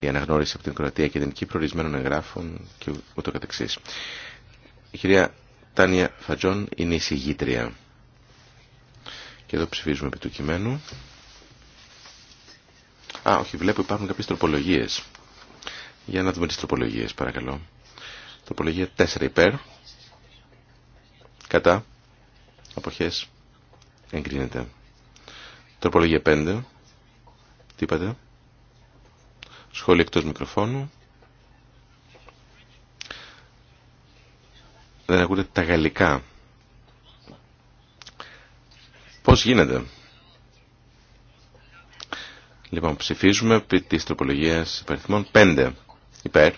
η αναγνώριση από την Κροατία και την Κύπρο ορισμένων εγγράφων και ούτω κατεξής. Η κυρία Τάνια Φατζόν είναι η συγγήτρια. Και εδώ ψηφίζουμε επί του κειμένου. Α, όχι, βλέπω υπάρχουν κάποιες τροπολογίες. Για να δούμε τις τροπολογίες, παρακαλώ. Τροπολογία 4 υπέρ. Κατά. Αποχές. Εγκρίνεται. Τροπολογία 5. Τι Σχόλια εκτός μικροφώνου. Δεν ακούτε τα γαλλικά. Πώς γίνεται. Λοιπόν, ψηφίζουμε επί της τροπολογίας Πέντε 5. Υπέρ.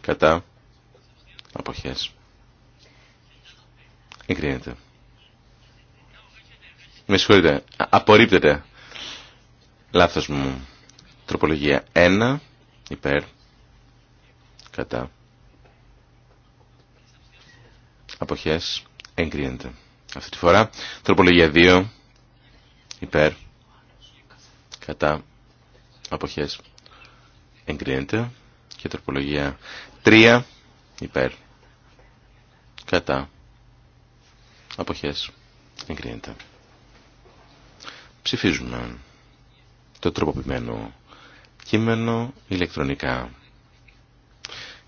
Κατά. Αποχές. Εγκρίνεται. Με συγχωρείτε. Απορρίπτεται. Λάθος μου. Τροπολογία 1 υπέρ κατά αποχές εγκρίνεται. Αυτή τη φορά τροπολογία 2 υπέρ κατά αποχές εγκρίνεται και τροπολογία 3 υπέρ κατά αποχές εγκρίνεται. Ψηφίζουμε το τροποποιημένο κείμενο ηλεκτρονικά.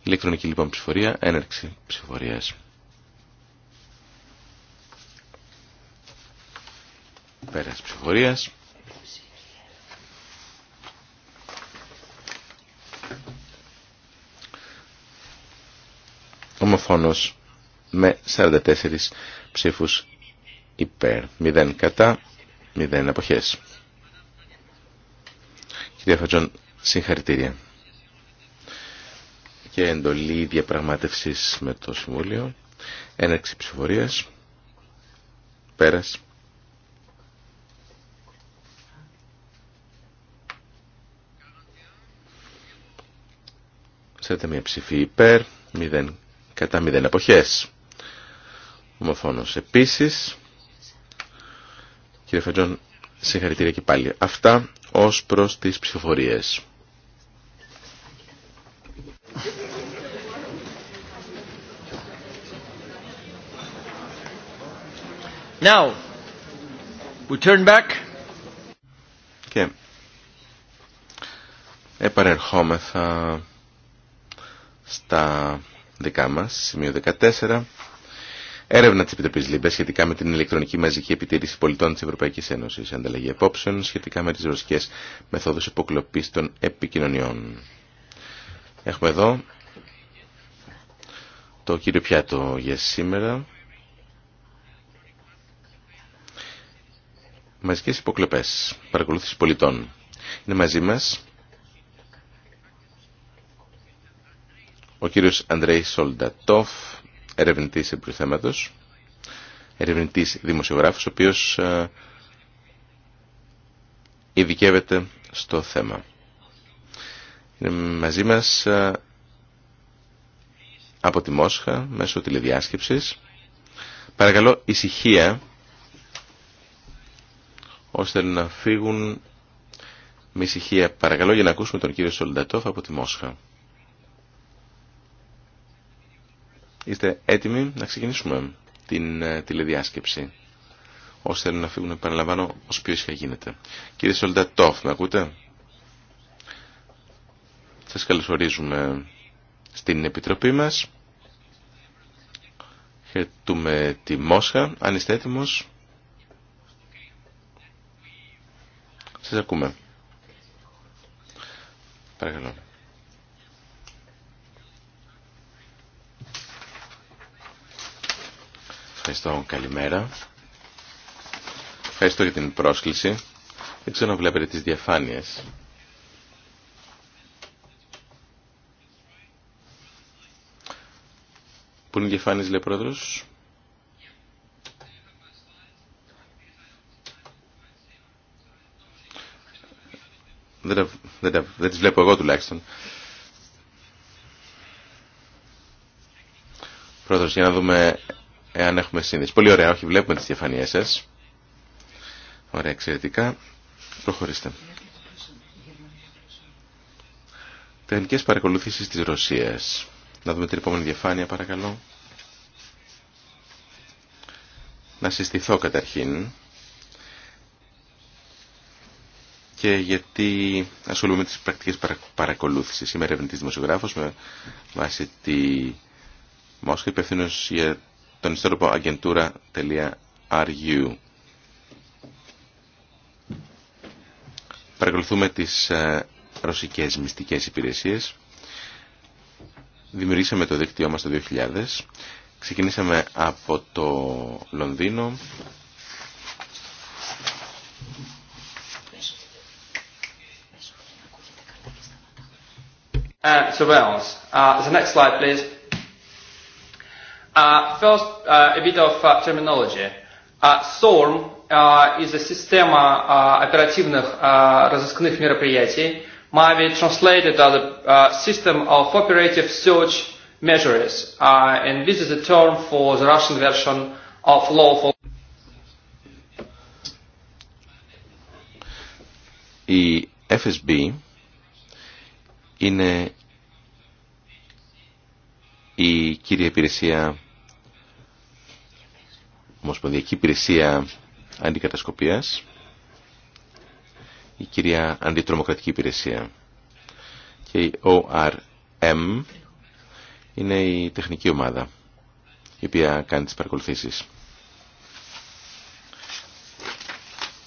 Ηλεκτρονική λοιπόν ψηφορία, έναρξη ψηφορίας. Πέρας ψηφορίας. Ομοφόνος με 44 ψήφους υπέρ, 0 κατά, 0 αποχές. Κυρία Φατζόν, συγχαρητήρια. Και εντολή διαπραγμάτευσης με το Συμβούλιο. Έναρξη ψηφορίας. Πέρας. Ξέρετε μια ψηφή υπέρ, 0 κατά μηδέν εποχές. Ομοφόνος επίσης. Κύριε Φατζόν, συγχαρητήρια και πάλι. Αυτά ως προς τις ψηφοφορίες. Now, we turn back. Και επανερχόμεθα στα δικά μας, σημείο 14. Έρευνα τη Επιτροπή σχετικά με την ηλεκτρονική μαζική επιτήρηση πολιτών τη Ευρωπαϊκή Ένωση. Ανταλλαγή απόψεων σχετικά με τι ρωσικέ μεθόδου υποκλοπή των επικοινωνιών. Έχουμε εδώ το κύριο πιάτο για σήμερα. Μαζικέ υποκλοπέ. παρακολούθηση πολιτών. Είναι μαζί μας ο κύριος Αντρέη Σολντατόφ, ερευνητής επί ερευνητής δημοσιογράφος, ο οποίος ε, ειδικεύεται στο θέμα. Είναι μαζί μας ε, από τη Μόσχα, μέσω τηλεδιάσκεψης. Παρακαλώ ησυχία, ώστε να φύγουν με ησυχία. Παρακαλώ για να ακούσουμε τον κύριο Σολντατόφ από τη Μόσχα. Είστε έτοιμοι να ξεκινήσουμε την ε, τηλεδιάσκεψη. Όσοι θέλουν να φύγουν, επαναλαμβάνω, όσο πιο ήσυχα γίνεται. Κύριε Σολντατόφ, με ακούτε? Σας καλωσορίζουμε στην Επιτροπή μας. Χαιρετούμε τη Μόσχα. Αν είστε έτοιμος, σας ακούμε. Παρακαλώ. Ευχαριστώ. Καλημέρα. Ευχαριστώ για την πρόσκληση. Δεν ξέρω να βλέπετε τις διαφάνειες. Πού είναι οι διαφάνειες, λέει πρόεδρος. Δεν, δεν, δεν τις βλέπω εγώ τουλάχιστον. Πρόεδρος, για να δούμε εάν έχουμε σύνδεση. Πολύ ωραία, όχι, βλέπουμε τις διαφανίες σας. Ωραία, εξαιρετικά. Προχωρήστε. Τεχνικές παρακολουθήσεις της Ρωσίας. Να δούμε την επόμενη διαφάνεια, παρακαλώ. Να συστηθώ καταρχήν. και γιατί ασχολούμαι με τις πρακτικές παρακολούθησης. Είμαι ερευνητής δημοσιογράφος με βάση τη Μόσχα, υπευθύνω για τον ιστορικό agentura.ru. Παρακολουθούμε τις ε, ρωσικές μυστικές υπηρεσίες. Δημιουργήσαμε το δίκτυό μας το 2000. Ξεκινήσαμε από το Λονδίνο. Uh, surveillance. Uh, the next slide, please. First, a bit of terminology. SORM is a system оперативных розыскных мероприятий. Might be translated as a system of operative search measures, and this is a term for the Russian version of lawful. Η FSB είναι η κύρια υπηρεσία Ομοσπονδιακή Υπηρεσία Αντικατασκοπίας, η κυρία Αντιτρομοκρατική Υπηρεσία και η ORM είναι η τεχνική ομάδα η οποία κάνει τις παρακολουθήσεις.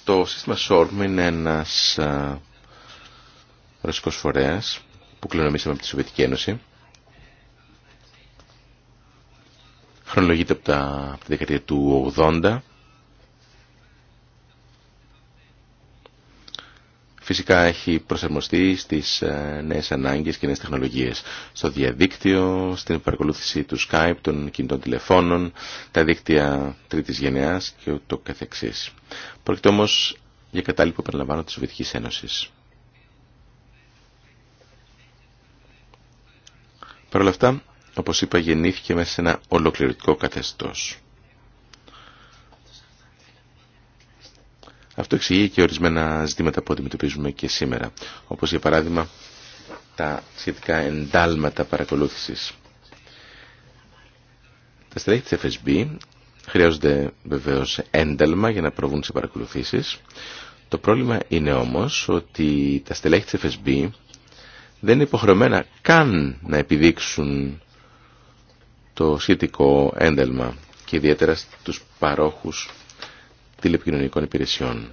Το σύστημα SORM είναι ένας ε, ρωσικός φορέας που κληρονομήσαμε από τη Σοβιετική Ένωση χρονολογείται από, τα, από τη δεκαετία του 80. Φυσικά έχει προσαρμοστεί στις ε, νέες ανάγκες και νέες τεχνολογίες. Στο διαδίκτυο, στην παρακολούθηση του Skype, των κινητών τηλεφώνων, τα δίκτυα τρίτης γενεάς και ούτω καθεξής. Πρόκειται όμως για που επαναλαμβάνω της Σοβιετικής Ένωσης. Παρ' όλα αυτά, όπως είπα γεννήθηκε μέσα σε ένα ολοκληρωτικό καθεστώς. Αυτό εξηγεί και ορισμένα ζητήματα που αντιμετωπίζουμε και σήμερα, όπως για παράδειγμα τα σχετικά εντάλματα παρακολούθησης. Τα στελέχη της FSB χρειάζονται βεβαίως ένταλμα για να προβούν σε παρακολουθήσεις. Το πρόβλημα είναι όμως ότι τα στελέχη της FSB δεν είναι υποχρεωμένα καν να επιδείξουν το σχετικό ένδελμα και ιδιαίτερα στους παρόχους τηλεπικοινωνικών υπηρεσιών.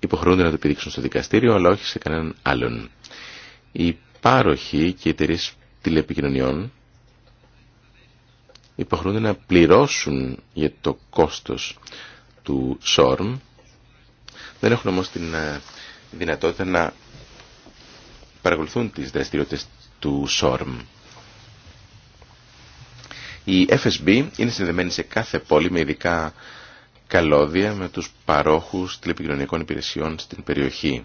Υποχρεούνται να το επιδείξουν στο δικαστήριο, αλλά όχι σε κανέναν άλλον. Οι πάροχοι και οι εταιρείε τηλεπικοινωνιών υποχρεούνται να πληρώσουν για το κόστος του ΣΟΡΜ. Δεν έχουν όμως την ε, δυνατότητα να παρακολουθούν τις δραστηριότητες του ΣΟΡΜ. Η FSB είναι συνδεμένη σε κάθε πόλη με ειδικά καλώδια με τους παρόχους τηλεπικοινωνιακών υπηρεσιών στην περιοχή.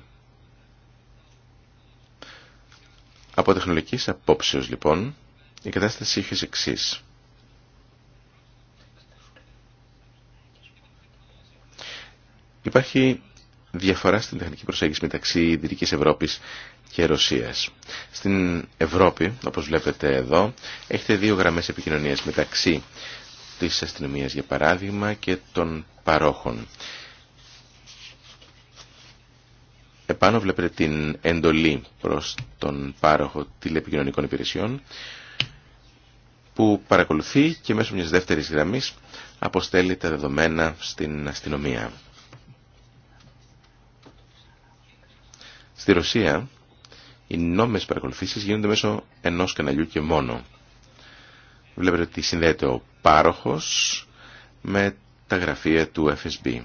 Από τεχνολογικής απόψεως λοιπόν, η κατάσταση είχε εξή. Υπάρχει διαφορά στην τεχνική προσέγγιση μεταξύ Δυτικής Ευρώπης και Στην Ευρώπη, όπως βλέπετε εδώ, έχετε δύο γραμμές επικοινωνίας μεταξύ της αστυνομία για παράδειγμα και των παρόχων. Επάνω βλέπετε την εντολή προς τον πάροχο τηλεπικοινωνικών υπηρεσιών που παρακολουθεί και μέσω μιας δεύτερης γραμμής αποστέλει τα δεδομένα στην αστυνομία. Στη Ρωσία οι νόμιμες παρακολουθήσεις γίνονται μέσω ενός καναλιού και μόνο. Βλέπετε ότι συνδέεται ο πάροχος με τα γραφεία του FSB.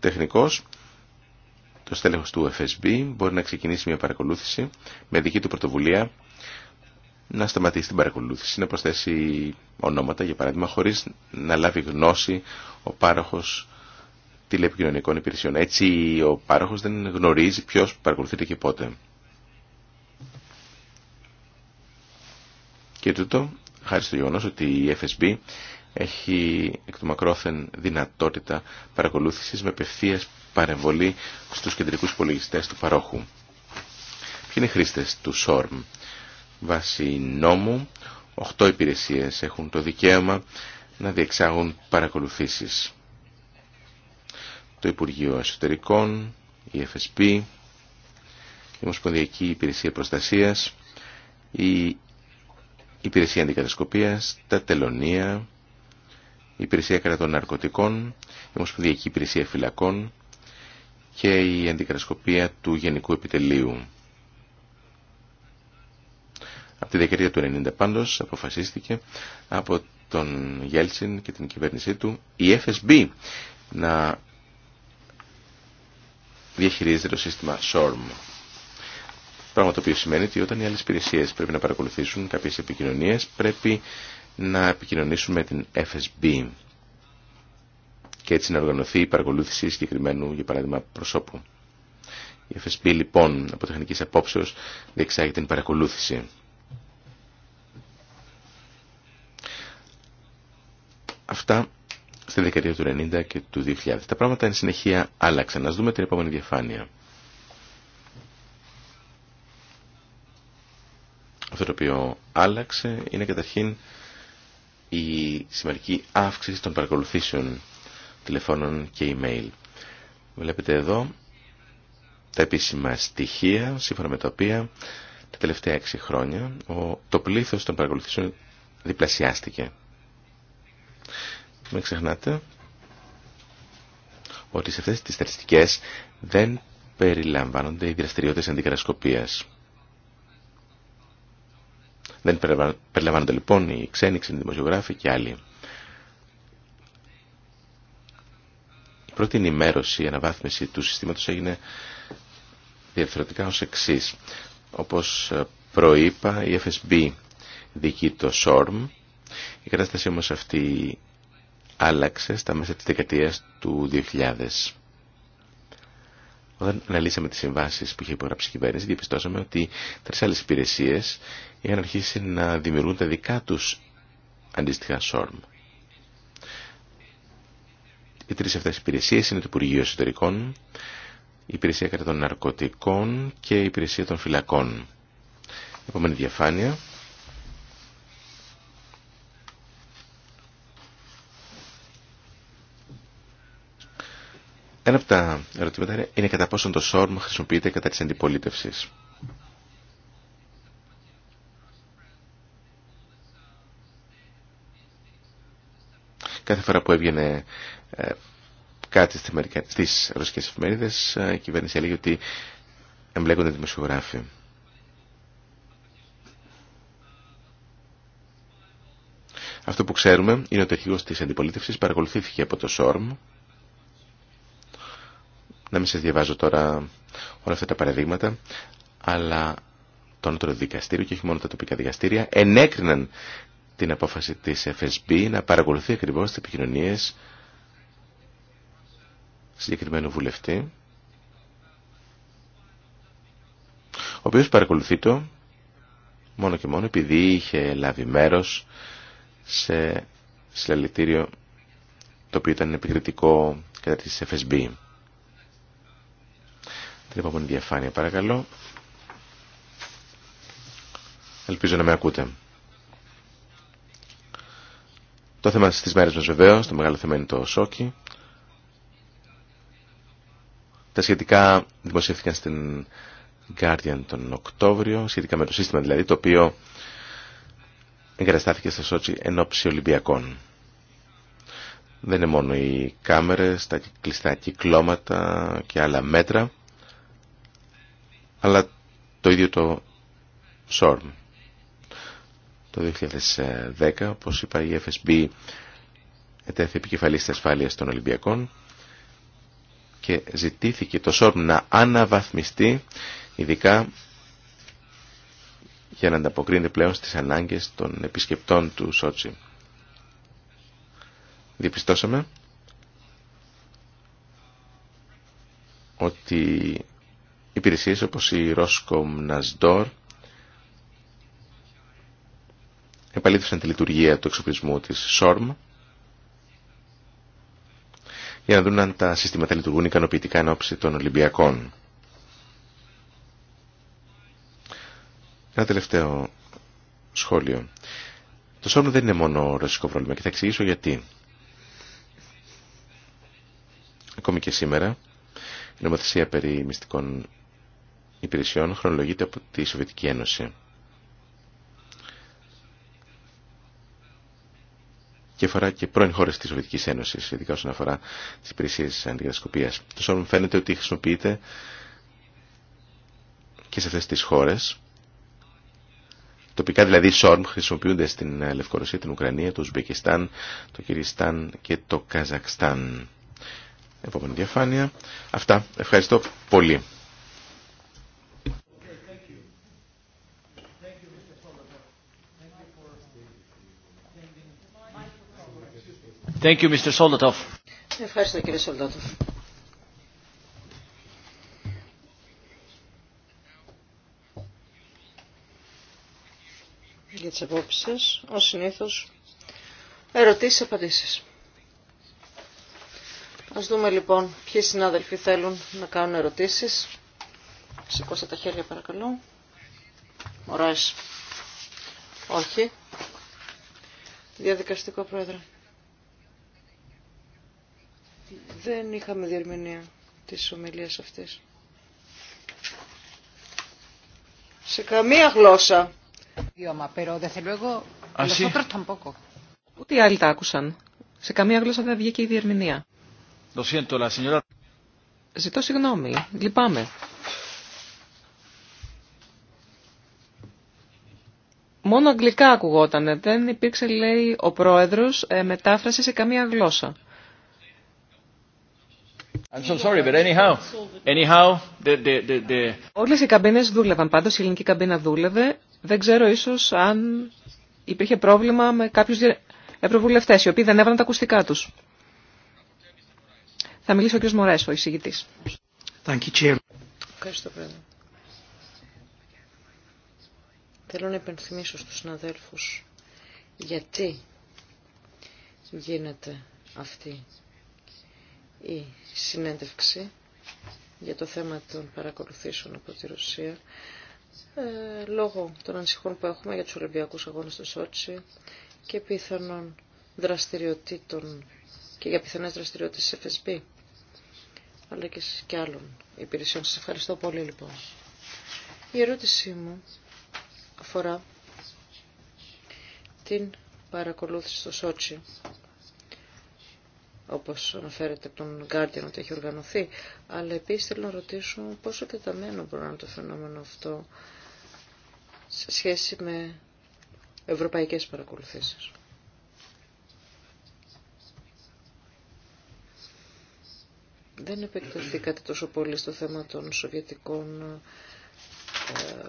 Τεχνικός, το στέλεχος του FSB μπορεί να ξεκινήσει μια παρακολούθηση με δική του πρωτοβουλία να σταματήσει την παρακολούθηση, να προσθέσει ονόματα, για παράδειγμα, χωρίς να λάβει γνώση ο πάροχος τηλεπικοινωνικών υπηρεσιών. Έτσι ο πάροχος δεν γνωρίζει ποιος παρακολουθείται και πότε. Και τούτο, χάρη στο γεγονός ότι η FSB έχει εκ του μακρόθεν δυνατότητα παρακολούθησης με απευθείας παρεμβολή στους κεντρικούς υπολογιστέ του παρόχου. Ποιοι είναι οι χρήστες του SORM. Βάσει νόμου, 8 υπηρεσίες έχουν το δικαίωμα να διεξάγουν παρακολουθήσεις το Υπουργείο Εσωτερικών, η FSP, η Ομοσπονδιακή Υπηρεσία Προστασίας, η Υπηρεσία Αντικατασκοπίας, τα Τελωνία, η Υπηρεσία Κρατών Ναρκωτικών, η Ομοσπονδιακή Υπηρεσία Φυλακών και η Αντικατασκοπία του Γενικού Επιτελείου. Από τη δεκαετία του 90 πάντως αποφασίστηκε από τον Γέλσιν και την κυβέρνησή του η FSB να διαχειρίζεται το σύστημα SORM. Πράγμα το οποίο σημαίνει ότι όταν οι άλλες υπηρεσίε πρέπει να παρακολουθήσουν κάποιες επικοινωνίες, πρέπει να επικοινωνήσουν με την FSB και έτσι να οργανωθεί η παρακολούθηση συγκεκριμένου, για παράδειγμα, προσώπου. Η FSB, λοιπόν, από τεχνικής απόψεως, διεξάγει την παρακολούθηση. Αυτά Τη δεκαετία του 90 και του 2000. Τα πράγματα εν συνεχεία άλλαξαν. Να δούμε την επόμενη διαφάνεια. Αυτό το οποίο άλλαξε είναι καταρχήν η σημαντική αύξηση των παρακολουθήσεων τηλεφώνων και email. Βλέπετε εδώ τα επίσημα στοιχεία σύμφωνα με τα οποία τα τελευταία 6 χρόνια το πλήθος των παρακολουθήσεων διπλασιάστηκε. Μην ξεχνάτε ότι σε αυτές τις στατιστικές δεν περιλαμβάνονται οι δραστηριότητες αντικατασκοπίας. Δεν περιλαμβάνονται λοιπόν οι ξένοι, οι δημοσιογράφοι και άλλοι. Η πρώτη ενημέρωση, η αναβάθμιση του συστήματος έγινε διαφορετικά ως εξή. Όπως ε, προείπα, η FSB δίκη το SORM. Η κατάσταση όμως αυτή άλλαξε στα μέσα της δεκαετίας του 2000. Όταν αναλύσαμε τις συμβάσεις που είχε υπογράψει η κυβέρνηση, διαπιστώσαμε ότι τρεις άλλες υπηρεσίες είχαν αρχίσει να δημιουργούν τα δικά τους αντίστοιχα SORM. Οι τρεις αυτές υπηρεσίες είναι το Υπουργείο Εσωτερικών, η Υπηρεσία κατά των Ναρκωτικών και η Υπηρεσία των Φυλακών. Επόμενη διαφάνεια. Ένα από τα ερωτήματα είναι, είναι κατά πόσον το ΣΟΡΜ χρησιμοποιείται κατά τη αντιπολίτευση. Κάθε φορά που έβγαινε ε, κάτι στις ρωσικές εφημερίδες, ε, η κυβέρνηση έλεγε ότι εμπλέκονται δημοσιογράφοι. Αυτό που ξέρουμε είναι ότι ο αρχηγός της αντιπολίτευσης παρακολουθήθηκε από το ΣΟΡΜ να μην σας διαβάζω τώρα όλα αυτά τα παραδείγματα, αλλά το ανώτερο δικαστήριο και όχι μόνο τα τοπικά δικαστήρια ενέκριναν την απόφαση της FSB να παρακολουθεί ακριβώς τις επικοινωνίες συγκεκριμένου βουλευτή ο οποίος παρακολουθεί το μόνο και μόνο επειδή είχε λάβει μέρος σε συλλαλητήριο το οποίο ήταν επικριτικό κατά της FSB. Την επόμενη διαφάνεια παρακαλώ. Ελπίζω να με ακούτε. Το θέμα στις μέρες μας βεβαίω, το μεγάλο θέμα είναι το σόκι. Τα σχετικά δημοσιεύθηκαν στην Guardian τον Οκτώβριο, σχετικά με το σύστημα δηλαδή, το οποίο εγκαταστάθηκε στο Σότσι εν Ολυμπιακών. Δεν είναι μόνο οι κάμερες, τα κλειστά κυκλώματα και άλλα μέτρα αλλά το ίδιο το ΣΟΡΜ. Το 2010, όπως είπα, η FSB ετέθη επικεφαλής της ασφάλειας των Ολυμπιακών και ζητήθηκε το ΣΟΡΜ να αναβαθμιστεί ειδικά για να ανταποκρίνεται πλέον στις ανάγκες των επισκεπτών του Σότσι. Διαπιστώσαμε ότι υπηρεσίες όπως η Roscom Nasdor επαλήθευσαν τη λειτουργία του εξοπλισμού της SORM για να δουν αν τα συστήματα λειτουργούν ικανοποιητικά εν ώψη των Ολυμπιακών. Ένα τελευταίο σχόλιο. Το SORM δεν είναι μόνο ρωσικό πρόβλημα και θα εξηγήσω γιατί. Ακόμη και σήμερα η νομοθεσία περί μυστικών υπηρεσιών χρονολογείται από τη Σοβιετική Ένωση. και αφορά και πρώην χώρε τη Σοβιετική Ένωση, ειδικά όσον αφορά τι υπηρεσίε αντικατασκοπία. Το ΣΟΡΜ φαίνεται ότι χρησιμοποιείται και σε αυτέ τι χώρε. Τοπικά δηλαδή ΣΟΡΜ χρησιμοποιούνται στην Λευκορωσία, την Ουκρανία, το Ουσμπεκιστάν, το Κυριστάν και το Καζακστάν. Επόμενη διαφάνεια. Αυτά. Ευχαριστώ πολύ. Ευχαριστώ κύριε Σολδατόφ. Για τι απόψεις σας, ως συνήθως, ερωτήσεις, απαντήσεις. Ας δούμε λοιπόν ποιοι συνάδελφοι θέλουν να κάνουν ερωτήσεις. Σηκώστε τα χέρια παρακαλώ. Μωράς. Όχι. Διαδικαστικό πρόεδρε. Δεν είχαμε διερμηνία της ομιλίας αυτής. Σε καμία γλώσσα. Ούτε οι άλλοι τα άκουσαν. Σε καμία γλώσσα δεν βγήκε η διερμηνία. Ζητώ συγγνώμη. Λυπάμαι. Μόνο αγγλικά ακουγόταν. Δεν υπήρξε, λέει, ο πρόεδρος ε, μετάφραση σε καμία γλώσσα. Όλες οι καμπίνες δούλευαν, πάντως η ελληνική καμπίνα δούλευε. Δεν ξέρω ίσως αν υπήρχε πρόβλημα με κάποιους ευρωβουλευτές, οι οποίοι δεν έβαλαν τα ακουστικά τους. Θα μιλήσει ο κ. Μωρές, ο εισηγητής. Ευχαριστώ, Πρόεδρε. Θέλω να υπενθυμίσω στους συναδέλφους γιατί γίνεται αυτή η συνέντευξη για το θέμα των παρακολουθήσεων από τη Ρωσία ε, λόγω των ανησυχών που έχουμε για τους Ολυμπιακούς Αγώνες στο Σότσι και πιθανών δραστηριοτήτων και για πιθανές δραστηριότητες της FSB αλλά και, και άλλων υπηρεσιών. Σας ευχαριστώ πολύ λοιπόν. Η ερώτησή μου αφορά την παρακολούθηση στο Σότσι όπως αναφέρεται από τον Guardian ότι έχει οργανωθεί, αλλά επίσης θέλω να ρωτήσω πόσο εκτεταμένο μπορεί να είναι το φαινόμενο αυτό σε σχέση με ευρωπαϊκές παρακολουθήσεις. Δεν επεκταθήκατε τόσο πολύ στο θέμα των σοβιετικών ε,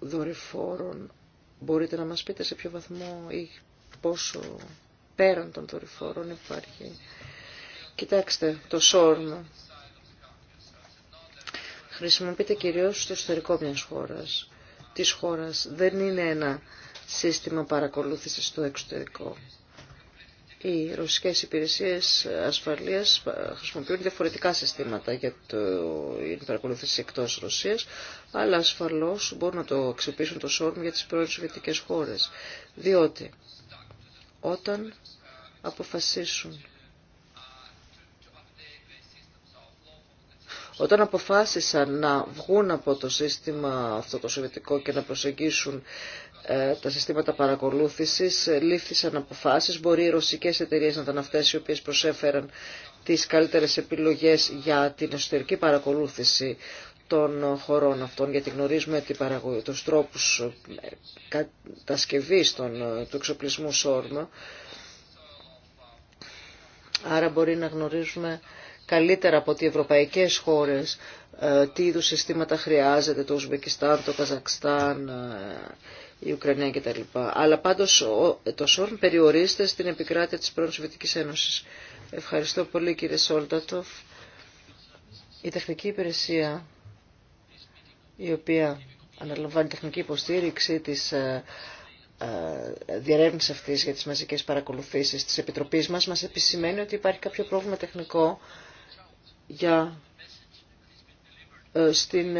δορυφόρων. Μπορείτε να μας πείτε σε ποιο βαθμό ή πόσο πέραν των δορυφόρων υπάρχει. Κοιτάξτε, το σόρμα χρησιμοποιείται κυρίως στο ιστορικό μιας χώρας. Της χώρας δεν είναι ένα σύστημα παρακολούθησης στο εξωτερικό. Οι ρωσικές υπηρεσίες ασφαλείας ε, χρησιμοποιούν διαφορετικά συστήματα για την παρακολούθηση εκτός Ρωσίας, αλλά ασφαλώς μπορούν να το αξιοποιήσουν το σόρμ για τις χώρες. Διότι όταν αποφασίσουν. Όταν αποφάσισαν να βγουν από το σύστημα αυτό το σοβιετικό και να προσεγγίσουν ε, τα συστήματα παρακολούθησης, ε, λήφθησαν αποφάσεις. Μπορεί οι ρωσικές εταιρείες να ήταν αυτές οι οποίες προσέφεραν τις καλύτερες επιλογές για την εσωτερική παρακολούθηση των χωρών αυτών, γιατί γνωρίζουμε ότι του τους τρόπους ε, των, ε, του εξοπλισμού σόρμα. Άρα μπορεί να γνωρίζουμε καλύτερα από τι ευρωπαϊκέ ευρωπαϊκές χώρες ε, τι είδους συστήματα χρειάζεται, το Ουσβεκιστάν, το Καζακστάν, η Ουκρανία κτλ. Αλλά πάντως το ΣΟΡΜ περιορίζεται στην επικράτεια της πρώην Σοβιετικής Ένωση. Ευχαριστώ πολύ κύριε Σόλτατοφ. Η τεχνική υπηρεσία η οποία αναλαμβάνει τεχνική υποστήριξη της ε, ε, διερεύνηση αυτή για τις μαζικές παρακολουθήσεις της Επιτροπής μας μας επισημαίνει ότι υπάρχει κάποιο πρόβλημα τεχνικό για ε, στην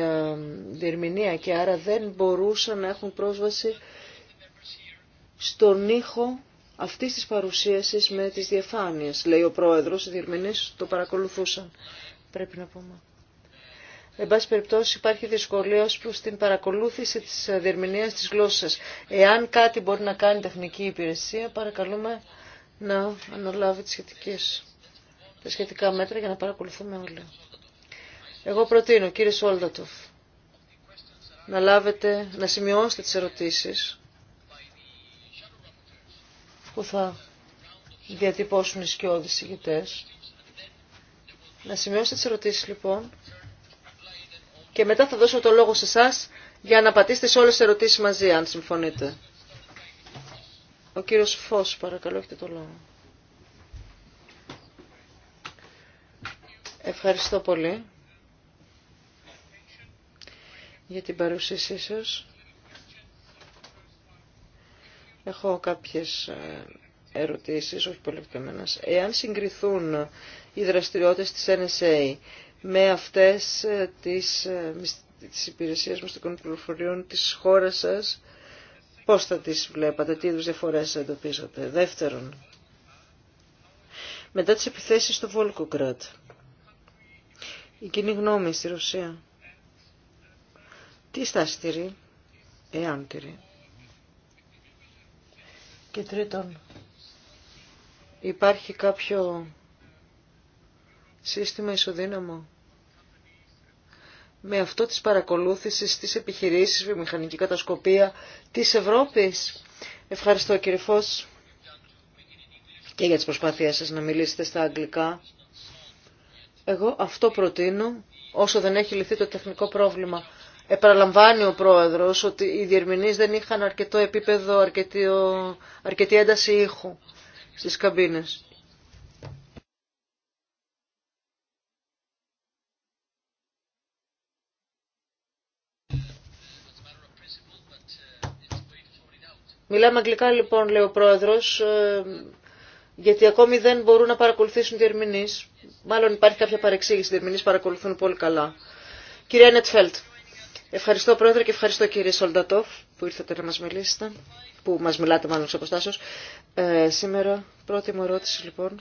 διερμηνία και άρα δεν μπορούσαν να έχουν πρόσβαση στον ήχο αυτή της παρουσίαση με τι διαφάνειε, Λέει ο πρόεδρος, οι διερμηνεί το παρακολουθούσαν. Πρέπει να πούμε Εν πάση περιπτώσει υπάρχει δυσκολία ως προς την παρακολούθηση της διερμηνίας της γλώσσας. Εάν κάτι μπορεί να κάνει τεχνική υπηρεσία, παρακαλούμε να αναλάβει τις σχετικές, τα σχετικά μέτρα για να παρακολουθούμε όλοι. Εγώ προτείνω, κύριε Σόλδατοφ να λάβετε, να σημειώσετε τις ερωτήσεις που θα διατυπώσουν οι σκιώδεις ηγητές. Να σημειώσετε τις ερωτήσεις λοιπόν και μετά θα δώσω το λόγο σε εσά για να πατήσετε σε όλες τις ερωτήσεις μαζί, αν συμφωνείτε. Ο κύριος Φως, παρακαλώ, έχετε το λόγο. Ευχαριστώ πολύ για την παρουσίασή σας. Έχω κάποιες ε, ερωτήσεις, όχι πολύ Εάν συγκριθούν οι δραστηριότητες της NSA με αυτές ε, τις, ε, τις υπηρεσίες μυστικών πληροφοριών της χώρας σας, πώς θα τις βλέπατε, τι είδους διαφορές εντοπίζατε. Δεύτερον, μετά τις επιθέσεις στο Βόλκοκρατ, η κοινή γνώμη στη Ρωσία, τι στάση τηρεί, εάν τηρεί. Και τρίτον, υπάρχει κάποιο σύστημα ισοδύναμο με αυτό της παρακολούθησης της επιχειρήσεις βιομηχανική κατασκοπία της Ευρώπης. Ευχαριστώ κύριε Φως και για τις προσπάθειές σας να μιλήσετε στα αγγλικά. Εγώ αυτό προτείνω όσο δεν έχει λυθεί το τεχνικό πρόβλημα. Επαραλαμβάνει ο πρόεδρος ότι οι διερμηνείς δεν είχαν αρκετό επίπεδο, αρκετή, αρκετή ένταση ήχου στις καμπίνες. Μιλάμε αγγλικά λοιπόν, λέει ο πρόεδρος, ε, γιατί ακόμη δεν μπορούν να παρακολουθήσουν διερμηνείς. Μάλλον υπάρχει κάποια παρεξήγηση, διερμηνείς παρακολουθούν πολύ καλά. Κυρία Νετφέλτ, ευχαριστώ πρόεδρε και ευχαριστώ κύριε Σολτατόφ που ήρθατε να μα μιλήσετε, που μα μιλάτε μάλλον σε αποστάσεω. Ε, σήμερα πρώτη μου ερώτηση λοιπόν.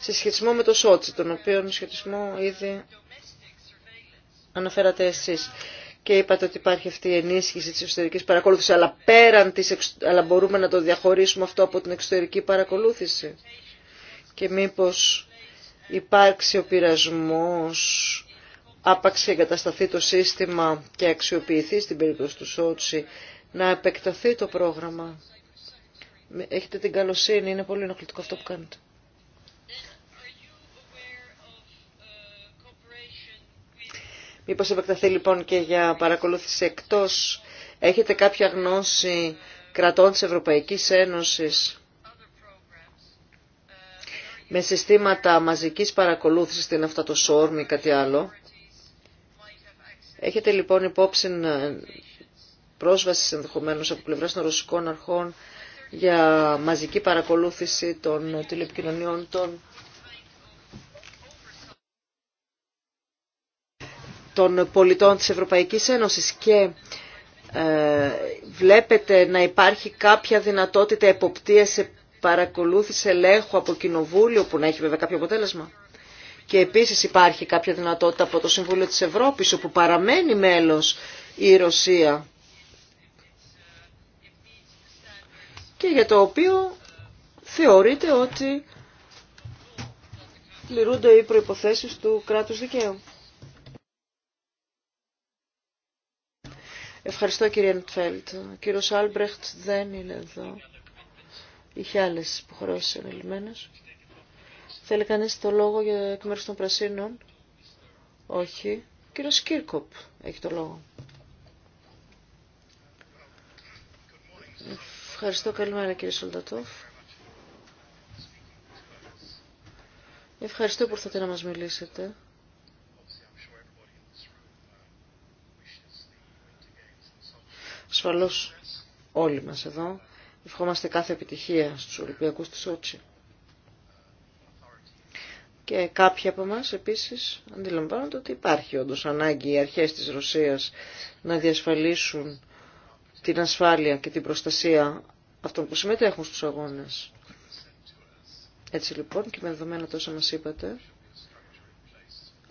Σε σχετισμό με το Σότσι, τον οποίο σχετισμό ήδη αναφέρατε εσείς και είπατε ότι υπάρχει αυτή η ενίσχυση της εξωτερικής παρακολούθησης, αλλά πέραν της, αλλά μπορούμε να το διαχωρίσουμε αυτό από την εξωτερική παρακολούθηση. Και μήπως υπάρξει ο πειρασμός άπαξ εγκατασταθεί το σύστημα και αξιοποιηθεί στην περίπτωση του Σότσι, να επεκταθεί το πρόγραμμα. Έχετε την καλοσύνη, είναι πολύ ενοχλητικό αυτό που κάνετε. Μήπως επεκταθεί λοιπόν και για παρακολούθηση εκτός. Έχετε κάποια γνώση κρατών της Ευρωπαϊκής Ένωσης με συστήματα μαζικής παρακολούθησης, την αυτά το SORM ή κάτι άλλο. Έχετε λοιπόν υπόψη πρόσβαση ενδεχομένω από πλευρά των ρωσικών αρχών για μαζική παρακολούθηση των τηλεπικοινωνιών των των πολιτών της Ευρωπαϊκής Ένωσης και ε, βλέπετε να υπάρχει κάποια δυνατότητα εποπτείας σε παρακολούθηση ελέγχου από κοινοβούλιο που να έχει βέβαια κάποιο αποτέλεσμα. Και επίσης υπάρχει κάποια δυνατότητα από το Συμβούλιο της Ευρώπης όπου παραμένει μέλος η Ρωσία και για το οποίο θεωρείται ότι πληρούνται οι προϋποθέσεις του κράτους δικαίου. Ευχαριστώ κύριε Ντφέλτ. Ο κύριος Άλμπρεχτ δεν είναι εδώ. Είχε άλλες υποχρεώσεις ενελειμμένες. Θέλει κανείς το λόγο για εκ μέρους των Πρασίνων. Όχι. Ο κύριος Κίρκοπ έχει το λόγο. Ευχαριστώ. Καλημέρα κύριε Σολτατόφ. Ευχαριστώ που ήρθατε να μας μιλήσετε. Ασφαλώς όλοι μας εδώ ευχόμαστε κάθε επιτυχία στους Ολυμπιακούς της Ότσι. Και κάποιοι από εμά επίσης αντιλαμβάνονται ότι υπάρχει όντως ανάγκη οι αρχές της Ρωσίας να διασφαλίσουν την ασφάλεια και την προστασία αυτών που συμμετέχουν στους αγώνες. Έτσι λοιπόν και με δεδομένα τόσα μας είπατε,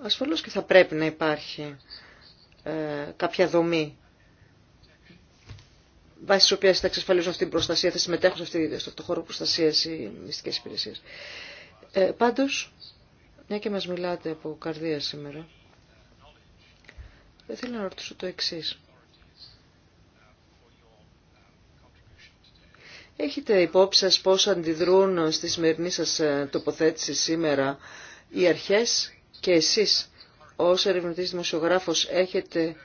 ασφαλώς και θα πρέπει να υπάρχει ε, κάποια δομή βάσει τη οποία θα εξασφαλίζουν αυτή την προστασία, θα συμμετέχουν σε αυτή, στο χώρο προστασία οι μυστικέ υπηρεσίε. Ε, Πάντω, μια και μα μιλάτε από καρδία σήμερα, δεν θέλω να ρωτήσω το εξή. Έχετε υπόψη σας πώς αντιδρούν στη σημερινή σας ε, τοποθέτηση σήμερα οι αρχές και εσείς ως ερευνητής δημοσιογράφος έχετε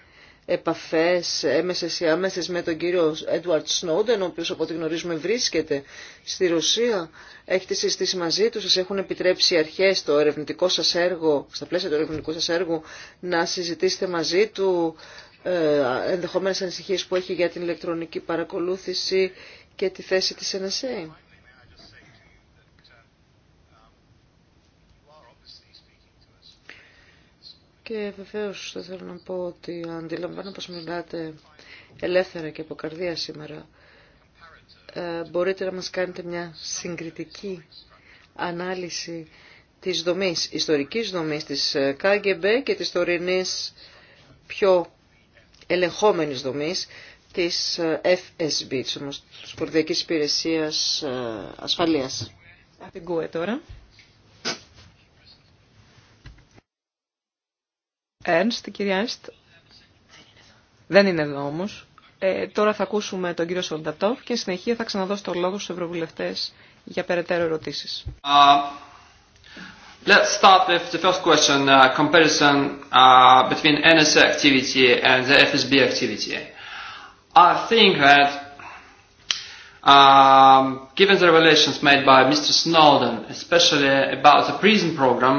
επαφές έμεσες ή άμεσες με τον κύριο Έντουαρτ Σνόντεν, ο οποίος από ό,τι γνωρίζουμε βρίσκεται στη Ρωσία. Έχετε συζητήσει μαζί του, σας έχουν επιτρέψει οι αρχές το ερευνητικό σας έργο, στα πλαίσια του ερευνητικού σας έργου, να συζητήσετε μαζί του ε, ενδεχομένες ανησυχίες που έχει για την ηλεκτρονική παρακολούθηση και τη θέση της NSA. Και βεβαίως θα θέλω να πω ότι αντιλαμβάνω πως μιλάτε ελεύθερα και από καρδία σήμερα. Ε, μπορείτε να μας κάνετε μια συγκριτική ανάλυση της δομής, ιστορικής δομής της ε, ΚΑΓΕΜΠΕ και της τωρινής πιο ελεγχόμενης δομής της FSB, ε, της Ομοσπονδιακής Υπηρεσίας Ασφαλείας. Από τώρα. Ernst, κυρία Ernst. Δεν είναι εδώ όμως. Ε, τώρα θα ακούσουμε τον κύριο Σολτατόφ και συνεχεία θα ξαναδώσω το λόγο στου ευρωβουλευτέ για περαιτέρω ερωτήσει. Uh, let's start with the first question, uh, comparison uh, between NSA activity and the FSB activity. I think that um, given the revelations made by Mr. Snowden, especially about the prison program,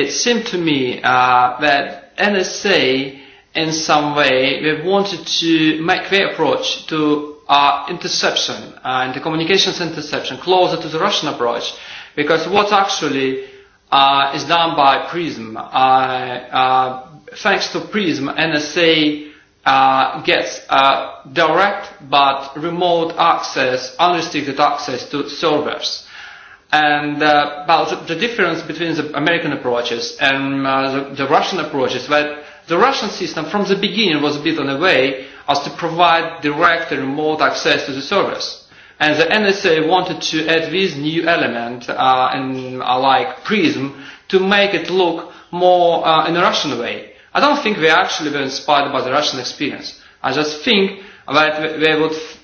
it seemed to me uh, that NSA in some way we wanted to make their approach to our interception and the communications interception closer to the Russian approach because what actually uh, is done by PRISM, uh, uh, thanks to PRISM, NSA uh, gets uh, direct but remote access, unrestricted access to servers And about the difference between the American approaches and the Russian approaches, that the Russian system from the beginning was built in a way as to provide direct and remote access to the service. And the NSA wanted to add this new element, a like PRISM, to make it look more in a Russian way. I don't think they actually were inspired by the Russian experience. I just think would,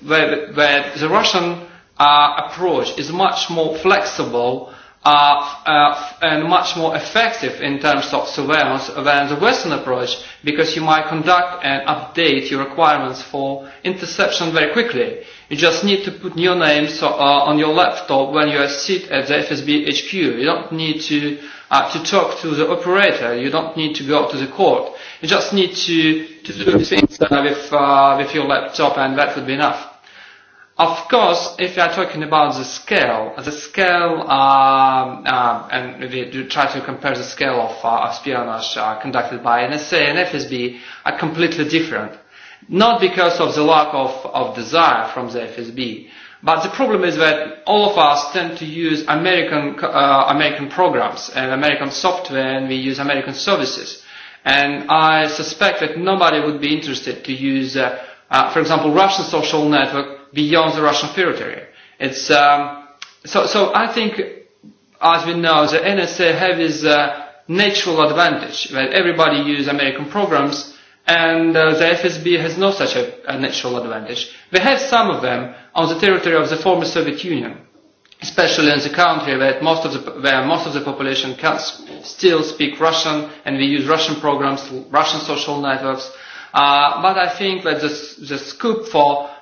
that the Russian approach is much more flexible uh and much more effective in terms of surveillance than the Western approach because you might conduct and update your requirements for interception very quickly. You just need to put your names on your laptop when you sit at the FSB HQ. You don't need to to talk to the operator. You don't need to go to the court. You just need to to do things with with your laptop and that would be enough. Of course, if you are talking about the scale, the scale, and we you try to compare the scale of espionage conducted by NSA and FSB, are completely different. Not because of the lack of desire from the FSB, but the problem is that all of us tend to use American American programs and American software, and we use American services. And I suspect that nobody would be interested to use, for example, Russian social network beyond the Russian territory. It's, um, so, so I think, as we know, the NSA have is a natural advantage that everybody uses American programs and the FSB has no such a, natural advantage. We have some of them on the territory of the former Soviet Union, especially in the country where most of the, where most of the population can still speak Russian and we use Russian programs, Russian social networks. but I think that the, the scope for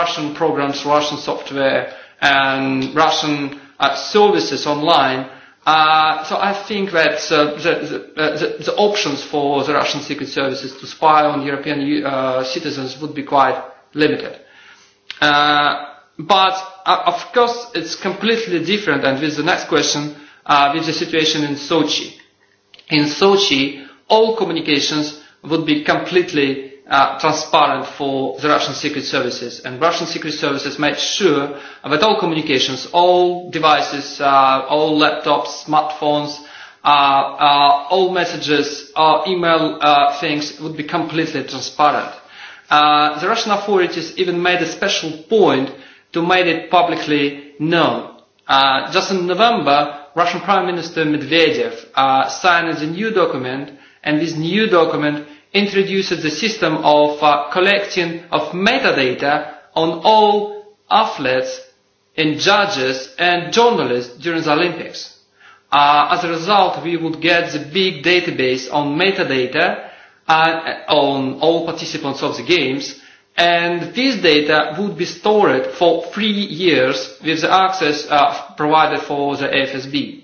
Russian programs, Russian software, and Russian services online. So I think that the options for the Russian secret services to spy on European citizens would be quite limited. But of course, it's completely different. And with the next question, with the situation in Sochi, in Sochi, all communications would be completely transparent for the Russian secret services. And Russian secret services made sure that all communications, all devices, all laptops, smartphones, all messages, email things would be completely transparent. The Russian authorities even made a special point to make it publicly known. Just in November, Russian Prime Minister Medvedev signed a new document, and this new document introduces the system of collection of metadata on all athletes and judges and journalists during the Olympics. As a result, we would get the big database on metadata on all participants of the games, and this data would be stored for three years with the access provided for the FSB.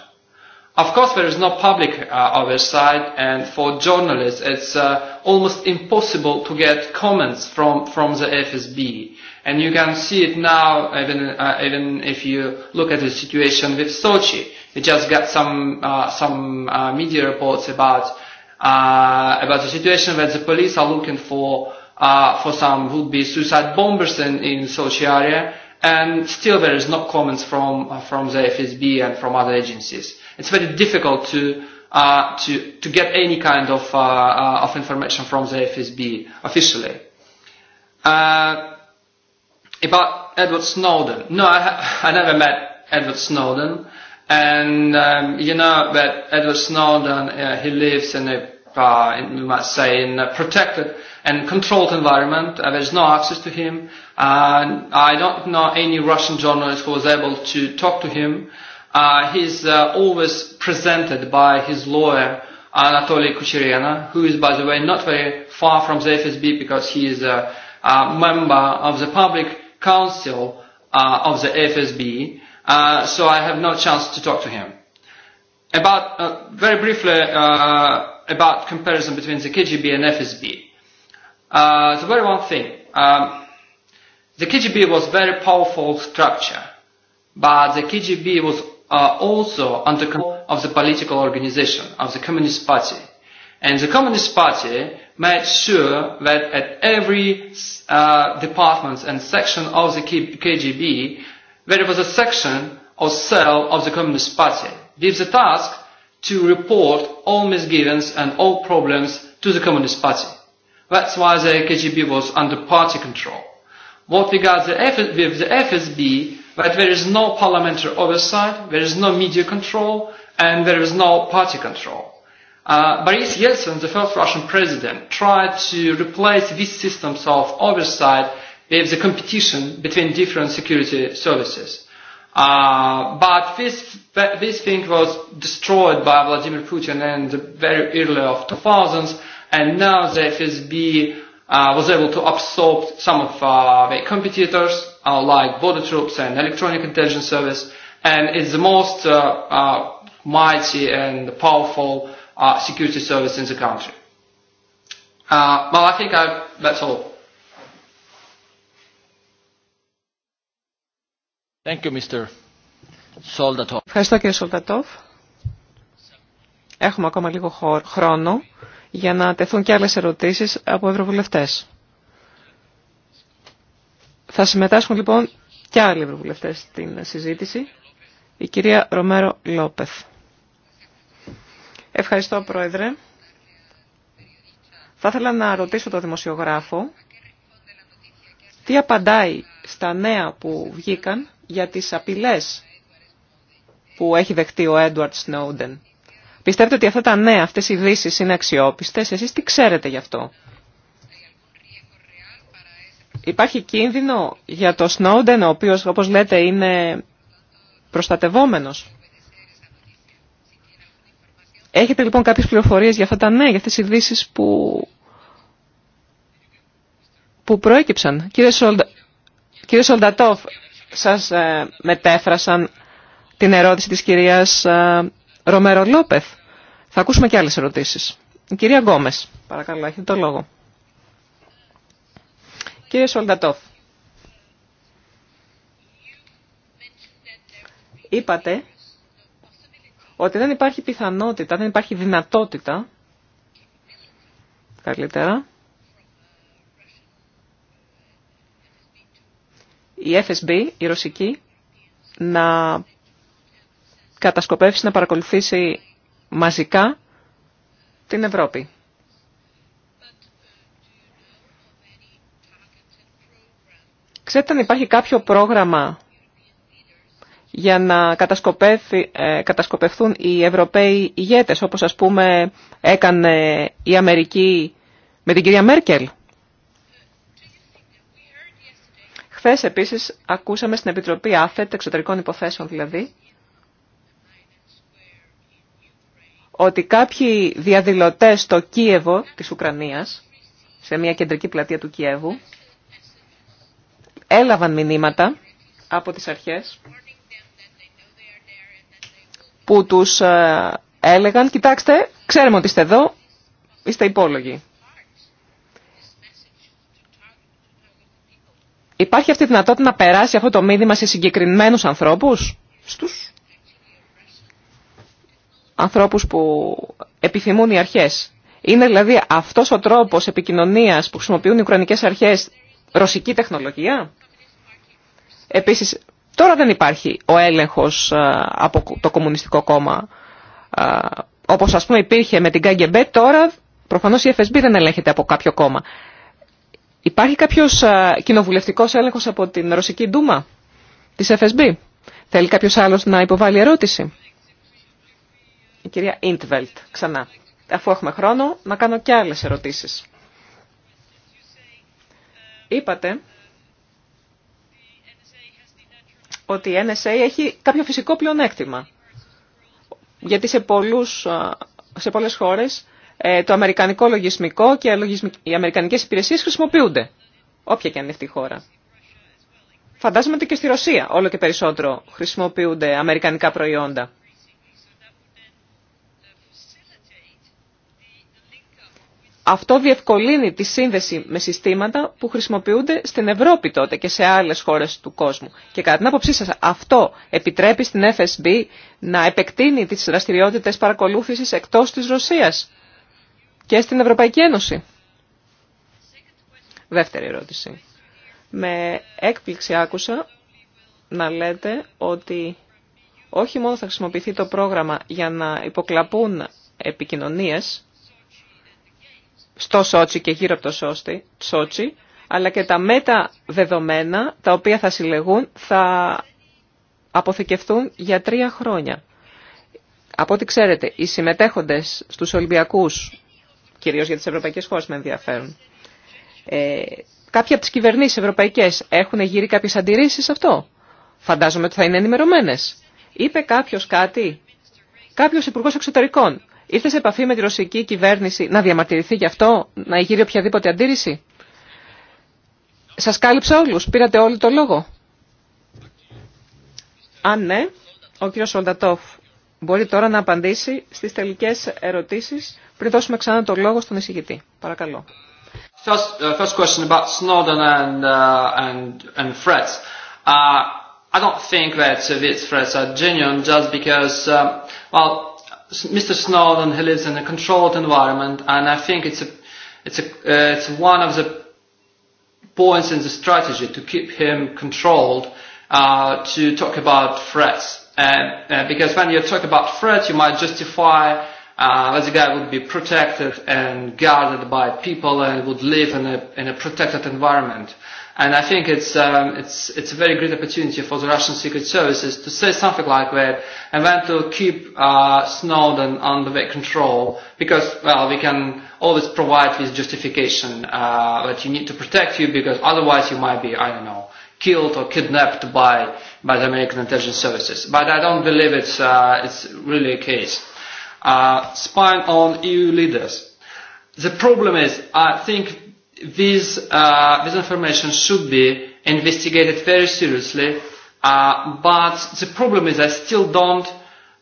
Of course, there is no public oversight, and for journalists, it's almost impossible to get comments from from the FSB. And you can see it now, even even if you look at the situation with Sochi. We just got some some media reports about about the situation where the police are looking for for some would-be suicide bombers in in Sochi area, and still there is no comments from from the FSB and from other agencies. It's very difficult to uh, to to get any kind of uh, of information from the FSB officially. Uh, about Edward Snowden, no, I, I never met Edward Snowden, and um, you know, that Edward Snowden, uh, he lives in a, uh, we say, in a protected and controlled environment. Uh, is no access to him. Uh, I don't know any Russian journalist who was able to talk to him. He's always presented by his lawyer, Anatoly Kucherena, who is, by the way, not very far from the FSB because he is a member of the public council of the FSB. So I have no chance to talk to him. About, very briefly, about comparison between the KGB and FSB. The very one thing, the KGB was a very powerful structure, but the KGB was are also under control of the political organization of the Communist Party. And the Communist Party made sure that at every department and section of the KGB, there was a section or cell of the Communist Party, with the task to report all misgivings and all problems to the Communist Party. That's why the KGB was under party control. What got the F with the FSB, But there is no parliamentary oversight, there is no media control, and there is no party control. Uh Boris Yeltsin, the first Russian president, tried to replace these systems of oversight with the competition between different security services. But this this thing was destroyed by Vladimir Putin in the very early of 2000s, and now the FSB was able to absorb some of their competitors like border troops and electronic intelligence service, and it's the most mighty and powerful security service in the country. Well, I think that's all. Thank you, Mr. Soldatov. Ευχαριστώ κύριε Σολτατόφ. Έχουμε ακόμα λίγο χρόνο για να τεθούν και άλλες ερωτήσεις από ευρωβουλευτές. Θα συμμετάσχουν λοιπόν και άλλοι ευρωβουλευτέ στην συζήτηση. Η κυρία Ρομέρο Λόπεθ. Ευχαριστώ Πρόεδρε. Θα ήθελα να ρωτήσω το δημοσιογράφο τι απαντάει στα νέα που βγήκαν για τις απειλές που έχει δεχτεί ο Έντουαρτ Σνόντεν. Πιστεύετε ότι αυτά τα νέα, αυτές οι ειδήσει είναι αξιόπιστες. Εσείς τι ξέρετε γι' αυτό. Υπάρχει κίνδυνο για το Σνόντεν, ο οποίος όπως λέτε είναι προστατευόμενος. Έχετε λοιπόν κάποιες πληροφορίες για αυτά τα νέα, για αυτές τις ειδήσει που, προέκυψαν. Κύριε, Σολτα... Κύριε Σολτατόφ, σας ε, μετέφρασαν την ερώτηση της κυρίας ε, Ρομέρο Λόπεθ. Θα ακούσουμε και άλλες ερωτήσεις. κυρία Γκόμες, παρακαλώ, έχετε το λόγο. Κύριε Σολτατόφ, είπατε ότι δεν υπάρχει πιθανότητα, δεν υπάρχει δυνατότητα, καλύτερα, η FSB, η Ρωσική, να κατασκοπεύσει, να παρακολουθήσει μαζικά την Ευρώπη. Ξέρετε αν υπάρχει κάποιο πρόγραμμα για να ε, κατασκοπευθούν οι Ευρωπαίοι ηγέτες, όπως ας πούμε έκανε η Αμερική με την κυρία Μέρκελ. Χθε επίσης ακούσαμε στην Επιτροπή ΑΦΕΤ, εξωτερικών υποθέσεων δηλαδή, ότι κάποιοι διαδηλωτές στο Κίεβο της Ουκρανίας, σε μια κεντρική πλατεία του Κιέβου, έλαβαν μηνύματα από τις αρχές που τους ε, έλεγαν «Κοιτάξτε, ξέρουμε ότι είστε εδώ, είστε υπόλογοι». Υπάρχει αυτή η δυνατότητα να περάσει αυτό το μήνυμα σε συγκεκριμένους ανθρώπους, στους ανθρώπους που επιθυμούν οι αρχές. Είναι δηλαδή αυτός ο τρόπος επικοινωνίας που χρησιμοποιούν οι Ουκρανικές αρχές ρωσική τεχνολογία. Επίσης, τώρα δεν υπάρχει ο έλεγχος ε, από το Κομμουνιστικό Κόμμα. Ε, όπως ας πούμε υπήρχε με την ΚΑΓΕΜΠΕ, τώρα προφανώς η FSB δεν ελέγχεται από κάποιο κόμμα. Υπάρχει κάποιος ε, κοινοβουλευτικός έλεγχος από την Ρωσική Ντούμα της FSB. Θέλει κάποιος άλλος να υποβάλει ερώτηση. Η κυρία Ιντβελτ, ξανά. Αφού έχουμε χρόνο, να κάνω και άλλες ερωτήσεις. Είπατε ότι η NSA έχει κάποιο φυσικό πλεονέκτημα. Γιατί σε, πολλούς, σε πολλές χώρες ε, το αμερικανικό λογισμικό και οι αμερικανικές υπηρεσίες χρησιμοποιούνται, όποια και αν είναι αυτή η χώρα. Φαντάζομαι ότι και στη Ρωσία όλο και περισσότερο χρησιμοποιούνται αμερικανικά προϊόντα. Αυτό διευκολύνει τη σύνδεση με συστήματα που χρησιμοποιούνται στην Ευρώπη τότε και σε άλλες χώρες του κόσμου. Και κατά την άποψή σας, αυτό επιτρέπει στην FSB να επεκτείνει τις δραστηριότητες παρακολούθησης εκτός της Ρωσίας και στην Ευρωπαϊκή Ένωση. Δεύτερη ερώτηση. Με έκπληξη άκουσα να λέτε ότι όχι μόνο θα χρησιμοποιηθεί το πρόγραμμα για να υποκλαπούν επικοινωνίες, στο Σότσι και γύρω από το Σότσι, αλλά και τα μέτα δεδομένα τα οποία θα συλλεγούν θα αποθηκευτούν για τρία χρόνια. Από ό,τι ξέρετε, οι συμμετέχοντες στους Ολυμπιακούς, κυρίως για τις ευρωπαϊκές χώρες με ενδιαφέρουν, ε, Κάποιοι από τις κυβερνήσεις ευρωπαϊκές έχουν γύρει κάποιες αντιρρήσεις σε αυτό. Φαντάζομαι ότι θα είναι ενημερωμένες. Είπε κάποιος κάτι, κάποιος υπουργό Εξωτερικών, Ήρθε σε επαφή με τη ρωσική κυβέρνηση να διαμαρτυρηθεί γι' αυτό, να γύρει οποιαδήποτε αντίρρηση. Σας κάλυψα όλους, πήρατε όλοι το λόγο. Αν ναι, ο κύριος Σολτατόφ μπορεί τώρα να απαντήσει στις τελικές ερωτήσεις πριν δώσουμε ξανά το λόγο στον εισηγητή. Παρακαλώ. First, uh, about Snowden and, uh, and, and threats. Uh, I don't think that these threats are genuine just because, uh, well, Mr. Snowden, he lives in a controlled environment, and I think it's a, it's a, it's one of the points in the strategy to keep him controlled, uh, to talk about threats. And because when you talk about threats, you might justify uh, that the guy would be protected and guarded by people and would live in a in a protected environment. And I think it's, um, it's, it's a very great opportunity for the Russian secret services to say something like that and then to keep uh, Snowden under their control because, well, we can always provide this justification uh, that you need to protect you because otherwise you might be, I don't know, killed or kidnapped by, by the American intelligence services. But I don't believe it's, uh, it's really a case. Uh, spying on EU leaders. The problem is, I think this information should be investigated very seriously, but the problem is I still don't,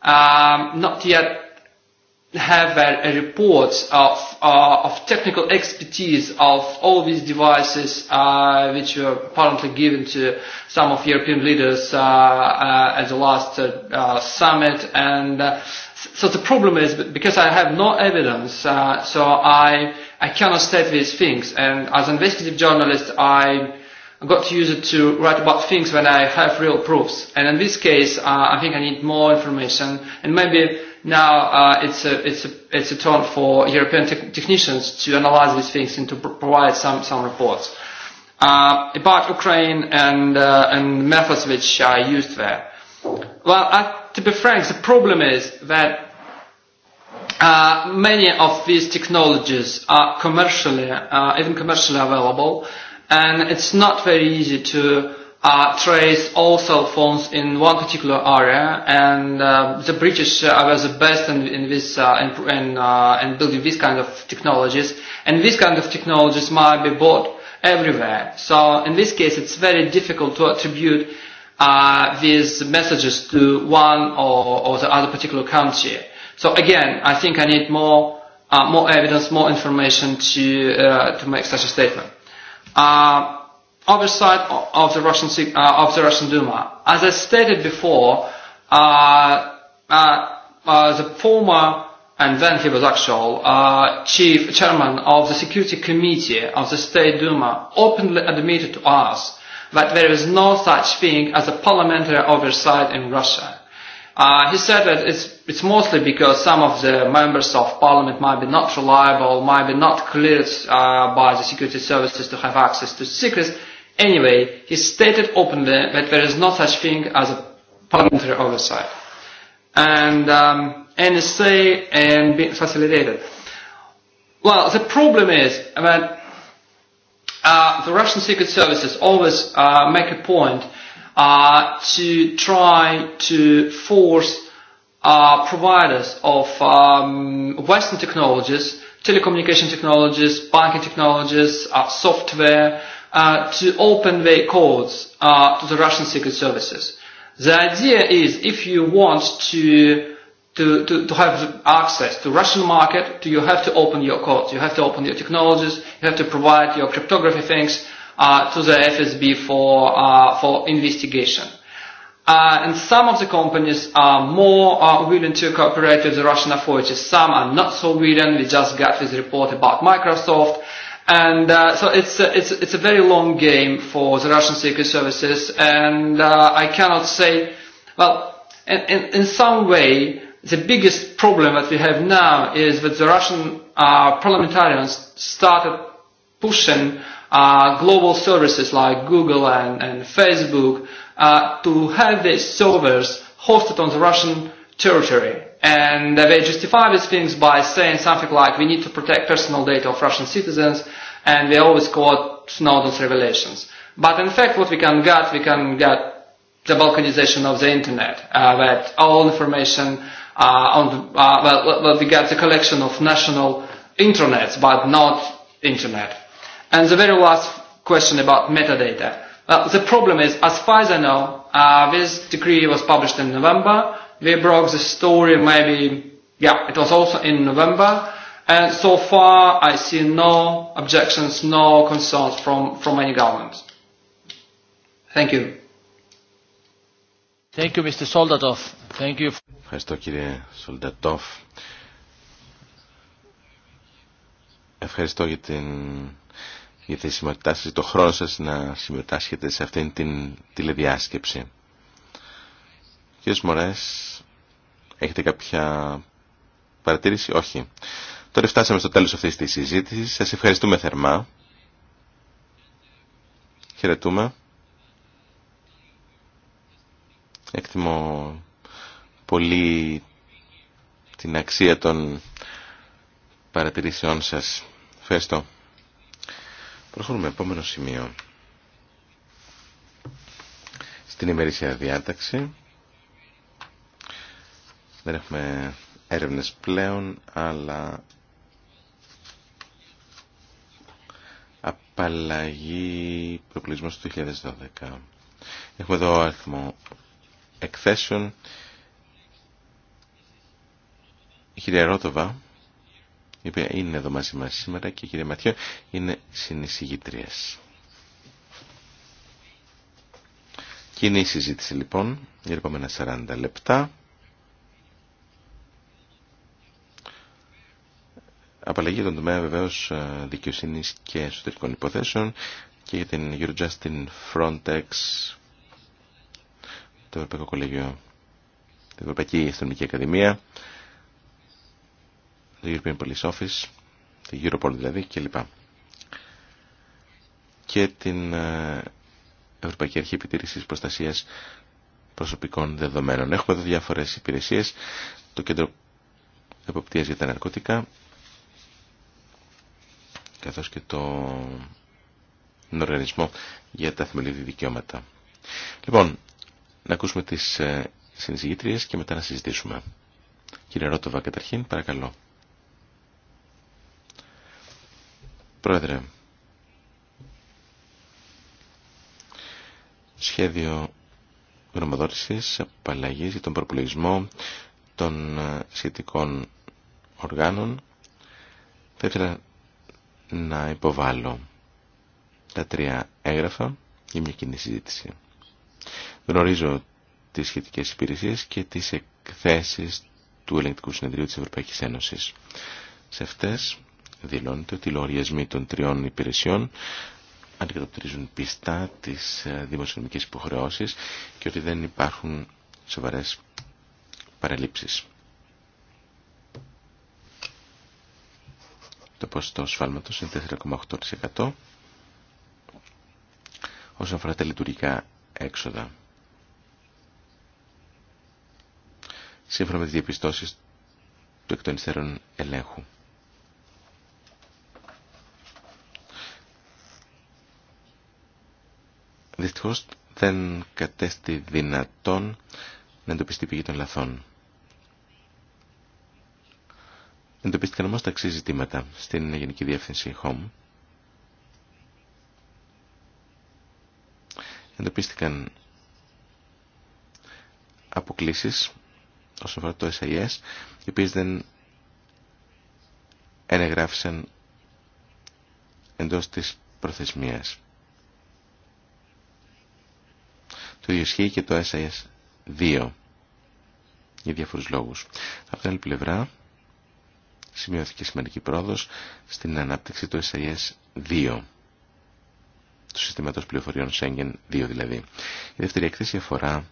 not yet have a report of technical expertise of all these devices which were apparently given to some of European leaders at the last summit. And so the problem is because I have no evidence, so I I cannot state these things. And as an investigative journalist, I got to use it to write about things when I have real proofs. And in this case, I think I need more information. And maybe now it's a it's a it's a turn for European technicians to analyze these things and to provide some some reports about Ukraine and and methods which I used there. Well, to be frank, the problem is that Many of these technologies are commercially, even commercially available, and it's not very easy to trace all cell phones in one particular area. And the British were the best in in this in building these kind of technologies. And these kind of technologies might be bought everywhere. So in this case, it's very difficult to attribute these messages to one or the other particular country. So again, I think I need more uh, more evidence, more information to uh, to make such a statement. Uh, oversight of the Russian uh, of the Russian Duma, as I stated before, uh, uh, the former and then he was actual uh, chief chairman of the Security Committee of the State Duma openly admitted to us that there is no such thing as a parliamentary oversight in Russia He said that it's it's mostly because some of the members of parliament might be not reliable, might be not cleared by the security services to have access to secrets. Anyway, he stated openly that there is no such thing as a parliamentary oversight. And NSA and being facilitated. Well, the problem is that the Russian secret services always make a point uh, to try to force uh, providers of um, Western technologies, telecommunication technologies, banking technologies, software, uh, to open their codes uh, to the Russian secret services. The idea is if you want to to, to, to have access to Russian market, to, you have to open your codes, you have to open your technologies, you have to provide your cryptography things, to the FSB for uh, for investigation. Uh, and some of the companies are more uh, willing to cooperate with the Russian authorities. Some are not so willing. We just got this report about Microsoft. And uh, so it's a, it's, it's a very long game for the Russian secret services. And uh, I cannot say, well, in, in, in some way, the biggest problem that we have now is that the Russian uh, parliamentarians started pushing global services like Google and, and Facebook uh, to have these servers hosted on the Russian territory. And they justify these things by saying something like, we need to protect personal data of Russian citizens, and they always quote Snowden's revelations. But in fact, what we can get, we can get the balkanization of the internet, uh, that all information uh, on the, uh, well, we get the collection of national intranets, but not internet And the very last question about metadata. Well, the problem is, as far as I know, uh, this decree was published in November. We broke the story maybe, yeah, it was also in November. And so far, I see no objections, no concerns from, from any government. Thank you. Thank you, Mr. Soldatov. Thank you. Ευχαριστώ, κύριε Soldatov. Ευχαριστώ για την για τη συμμετάσχεση, το χρόνο σας να συμμετάσχετε σε αυτήν την τηλεδιάσκεψη. Κύριος Μωρές, έχετε κάποια παρατήρηση? Όχι. Τώρα φτάσαμε στο τέλος αυτής της συζήτησης. Σας ευχαριστούμε θερμά. Χαιρετούμε. Εκτιμώ πολύ την αξία των παρατηρήσεών σας. Ευχαριστώ. Προχωρούμε. Επόμενο σημείο. Στην ημερήσια διάταξη δεν έχουμε έρευνες πλέον, αλλά απαλλαγή προπλησμός του 2012. Έχουμε εδώ αριθμό εκθέσεων. Η κυρία Ρότοβα η οποία είναι εδώ μαζί μας σήμερα και η κυρία Ματιό είναι συνεισηγητρίας. Και είναι η συζήτηση λοιπόν για επόμενα 40 λεπτά. Απαλλαγή των τομέα βεβαίω δικαιοσύνη και εσωτερικών υποθέσεων και για την Eurojustin Frontex, το Ευρωπαϊκό Κολέγιο, την Ευρωπαϊκή Αστυνομική Ακαδημία, το European Police Office, την Europol δηλαδή κλπ. Και την ε, Ευρωπαϊκή Αρχή Επιτήρησης Προστασίας Προσωπικών Δεδομένων. Έχουμε εδώ διάφορες υπηρεσίες, το Κέντρο Εποπτείας για τα Ναρκωτικά, καθώς και το Οργανισμό για τα Θεμελιώδη Δικαιώματα. Λοιπόν, να ακούσουμε τις ε, συνεισηγήτριες και μετά να συζητήσουμε. Κύριε Ρότοβα, καταρχήν, παρακαλώ. Πρόεδρε, σχέδιο γνωμοδότησης απαλλαγής για τον προπολογισμό των ε, σχετικών οργάνων θα ήθελα να υποβάλω τα τρία έγγραφα για μια κοινή συζήτηση. Γνωρίζω τις σχετικές υπηρεσίες και τις εκθέσεις του Ελεγκτικού Συνεδρίου της Ευρωπαϊκής Ένωσης. Σε αυτές δηλώνεται ότι οι λογαριασμοί των τριών υπηρεσιών αντικατοπτρίζουν πιστά τις ε, δημοσιονομικές υποχρεώσεις και ότι δεν υπάρχουν σοβαρές παραλήψεις. Το ποσοστό σφάλματος είναι 4,8% όσον αφορά τα λειτουργικά έξοδα. Σύμφωνα με τις διαπιστώσεις του εκ ελέγχου. Δυστυχώς δεν κατέστη δυνατόν να εντοπιστεί πηγή των λαθών. Εντοπίστηκαν όμως τα εξή ζητήματα στην Γενική Διεύθυνση HOME. Εντοπίστηκαν αποκλήσεις όσον αφορά το SIS, οι οποίες δεν ενεγράφησαν εντός της προθεσμίας. Το ίδιο ισχύει και το SIS 2 για διάφορους λόγους. Από την άλλη πλευρά σημειώθηκε σημαντική πρόοδος στην ανάπτυξη του SIS 2 του συστήματος πληροφοριών Schengen 2 δηλαδή. Η δεύτερη εκθέση αφορά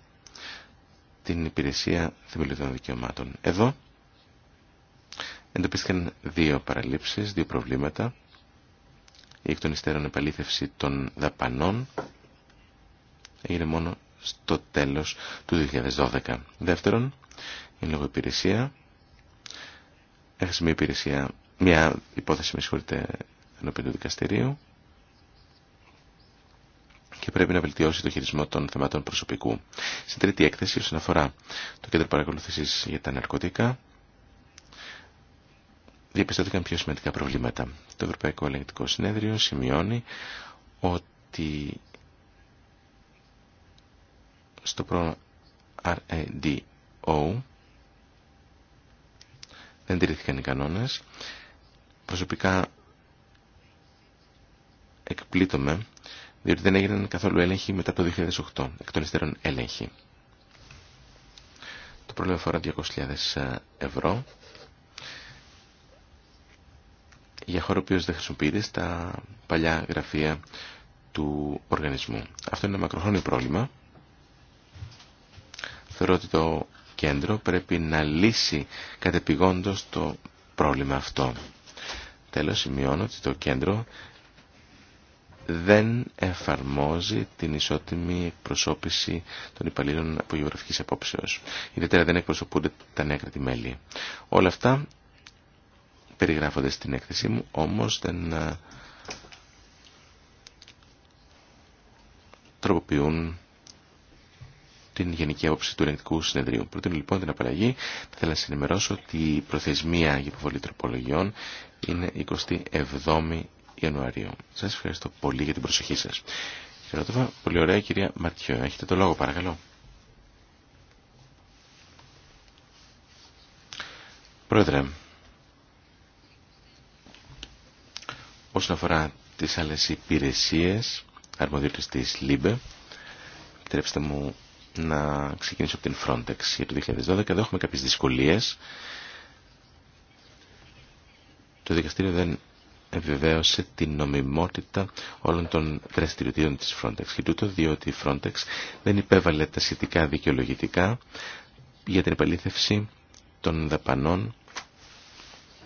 την υπηρεσία θεμελιωδών δικαιωμάτων. Εδώ εντοπίστηκαν δύο παραλήψεις, δύο προβλήματα. Η εκ των υστέρων επαλήθευση των δαπανών έγινε μόνο στο τέλος του 2012. Δεύτερον, η υπηρεσία. έχασε μια υπηρεσία, μια υπόθεση με συγχωρείτε ενώπιν του δικαστηρίου και πρέπει να βελτιώσει το χειρισμό των θεμάτων προσωπικού. Στην τρίτη έκθεση, όσον αφορά το κέντρο παρακολούθησης για τα ναρκωτικά, διαπιστώθηκαν πιο σημαντικά προβλήματα. Το Ευρωπαϊκό Ελεγκτικό Συνέδριο σημειώνει ότι στο προ RADO δεν τηρήθηκαν οι κανόνες. Προσωπικά εκπλήτωμε διότι δεν έγιναν καθόλου έλεγχοι μετά το 2008, εκ των υστέρων έλεγχοι. Το πρόβλημα αφορά 200.000 ευρώ για χώρο που δεν χρησιμοποιείται στα παλιά γραφεία του οργανισμού. Αυτό είναι ένα μακροχρόνιο πρόβλημα Θεωρώ ότι το κέντρο πρέπει να λύσει κατεπηγόντως το πρόβλημα αυτό. Τέλος, σημειώνω ότι το κέντρο δεν εφαρμόζει την ισότιμη εκπροσώπηση των υπαλλήλων από γεωγραφική Η Ιδιαίτερα δεν εκπροσωπούνται τα νέα κρατημέλη. Όλα αυτά περιγράφονται στην έκθεσή μου, όμως δεν ε, τροποποιούν την γενική άποψη του ελεγκτικού συνεδρίου. Προτείνω λοιπόν την απαλλαγή. Θέλω να σα ενημερώσω ότι η προθεσμία για υποβολή τροπολογιών είναι 27η Ιανουαρίου. Σα ευχαριστώ πολύ για την προσοχή σα. Χαιρετόφα, πολύ ωραία κυρία Μαρτιό. Έχετε το λόγο παρακαλώ. Πρόεδρε, όσον αφορά τις άλλες υπηρεσίες αρμοδιότητες της ΛΥΜΠΕ, επιτρέψτε μου να ξεκινήσω από την Frontex για το 2012. Εδώ έχουμε κάποιες δυσκολίες. Το δικαστήριο δεν επιβεβαίωσε την νομιμότητα όλων των δραστηριοτήτων της Frontex. Και τούτο διότι η Frontex δεν υπέβαλε τα σχετικά δικαιολογητικά για την επαλήθευση των δαπανών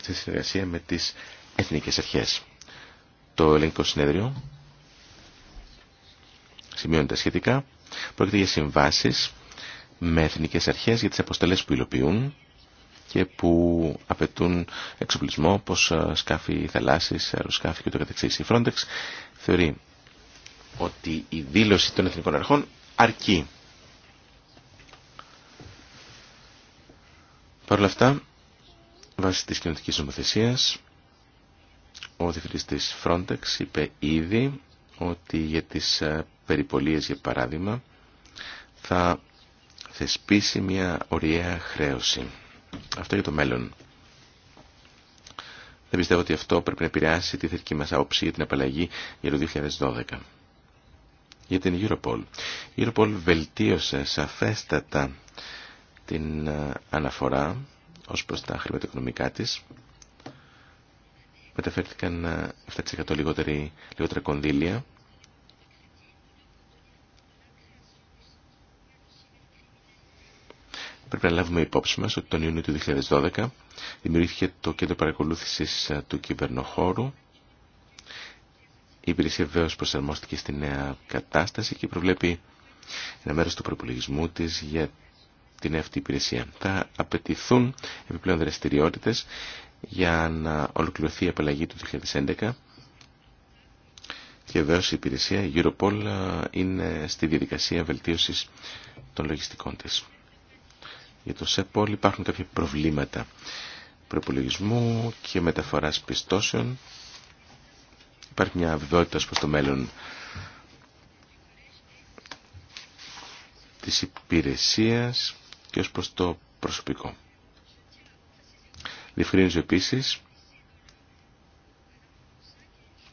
σε συνεργασία με τις εθνικές αρχές. Το ελληνικό συνέδριο σημειώνεται σχετικά Πρόκειται για συμβάσεις με εθνικές αρχές για τις αποστολές που υλοποιούν και που απαιτούν εξοπλισμό όπως ε, σκάφη θαλάσσης, αεροσκάφη κ.ο.κ. Η Frontex θεωρεί ότι η δήλωση των εθνικών αρχών αρκεί. Παρ' όλα αυτά, βάσει της κοινωτικής νομοθεσία, ο διευθυντής της Frontex είπε ήδη ότι για τις ε, περιπολίες για παράδειγμα θα θεσπίσει μια ωριαία χρέωση. Αυτό για το μέλλον. Δεν πιστεύω ότι αυτό πρέπει να επηρεάσει τη θετική μας άποψη για την απαλλαγή για το 2012. Για την Europol. Η Europol βελτίωσε σαφέστατα την ε, αναφορά ως προς τα χρηματοοικονομικά της. Μεταφέρθηκαν 7% ε, λιγότερα κονδύλια Πρέπει να λάβουμε υπόψη μας ότι τον Ιούνιο του 2012 δημιουργήθηκε το Κέντρο Παρακολούθησης ε, του Κυβερνοχώρου. Η υπηρεσία βεβαίω προσαρμόστηκε στη νέα κατάσταση και προβλέπει ένα μέρος του προπολογισμού της για την αυτή υπηρεσία. Θα απαιτηθούν επιπλέον δραστηριότητες για να ολοκληρωθεί η απαλλαγή του 2011 και βεβαίω η υπηρεσία η Europol ε, είναι στη διαδικασία βελτίωσης των λογιστικών της για το ΣΕΠΟΛ υπάρχουν κάποια προβλήματα προπολογισμού και μεταφοράς πιστώσεων. Υπάρχει μια αβεβαιότητα προς το μέλλον της υπηρεσίας και ως προς το προσωπικό. Διευκρίνιζω επίσης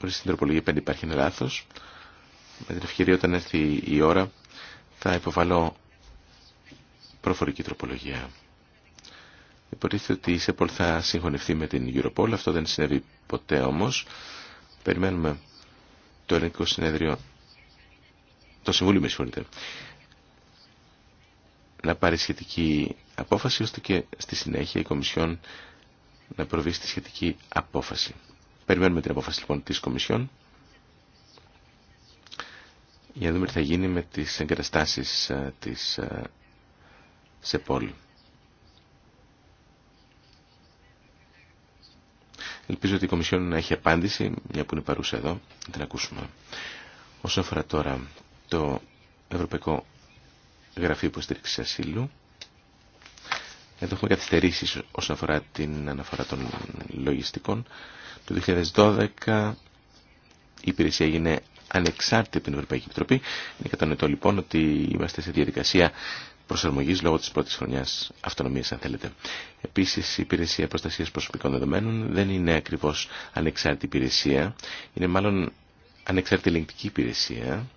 ότι στην τροπολογία 5 υπάρχει ένα λάθος. Με την ευκαιρία όταν έρθει η ώρα θα υποβαλώ προφορική τροπολογία. Υποτίθεται ότι η ΣΕΠΟΛ θα συγχωνευτεί με την Europol. Αυτό δεν συνέβη ποτέ όμως. Περιμένουμε το ελληνικό συνέδριο, το Συμβούλιο με συγχωρείτε, να πάρει σχετική απόφαση, ώστε και στη συνέχεια η Κομισιόν να προβεί στη σχετική απόφαση. Περιμένουμε την απόφαση λοιπόν της Κομισιόν για να δούμε τι θα γίνει με τις εγκαταστάσεις ε, της ε, σε πόλη. Ελπίζω ότι η Κομισιόν να έχει απάντηση, μια που είναι παρούσα εδώ, να την ακούσουμε. Όσον αφορά τώρα το Ευρωπαϊκό Γραφείο Υποστήριξη Ασύλου, εδώ έχουμε καθυστερήσει όσον αφορά την αναφορά των λογιστικών. Το 2012 η υπηρεσία έγινε ανεξάρτητη από την Ευρωπαϊκή Επιτροπή. Είναι κατανοητό λοιπόν ότι είμαστε σε διαδικασία προσαρμογή λόγω τη πρώτη χρονιά αυτονομία, αν θέλετε. Επίση, η υπηρεσία προστασία προσωπικών δεδομένων δεν είναι ακριβώ ανεξάρτητη υπηρεσία. Είναι μάλλον ανεξάρτητη ελεγκτική υπηρεσία.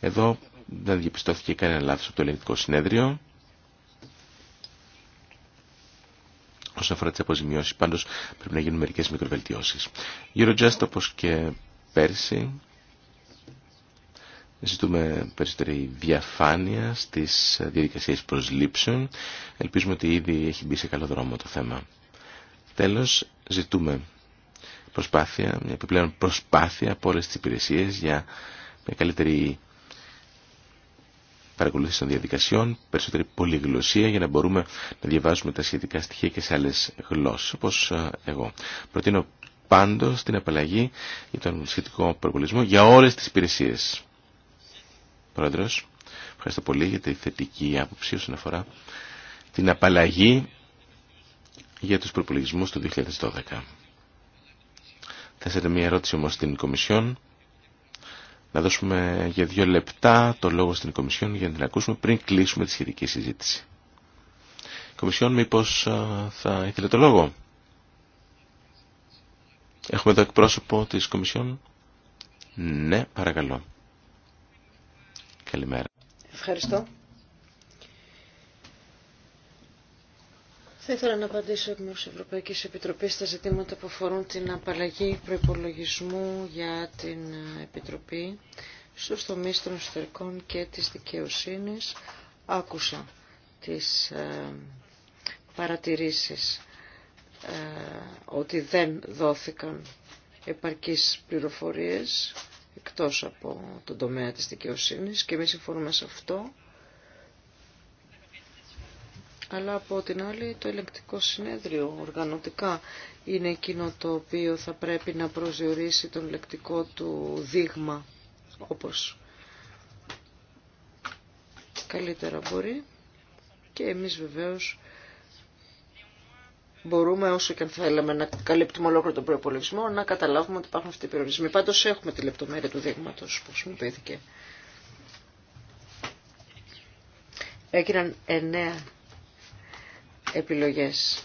Εδώ δεν διαπιστώθηκε κανένα λάθο από το ελεγκτικό συνέδριο. Όσον αφορά τι αποζημιώσει, πάντω πρέπει να γίνουν μερικέ μικροβελτιώσει. Eurojust, όπω και πέρσι, Ζητούμε περισσότερη διαφάνεια στις διαδικασίες προσλήψεων. Ελπίζουμε ότι ήδη έχει μπει σε καλό δρόμο το θέμα. Τέλος, ζητούμε προσπάθεια, μια επιπλέον προσπάθεια από όλες τις υπηρεσίες για μια καλύτερη παρακολούθηση των διαδικασιών, περισσότερη πολυγλωσία για να μπορούμε να διαβάζουμε τα σχετικά στοιχεία και σε άλλες γλώσσες, όπως ε, εγώ. Προτείνω πάντως την απαλλαγή για τον σχετικό προπολισμό για όλες τις υπηρεσίες. Πρόεδρος, ευχαριστώ πολύ για τη θετική άποψη όσον αφορά την απαλλαγή για τους προπολογισμούς του 2012. Θέσατε μια ερώτηση όμως στην Κομισιόν. Να δώσουμε για δύο λεπτά το λόγο στην Κομισιόν για να την ακούσουμε πριν κλείσουμε τη σχετική συζήτηση. Κομισιόν μήπως θα ήθελε το λόγο. Έχουμε εδώ εκπρόσωπο της Κομισιόν. Ναι, παρακαλώ. Ευχαριστώ. Θα ήθελα να απαντήσω εκ μέρους Ευρωπαϊκής Επιτροπής στα ζητήματα που αφορούν την απαλλαγή προϋπολογισμού για την ε, Επιτροπή στους τομείς των εσωτερικών και της δικαιοσύνης. Άκουσα τις ε, παρατηρήσεις ε, ότι δεν δόθηκαν επαρκείς πληροφορίες εκτός από τον τομέα της δικαιοσύνης και εμείς συμφωνούμε σε αυτό. Αλλά από την άλλη το ελεγκτικό συνέδριο οργανωτικά είναι εκείνο το οποίο θα πρέπει να προσδιορίσει τον ελεκτικό του δείγμα όπως καλύτερα μπορεί και εμείς βεβαίως μπορούμε όσο και αν θέλαμε να καλύπτουμε ολόκληρο τον προπολογισμό να καταλάβουμε ότι υπάρχουν αυτοί οι περιορισμοί. Πάντως έχουμε τη λεπτομέρεια του δείγματο που χρησιμοποιήθηκε. Έγιναν εννέα επιλογές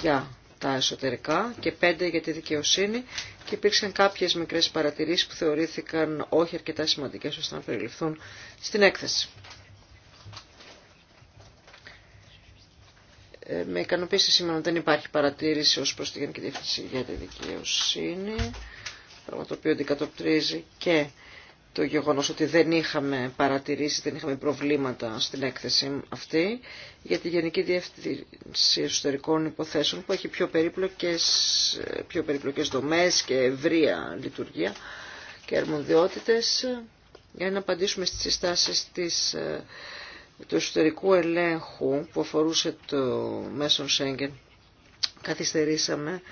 για τα εσωτερικά και πέντε για τη δικαιοσύνη και υπήρξαν κάποιες μικρές παρατηρήσεις που θεωρήθηκαν όχι αρκετά σημαντικές ώστε να περιληφθούν στην έκθεση. Ε, με ικανοποίηση σήμερα δεν υπάρχει παρατήρηση ως προς τη Γενική Διεύθυνση για τη Δικαιοσύνη, πράγμα το οποίο αντικατοπτρίζει και το γεγονός ότι δεν είχαμε παρατηρήσει, δεν είχαμε προβλήματα στην έκθεση αυτή για τη Γενική Διεύθυνση Εσωτερικών Υποθέσεων που έχει πιο περίπλοκες, πιο περίπλοκες δομές και ευρεία λειτουργία και αρμοδιότητες για να απαντήσουμε στις συστάσεις της ε, του εσωτερικού ελέγχου που αφορούσε το μέσον Σέγγεν καθυστερήσαμε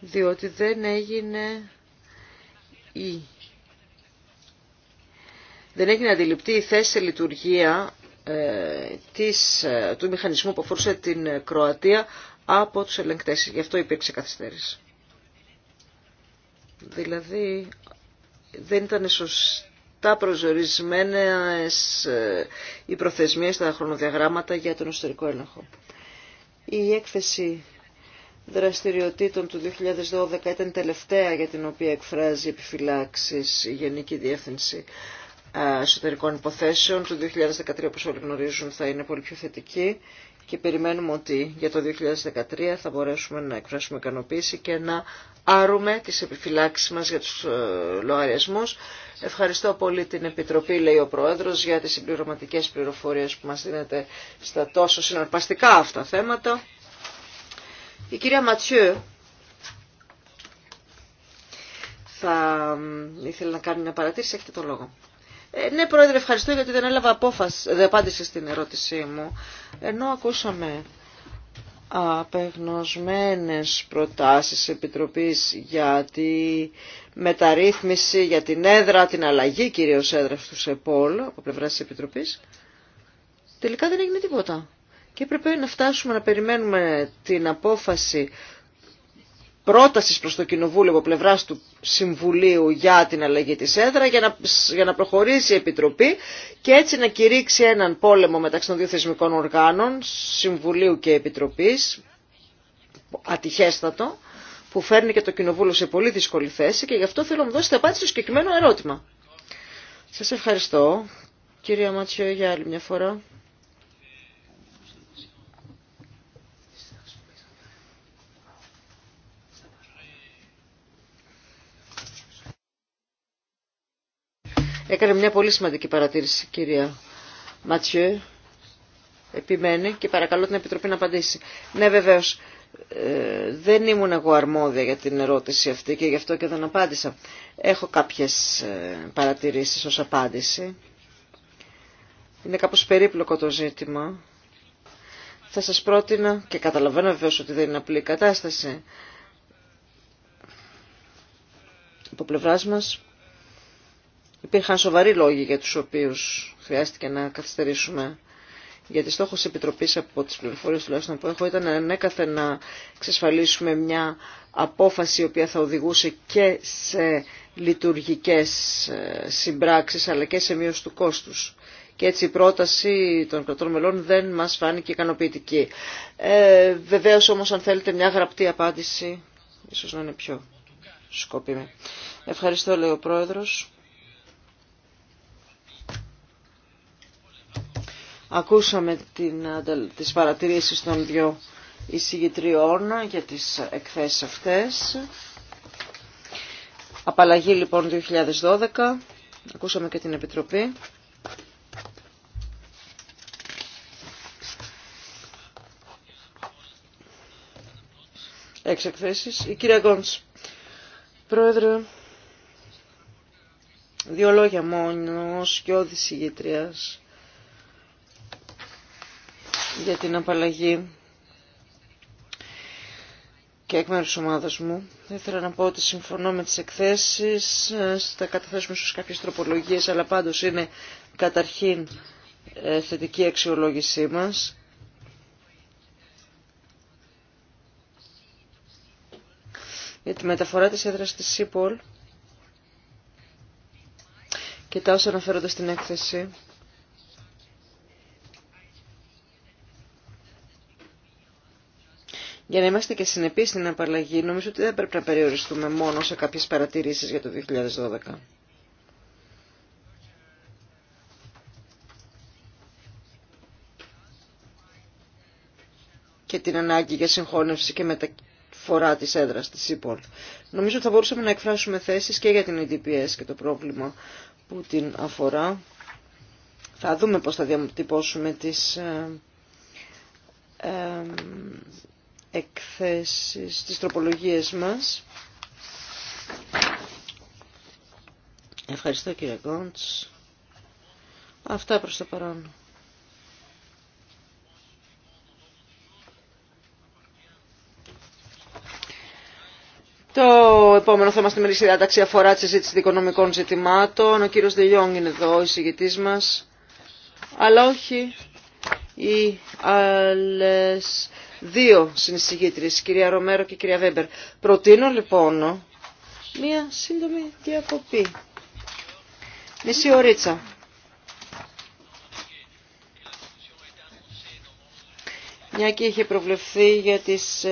διότι δεν έγινε η... δεν έγινε αντιληπτή η θέση σε λειτουργία ε, της, ε, του μηχανισμού που αφορούσε την Κροατία από τους ελεγκτές. Γι' αυτό υπήρξε καθυστέρηση. Δηλαδή δεν ήταν σωστή τα ε, οι προθεσμίες, τα χρονοδιαγράμματα για τον εσωτερικό έλεγχο. Η έκθεση δραστηριοτήτων του 2012 ήταν τελευταία για την οποία εκφράζει επιφυλάξεις η Γενική Διεύθυνση ε, Εσωτερικών Υποθέσεων του 2013 όπως όλοι γνωρίζουν θα είναι πολύ πιο θετική και περιμένουμε ότι για το 2013 θα μπορέσουμε να εκφράσουμε ικανοποίηση και να άρουμε τις επιφυλάξεις μας για τους ε, λογαριασμούς. Ευχαριστώ πολύ την Επιτροπή, λέει ο Πρόεδρος, για τις συμπληρωματικές πληροφορίες που μας δίνετε στα τόσο συναρπαστικά αυτά θέματα. Η κυρία Ματιού θα ήθελε να κάνει μια παρατήρηση, έχετε το λόγο. Ε, ναι, Πρόεδρε, ευχαριστώ γιατί δεν έλαβα απόφαση, δεν απάντησε στην ερώτησή μου. Ενώ ακούσαμε απεγνωσμένες προτάσεις Επιτροπής για τη μεταρρύθμιση, για την έδρα, την αλλαγή κυρίως έδρα του ΣΕΠΟΛ από πλευρά της Επιτροπής, τελικά δεν έγινε τίποτα. Και έπρεπε να φτάσουμε να περιμένουμε την απόφαση Πρόταση προς το Κοινοβούλιο από πλευράς του Συμβουλίου για την αλλαγή της έδρα για να, προχωρήσει η Επιτροπή και έτσι να κηρύξει έναν πόλεμο μεταξύ των δύο θεσμικών οργάνων, Συμβουλίου και Επιτροπής, ατυχέστατο, που φέρνει και το Κοινοβούλιο σε πολύ δύσκολη θέση και γι' αυτό θέλω να μου δώσετε απάντηση στο συγκεκριμένο ερώτημα. Σας ευχαριστώ, κυρία Ματσιό, για άλλη μια φορά. Έκανε μια πολύ σημαντική παρατήρηση κυρία Ματσιέ. Επιμένει και παρακαλώ την Επιτροπή να απαντήσει. Ναι βεβαίω. Ε, δεν ήμουν εγώ αρμόδια για την ερώτηση αυτή και γι' αυτό και δεν απάντησα. Έχω κάποιες ε, παρατηρήσεις ως απάντηση. Είναι κάπως περίπλοκο το ζήτημα. Θα σας πρότεινα, και καταλαβαίνω βεβαίως ότι δεν είναι απλή κατάσταση, από πλευράς μας, Υπήρχαν σοβαροί λόγοι για τους οποίους χρειάστηκε να καθυστερήσουμε. Γιατί στόχος της Επιτροπής από τις πληροφορίες τουλάχιστον που έχω ήταν ανέκαθεν να εξασφαλίσουμε μια απόφαση η οποία θα οδηγούσε και σε λειτουργικές ε, συμπράξεις αλλά και σε μείωση του κόστους. Και έτσι η πρόταση των κρατών μελών δεν μας φάνηκε ικανοποιητική. Ε, βεβαίως όμως αν θέλετε μια γραπτή απάντηση ίσως να είναι πιο σκόπιμη. Ευχαριστώ λέει ο Πρόεδρος. Ακούσαμε την, τις παρατηρήσεις των δυο εισηγητριών για τις εκθέσεις αυτές. Απαλλαγή λοιπόν 2012. Ακούσαμε και την Επιτροπή. Έξι εκθέσεις. Η κυρία Γκόντς. Πρόεδρε, δύο λόγια μόνο και όδηση για την απαλλαγή και εκ μέρους ομάδας μου. ήθελα να πω ότι συμφωνώ με τις εκθέσεις, θα καταθέσουμε στους κάποιες τροπολογίες, αλλά πάντως είναι καταρχήν ε, θετική αξιολόγησή μας. Για τη μεταφορά της έδρας της ΣΥΠΟΛ και τα όσα αναφέρονται στην έκθεση Για να είμαστε και συνεπεί στην απαλλαγή, νομίζω ότι δεν πρέπει να περιοριστούμε μόνο σε κάποιες παρατηρήσεις για το 2012. και την ανάγκη για συγχώνευση και μεταφορά της έδρας της ΥΠΟΛ. Νομίζω ότι θα μπορούσαμε να εκφράσουμε θέσεις και για την EDPS και το πρόβλημα που την αφορά. Θα δούμε πώς θα διατυπώσουμε τις ε, ε εκθέσεις, τις τροπολογίες μας. Ευχαριστώ κύριε Γκόντς. Αυτά προς το παρόν. Το επόμενο θέμα στη μερική διάταξη αφορά τη συζήτηση οικονομικών ζητημάτων. Ο κύριος Δελιόγκ είναι εδώ, ο εισηγητής μας. Αλλά όχι οι άλλες δύο συνεισηγήτρες, κυρία Ρομέρο και κυρία Βέμπερ. Προτείνω λοιπόν μία σύντομη διακοπή. Μισή ωρίτσα. Μια και είχε προβλεφθεί για τις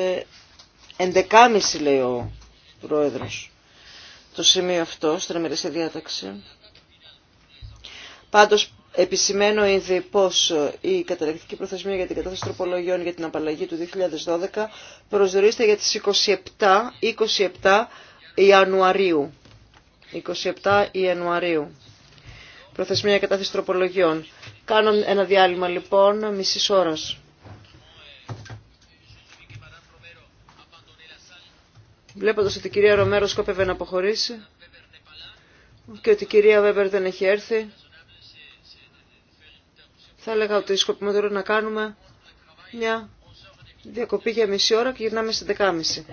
11.30 ε, λέει ο Πρόεδρος το σημείο αυτό στην ημερήσια διάταξη. Πάντως Επισημαίνω ήδη πως η καταληκτική προθεσμία για την κατάθεση τροπολογιών για την απαλλαγή του 2012 προσδιορίζεται για τις 27, 27 Ιανουαρίου. 27 Ιανουαρίου. Προθεσμία για κατάθεση τροπολογιών. Κάνω ένα διάλειμμα λοιπόν μισή ώρα. Βλέποντας ότι η κυρία Ρομέρο σκόπευε να αποχωρήσει και ότι η κυρία Βέμπερ δεν έχει έρθει, θα έλεγα ότι σκοπούμε τώρα να κάνουμε μια διακοπή για μισή ώρα και γυρνάμε στις 11.30.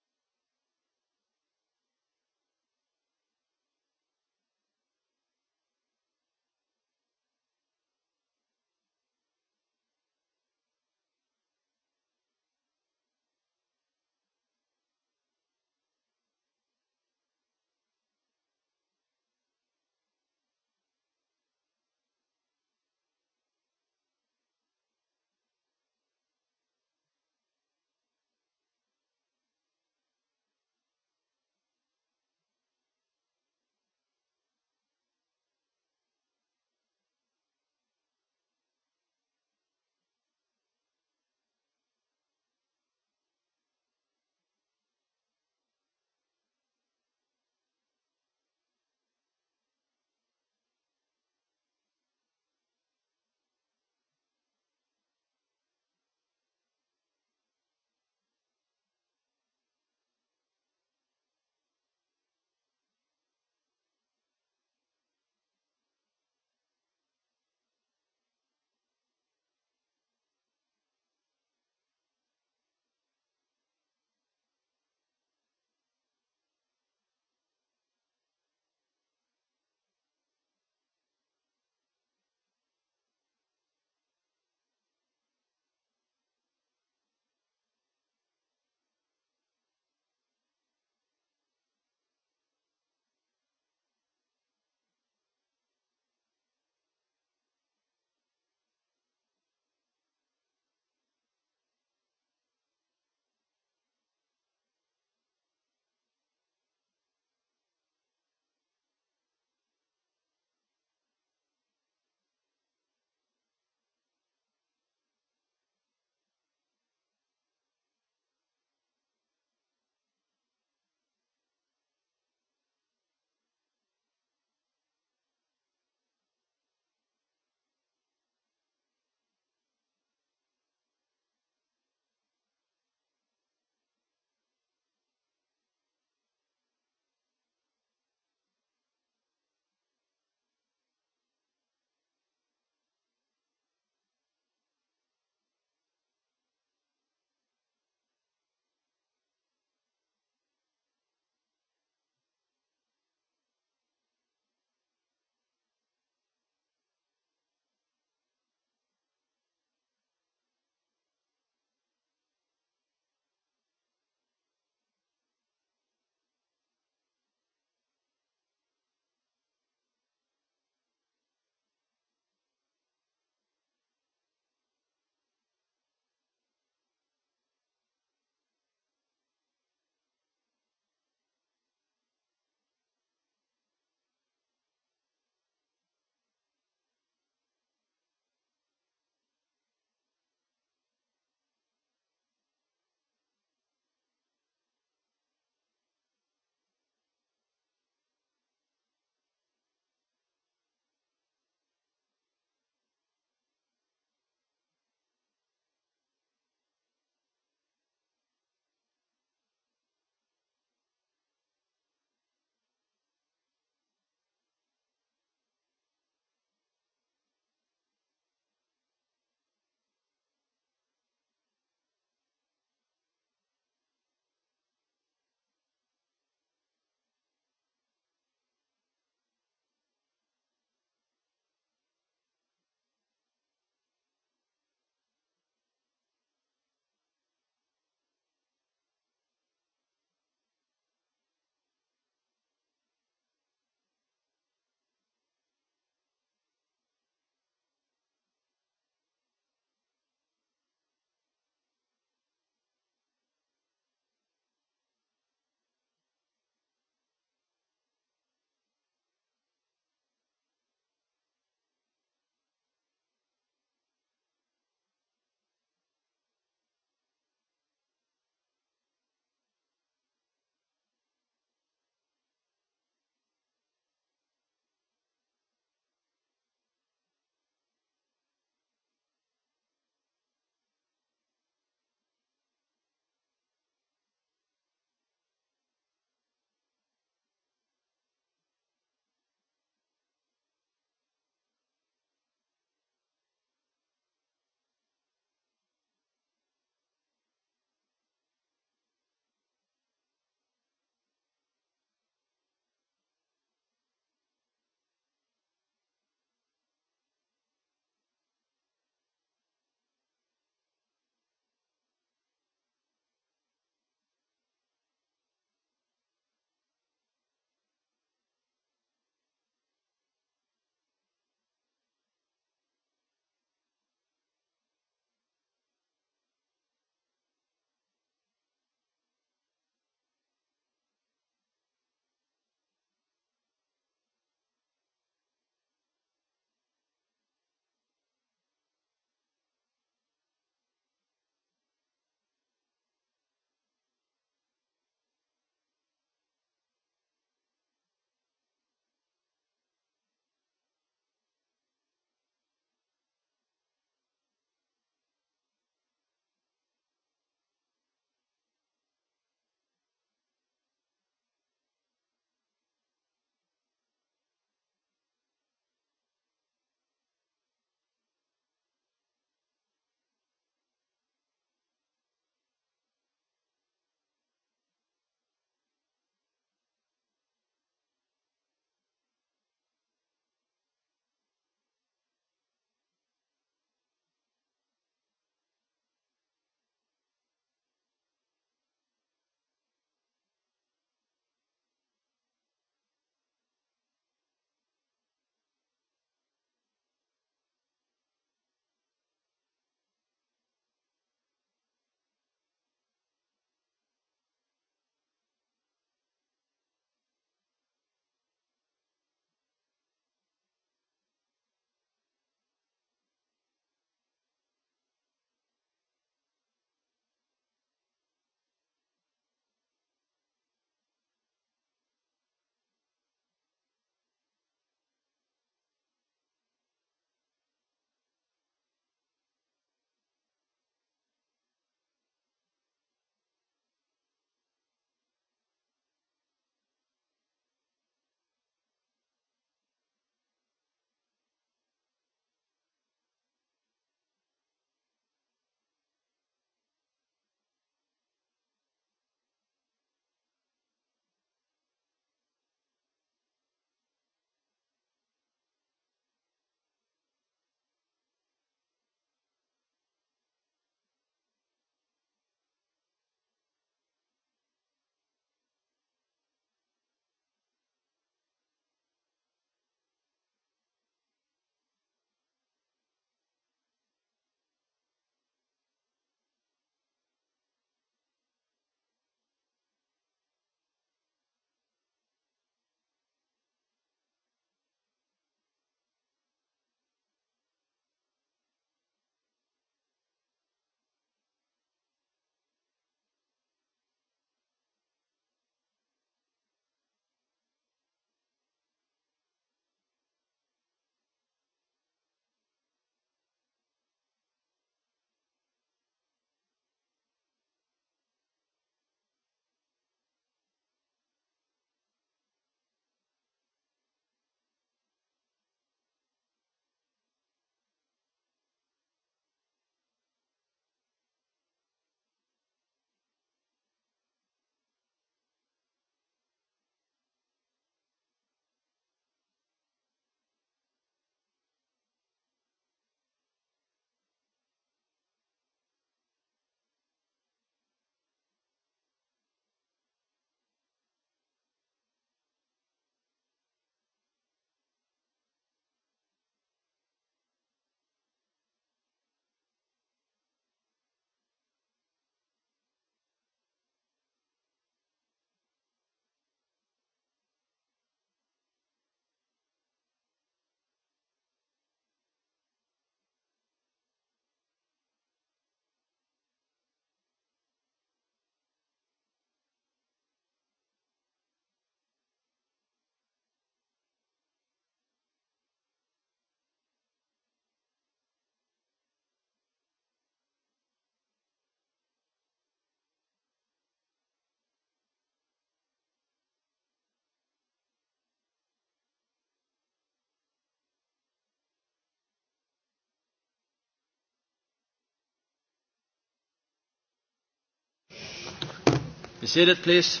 Be seated, please.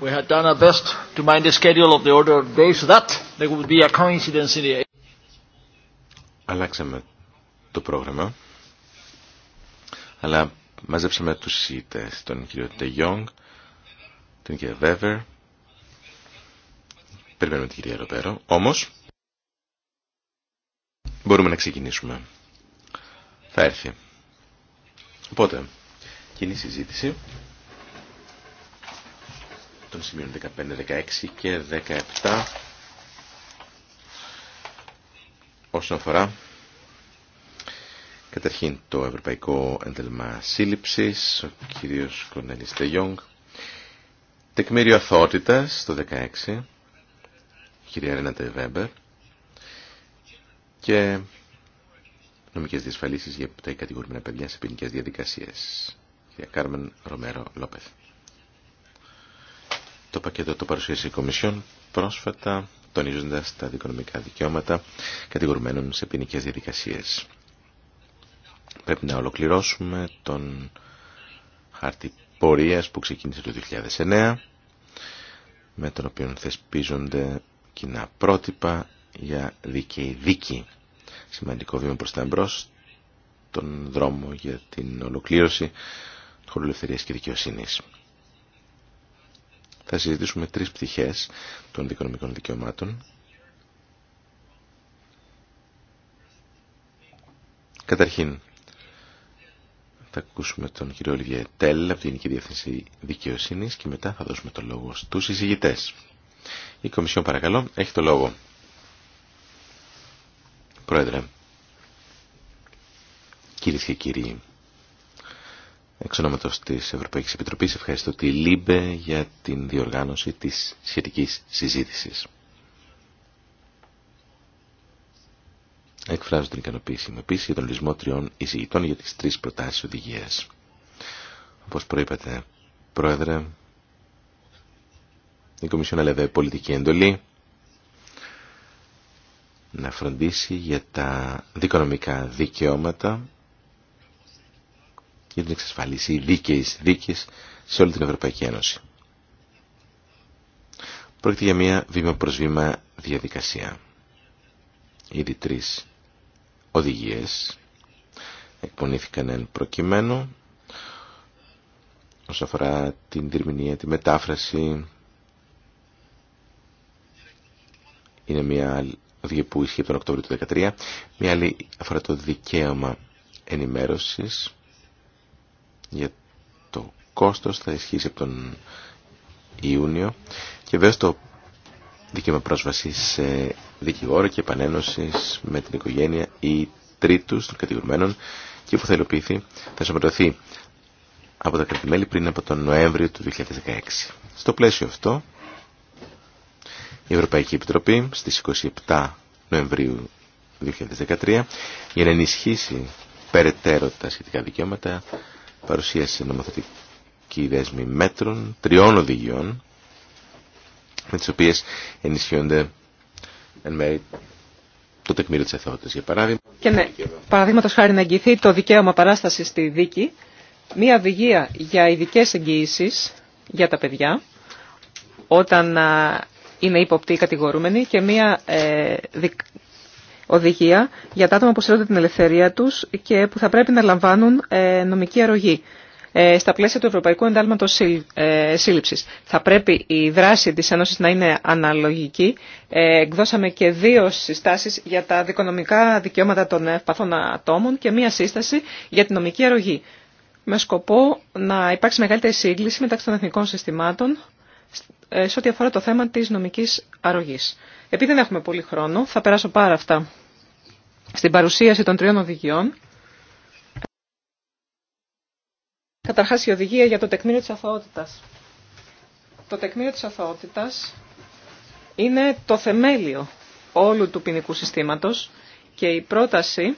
We had done our best to mind the schedule of the order of day so that there would be a coincidence in the... Αλλάξαμε το πρόγραμμα, αλλά μαζέψαμε τους ΣΥΤΕΣ, τον κύριο Τεγιόγκ, τον κύριο Βέβερ, Περιμένουμε την κυρία Ροπέρο. Όμως, μπορούμε να ξεκινήσουμε. Θα έρθει. Οπότε, κοινή συζήτηση των σημείων 15, 16 και 17 όσον αφορά καταρχήν το Ευρωπαϊκό Έντελμα Σύλληψης, ο κύριος Κορνέλης Τεγιόγκ, τεκμήριο αθότητας το 16, κυρία Ρένατε Βέμπερ και νομικές διασφαλίσεις για τα κατηγορημένα παιδιά σε ποινικέ διαδικασίες. Κυρία Κάρμεν Ρομέρο Λόπεθ. Το πακέτο το παρουσίασε η Κομισιόν πρόσφατα τονίζοντας τα δικονομικά δικαιώματα κατηγορουμένων σε ποινικέ διαδικασίες. Πρέπει να ολοκληρώσουμε τον χάρτη πορείας που ξεκίνησε το 2009 με τον οποίο θεσπίζονται κοινά πρότυπα για δίκαιη δίκη. Σημαντικό βήμα προς τα εμπρός, τον δρόμο για την ολοκλήρωση του χώρου ελευθερίας και δικαιοσύνης. Θα συζητήσουμε τρεις πτυχές των δικονομικών δικαιωμάτων. Καταρχήν, θα ακούσουμε τον κύριο Ολιβιέ Τέλ από την Ινική Διεύθυνση Δικαιοσύνης και μετά θα δώσουμε το λόγο στους συζητητές. Η Κομισιόν παρακαλώ έχει το λόγο. Πρόεδρε, Κυρίε και κύριοι, εξ ονόματος της Ευρωπαϊκής Επιτροπής ευχαριστώ τη ΛΥΜΠΕ για την διοργάνωση της σχετικής συζήτησης. Εκφράζω την ικανοποίησή μου επίση για τον λυσμό τριών εισηγητών για τις τρεις προτάσεις οδηγίας. Όπως προείπατε, Πρόεδρε, η Κομισιόν έλαβε πολιτική εντολή να φροντίσει για τα δικονομικά δικαιώματα για την εξασφάλιση δίκαιης δίκης σε όλη την Ευρωπαϊκή Ένωση. Πρόκειται για μια βήμα προς βήμα διαδικασία. Ήδη τρεις οδηγίες εκπονήθηκαν εν προκειμένου όσον αφορά την διερμηνία, τη μετάφραση, Είναι μια οδηγία που ισχύει τον Οκτώβριο του 2013. Μια άλλη αφορά το δικαίωμα ενημέρωσης για το κόστος θα ισχύσει από τον Ιούνιο και βέβαια το δικαίωμα πρόσβαση σε δικηγόρο και επανένωση με την οικογένεια ή τρίτους των κατηγορουμένων και που θα υλοποιηθεί θα σωματωθεί από τα κρατημέλη πριν από τον Νοέμβριο του 2016. Στο πλαίσιο αυτό η Ευρωπαϊκή Επιτροπή στις 27 Νοεμβρίου 2013 για να ενισχύσει περαιτέρω τα σχετικά δικαιώματα παρουσίασε νομοθετική δέσμη μέτρων τριών οδηγιών με τις οποίες ενισχύονται εν το τεκμήριο της αθότητας. Για παράδειγμα, και με, ναι, παραδείγματος χάρη να εγγυηθεί το δικαίωμα παράσταση στη δίκη, μία οδηγία για ειδικέ εγγυήσεις για τα παιδιά, όταν είναι ύποπτοι ή κατηγορούμενοι και μία ε, οδηγία για τα άτομα που στερούνται την ελευθερία τους και που θα πρέπει να λαμβάνουν ε, νομική αρρωγή ε, στα πλαίσια του Ευρωπαϊκού Εντάλματος ε, Σύλληψης. Θα πρέπει η δράση της Ένωσης να είναι αναλογική. Ε, εκδώσαμε και δύο συστάσεις για τα δικονομικά δικαιώματα των ευπαθών ατόμων και μία σύσταση για την νομική αρρωγή με σκοπό να υπάρξει μεγαλύτερη σύγκληση μεταξύ των εθνικών συστημάτων ε, σε ό,τι αφορά το θέμα της νομικής αρρωγής. Επειδή δεν έχουμε πολύ χρόνο, θα περάσω πάρα αυτά στην παρουσίαση των τριών οδηγιών. Καταρχάς η οδηγία για το τεκμήριο της αθωότητας. Το τεκμήριο της αθωότητας είναι το θεμέλιο όλου του ποινικού συστήματος και η πρόταση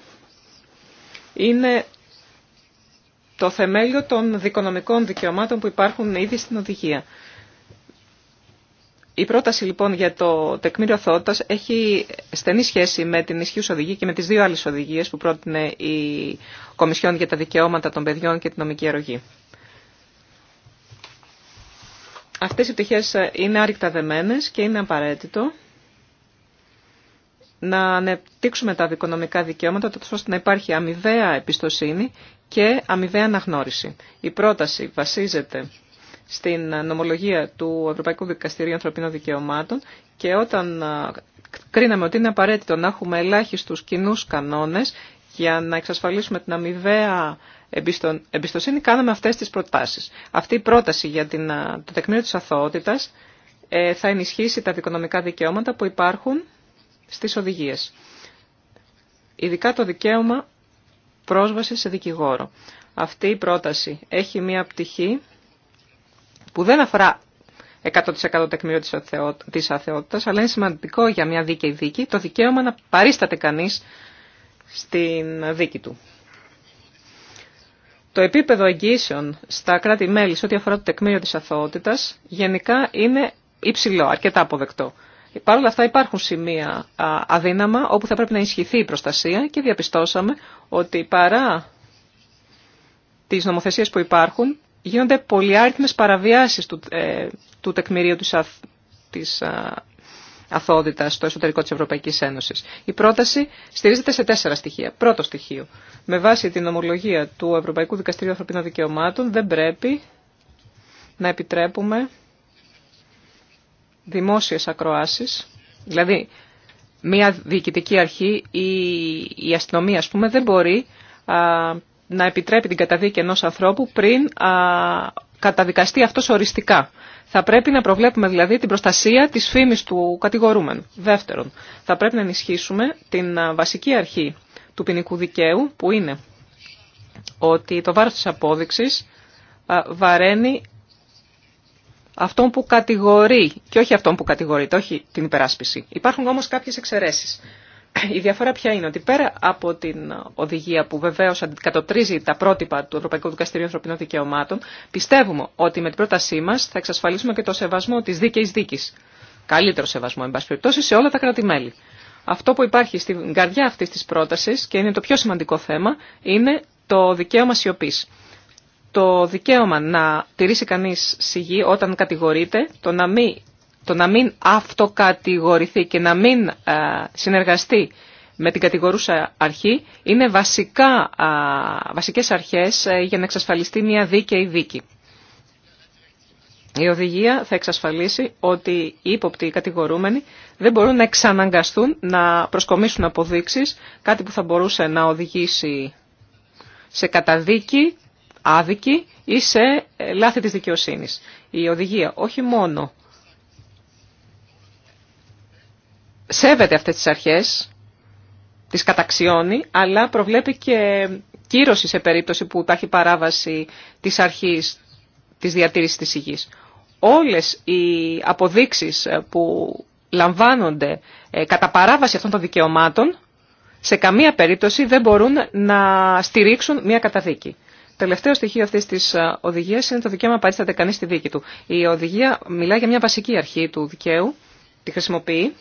είναι το θεμέλιο των δικονομικών δικαιωμάτων που υπάρχουν ήδη στην οδηγία. Η πρόταση λοιπόν για το τεκμήριο θότα έχει στενή σχέση με την ισχύουσα οδηγία και με τις δύο άλλες οδηγίες που πρότεινε η Κομισιόν για τα Δικαιώματα των Παιδιών και την Νομική Αρρωγή. Αυτές οι πτυχές είναι άρρηκτα δεμένες και είναι απαραίτητο να ανεπτύξουμε τα δικονομικά δικαιώματα ώστε να υπάρχει αμοιβαία εμπιστοσύνη και αμοιβαία αναγνώριση. Η πρόταση βασίζεται στην νομολογία του Ευρωπαϊκού Δικαστηρίου Ανθρωπίνων Δικαιωμάτων και όταν κρίναμε ότι είναι απαραίτητο να έχουμε ελάχιστους κοινού κανόνες για να εξασφαλίσουμε την αμοιβαία εμπιστοσύνη, κάναμε αυτές τις προτάσεις. Αυτή η πρόταση για την, το τεκμήριο της αθωότητας ε, θα ενισχύσει τα δικονομικά δικαιώματα που υπάρχουν στις οδηγίες. Ειδικά το δικαίωμα πρόσβαση σε δικηγόρο. Αυτή η πρόταση έχει μία πτυχή που δεν αφορά 100% τεκμήριο της αθεότητας, αλλά είναι σημαντικό για μια δίκαιη δίκη το δικαίωμα να παρίσταται κανείς στην δίκη του. Το επίπεδο εγγύσεων στα κράτη-μέλη σε ό,τι αφορά το τεκμήριο της αθωότητας γενικά είναι υψηλό, αρκετά αποδεκτό. Παρ' όλα αυτά υπάρχουν σημεία αδύναμα όπου θα πρέπει να ισχυθεί η προστασία και διαπιστώσαμε ότι παρά τις νομοθεσίες που υπάρχουν γίνονται πολυάριθμες παραβιάσεις του, ε, του τεκμηρίου της, αθ, της στο εσωτερικό της Ευρωπαϊκής Ένωσης. Η πρόταση στηρίζεται σε τέσσερα στοιχεία. Πρώτο στοιχείο. Με βάση την ομολογία του Ευρωπαϊκού Δικαστηρίου Ανθρωπίνων Δικαιωμάτων δεν πρέπει να επιτρέπουμε δημόσιες ακροάσεις, δηλαδή μια διοικητική αρχή ή η αστυνομία, ας πούμε, δεν μπορεί να επιτρέπει την καταδίκη ενός ανθρώπου πριν καταδικαστεί αυτός οριστικά. Θα πρέπει να προβλέπουμε δηλαδή την προστασία της φήμης του κατηγορούμενου. Δεύτερον, θα πρέπει να ενισχύσουμε την βασική αρχή του ποινικού δικαίου που είναι ότι το βάρος της απόδειξης βαραίνει αυτόν που κατηγορεί και όχι αυτόν που κατηγορείται, όχι την υπεράσπιση. Υπάρχουν όμως κάποιες εξαιρέσεις. Η διαφορά ποια είναι ότι πέρα από την οδηγία που βεβαίω αντικατοπτρίζει τα πρότυπα του Ευρωπαϊκού Δικαστηρίου Ανθρωπίνων Δικαιωμάτων, πιστεύουμε ότι με την πρότασή μα θα εξασφαλίσουμε και το σεβασμό τη δίκαιη δίκη. Καλύτερο σεβασμό, εν πάση περιπτώσει, σε όλα τα κράτη-μέλη. Αυτό που υπάρχει στην καρδιά αυτή τη πρόταση και είναι το πιο σημαντικό θέμα είναι το δικαίωμα σιωπή. Το δικαίωμα να τηρήσει κανεί σιγή όταν κατηγορείται, το να μην το να μην αυτοκατηγορηθεί και να μην ε, συνεργαστεί με την κατηγορούσα αρχή είναι βασικά, βασικές αρχές ε, για να εξασφαλιστεί μια δίκαιη δίκη. Η οδηγία θα εξασφαλίσει ότι οι ύποπτοι κατηγορούμενοι δεν μπορούν να εξαναγκαστούν να προσκομίσουν αποδείξεις, κάτι που θα μπορούσε να οδηγήσει σε καταδίκη, άδικη ή σε ε, λάθη της δικαιοσύνης. Η οδηγία όχι μόνο σέβεται αυτές τις αρχές, τις καταξιώνει, αλλά προβλέπει και κύρωση σε περίπτωση που υπάρχει παράβαση της αρχής της διατήρησης της υγιής. Όλες οι αποδείξεις ε, που λαμβάνονται ε, κατά παράβαση αυτών των δικαιωμάτων, σε καμία περίπτωση δεν μπορούν να στηρίξουν μια καταδίκη. Τελευταίο στοιχείο αυτή τη ε, οδηγία είναι το δικαίωμα να παρίσταται κανεί στη δίκη του. Η οδηγία μιλά για μια βασική αρχή του δικαίου, τη χρησιμοποιεί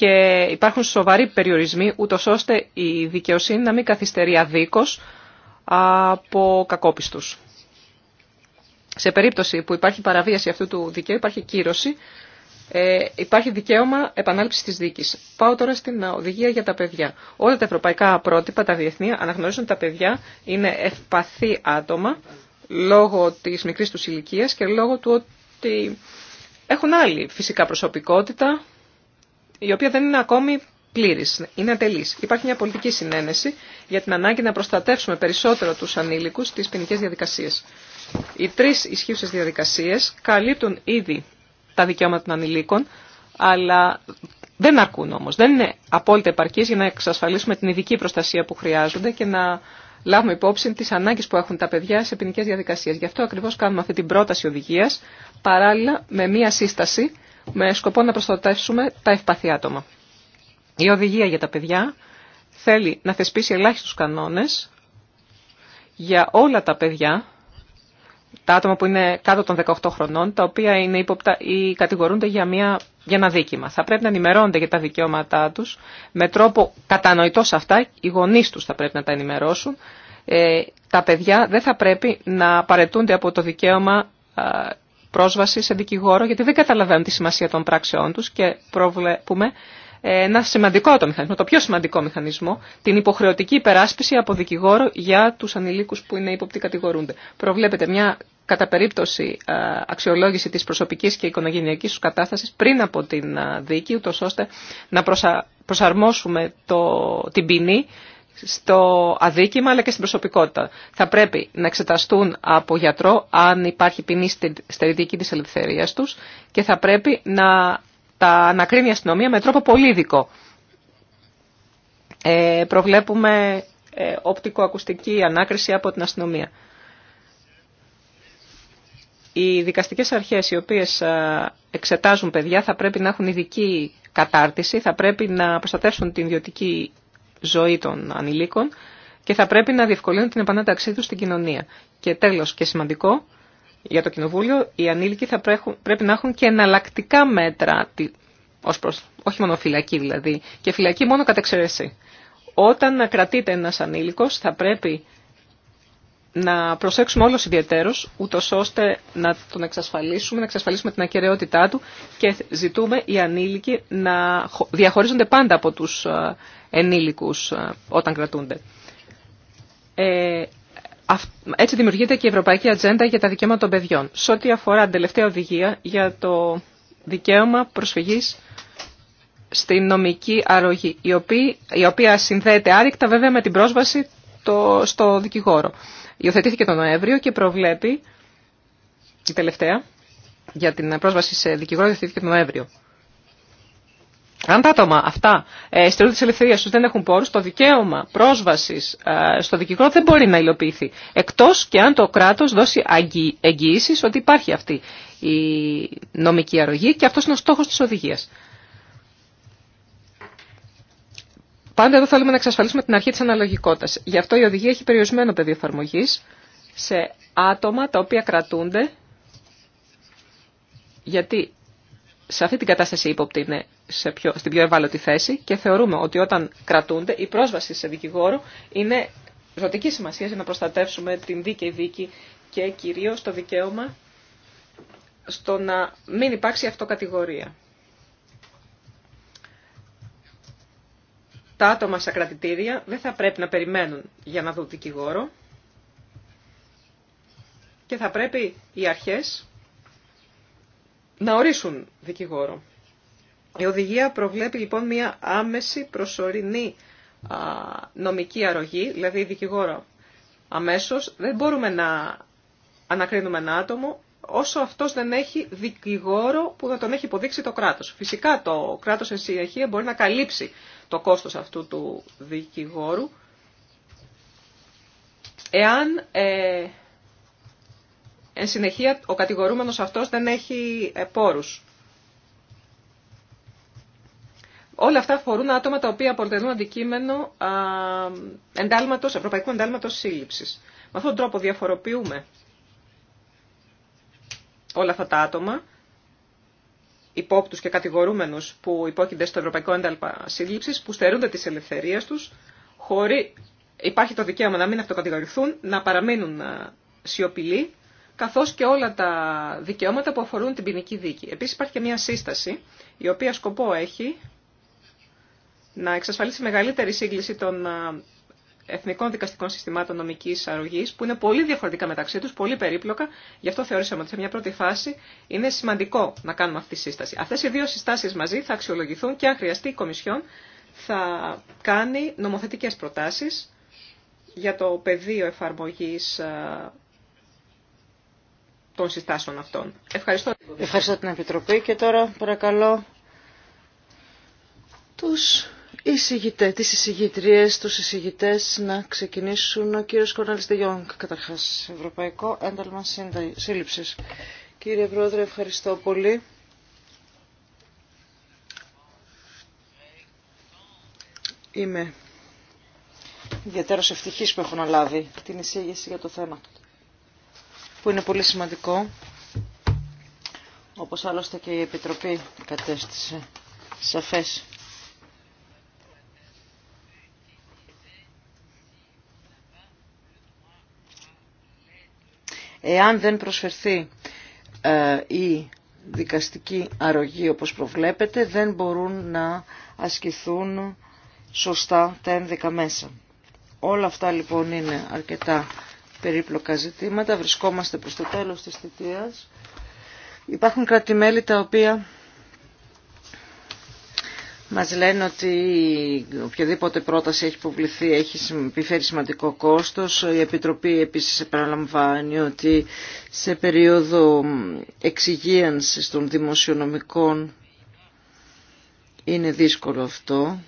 και υπάρχουν σοβαροί περιορισμοί, ούτω ώστε η δικαιοσύνη να μην καθυστερεί αδίκως από κακόπιστους. Σε περίπτωση που υπάρχει παραβίαση αυτού του δικαίου, υπάρχει κύρωση, ε, υπάρχει δικαίωμα επανάληψη τη δίκη. Πάω τώρα στην οδηγία για τα παιδιά. Όλα τα ευρωπαϊκά πρότυπα, τα διεθνή, αναγνωρίζουν ότι τα παιδιά είναι ευπαθή άτομα λόγω τη μικρή του ηλικία και λόγω του ότι έχουν άλλη φυσικά προσωπικότητα, η οποία δεν είναι ακόμη πλήρη, είναι ατελή. Υπάρχει μια πολιτική συνένεση για την ανάγκη να προστατεύσουμε περισσότερο του ανήλικου στι ποινικέ διαδικασίε. Οι τρει ισχύουσε διαδικασίε καλύπτουν ήδη τα δικαιώματα των ανηλίκων, αλλά δεν αρκούν όμω. Δεν είναι απόλυτα επαρκή για να εξασφαλίσουμε την ειδική προστασία που χρειάζονται και να λάβουμε υπόψη τι ανάγκε που έχουν τα παιδιά σε ποινικέ διαδικασίε. Γι' αυτό ακριβώ κάνουμε αυτή την πρόταση οδηγία παράλληλα με μία σύσταση με σκοπό να προστατεύσουμε τα ευπαθή άτομα. Η οδηγία για τα παιδιά θέλει να θεσπίσει ελάχιστους κανόνες για όλα τα παιδιά, τα άτομα που είναι κάτω των 18 χρονών, τα οποία είναι ύποπτα ή κατηγορούνται για, μια, για ένα δίκημα. Θα πρέπει να ενημερώνονται για τα δικαιώματά τους με τρόπο κατανοητό σε αυτά, οι γονείς τους θα πρέπει να τα ενημερώσουν. Ε, τα παιδιά δεν θα πρέπει να παρετούνται από το δικαίωμα πρόσβαση σε δικηγόρο, γιατί δεν καταλαβαίνουν τη σημασία των πράξεών τους και προβλέπουμε ε, ένα σημαντικό το μηχανισμό, το πιο σημαντικό μηχανισμό, την υποχρεωτική υπεράσπιση από δικηγόρο για τους ανηλίκους που είναι ύποπτοι κατηγορούνται. Προβλέπεται μια κατά περίπτωση ε, αξιολόγηση της προσωπικής και οικογενειακής τους κατάστασης πριν από την ε, δίκη, ούτως ώστε να προσαρμόσουμε το, την ποινή στο αδίκημα αλλά και στην προσωπικότητα. Θα πρέπει να εξεταστούν από γιατρό αν υπάρχει ποινή δική της ελευθερίας τους και θα πρέπει να τα ανακρίνει η αστυνομία με τρόπο πολύ ειδικό. Ε, προβλέπουμε ε, οπτικοακουστική ανάκριση από την αστυνομία. Οι δικαστικές αρχές οι οποίες ε, εξετάζουν παιδιά θα πρέπει να έχουν ειδική κατάρτιση, θα πρέπει να προστατεύσουν την ιδιωτική ζωή των ανηλίκων και θα πρέπει να διευκολύνουν την επανάταξή του στην κοινωνία. Και τέλο, και σημαντικό, για το Κοινοβούλιο, οι ανήλικοι θα πρέπει να έχουν και εναλλακτικά μέτρα, ως προς, όχι μόνο φυλακή δηλαδή, και φυλακή μόνο κατά εξαίρεση. Όταν κρατείται ένας ανήλικο, θα πρέπει να προσέξουμε όλος ιδιαιτέρως ούτω ώστε να τον εξασφαλίσουμε, να εξασφαλίσουμε την ακαιρεότητά του και ζητούμε οι ανήλικοι να διαχωρίζονται πάντα από τους ε, ενήλικους ε, όταν κρατούνται. Ε, έτσι δημιουργείται και η Ευρωπαϊκή Ατζέντα για τα δικαιώματα των παιδιών. Σε ό,τι αφορά την τελευταία οδηγία για το δικαίωμα προσφυγής στην νομική αρρωγή, η οποία, συνδέεται άρρηκτα βέβαια με την πρόσβαση στο δικηγόρο. Υιοθετήθηκε τον Νοέμβριο και προβλέπει, η τελευταία, για την πρόσβαση σε δικηγόρο υιοθετήθηκε τον Νοέμβριο. Αν τα άτομα αυτά ε, στερούνται τη ελευθερία του, δεν έχουν πόρους, το δικαίωμα πρόσβασης ε, στο δικηγόρο δεν μπορεί να υλοποιηθεί. Εκτός και αν το κράτος δώσει εγγυήσει ότι υπάρχει αυτή η νομική αρρωγή και αυτός είναι ο στόχος της οδηγίας. Πάντα εδώ θέλουμε να εξασφαλίσουμε την αρχή της αναλογικότητας. Γι' αυτό η οδηγία έχει περιορισμένο πεδίο εφαρμογή σε άτομα τα οποία κρατούνται, γιατί σε αυτή την κατάσταση ύποπτη είναι σε πιο, στην πιο ευάλωτη θέση και θεωρούμε ότι όταν κρατούνται η πρόσβαση σε δικηγόρο είναι ζωτική σημασία για να προστατεύσουμε την δίκαιη δίκη και κυρίως το δικαίωμα στο να μην υπάρξει αυτοκατηγορία. Τα άτομα στα κρατητήρια δεν θα πρέπει να περιμένουν για να δουν δικηγόρο και θα πρέπει οι αρχές να ορίσουν δικηγόρο. Η οδηγία προβλέπει λοιπόν μια άμεση προσωρινή νομική αρρωγή, δηλαδή δικηγόρο αμέσως. Δεν μπορούμε να ανακρίνουμε ένα άτομο όσο αυτός δεν έχει δικηγόρο που να τον έχει υποδείξει το κράτος. Φυσικά το κράτος εν συνεχεία μπορεί να καλύψει το κόστος αυτού του δικηγόρου, εάν ε, εν συνεχεία ο κατηγορούμενος αυτός δεν έχει ε, πόρους. Όλα αυτά αφορούν άτομα τα οποία αποτελούν αντικείμενο α, ευρωπαϊκού εντάλματος σύλληψης. Με αυτόν τον τρόπο διαφοροποιούμε όλα αυτά τα άτομα, υπόπτους και κατηγορούμενους που υπόκεινται στο Ευρωπαϊκό Ένταλμα Σύλληψης, που στερούνται της ελευθερίας τους, χωρί... υπάρχει το δικαίωμα να μην αυτοκατηγορηθούν, να παραμείνουν ε, σιωπηλοί, καθώς και όλα τα δικαιώματα που αφορούν την ποινική δίκη. Επίσης υπάρχει και μια σύσταση, η οποία σκοπό έχει να εξασφαλίσει μεγαλύτερη σύγκληση των ε, εθνικών δικαστικών συστημάτων νομική αρρωγή, που είναι πολύ διαφορετικά μεταξύ του, πολύ περίπλοκα. Γι' αυτό θεωρήσαμε ότι σε μια πρώτη φάση είναι σημαντικό να κάνουμε αυτή τη σύσταση. Αυτέ οι δύο συστάσει μαζί θα αξιολογηθούν και αν χρειαστεί η Κομισιόν θα κάνει νομοθετικέ προτάσει για το πεδίο εφαρμογή ε, των συστάσεων αυτών. Ευχαριστώ. Ευχαριστώ την Επιτροπή και τώρα παρακαλώ τους οι συγητέ, τις εισηγητρίες, τους να ξεκινήσουν. Ο κύριος Κορνάλης καταρχά, καταρχάς, Ευρωπαϊκό Ένταλμα Σύλληψης. Κύριε Πρόεδρε, ευχαριστώ πολύ. Είμαι ιδιαίτερος ευτυχής που έχω να λάβει την εισήγηση για το θέμα, που είναι πολύ σημαντικό, όπως άλλωστε και η Επιτροπή κατέστησε σαφές Εάν δεν προσφερθεί ε, η δικαστική αρρωγή όπως προβλέπεται, δεν μπορούν να ασκηθούν σωστά τα ένδικα μέσα. Όλα αυτά λοιπόν είναι αρκετά περίπλοκα ζητήματα. Βρισκόμαστε προς το τέλος της θητείας. Υπάρχουν κρατημέλη τα οποία μας λένε ότι οποιαδήποτε πρόταση έχει υποβληθεί έχει επιφέρει σημαντικό κόστος. Η Επιτροπή επίσης επαναλαμβάνει ότι σε περίοδο εξυγίανσης των δημοσιονομικών είναι δύσκολο αυτό.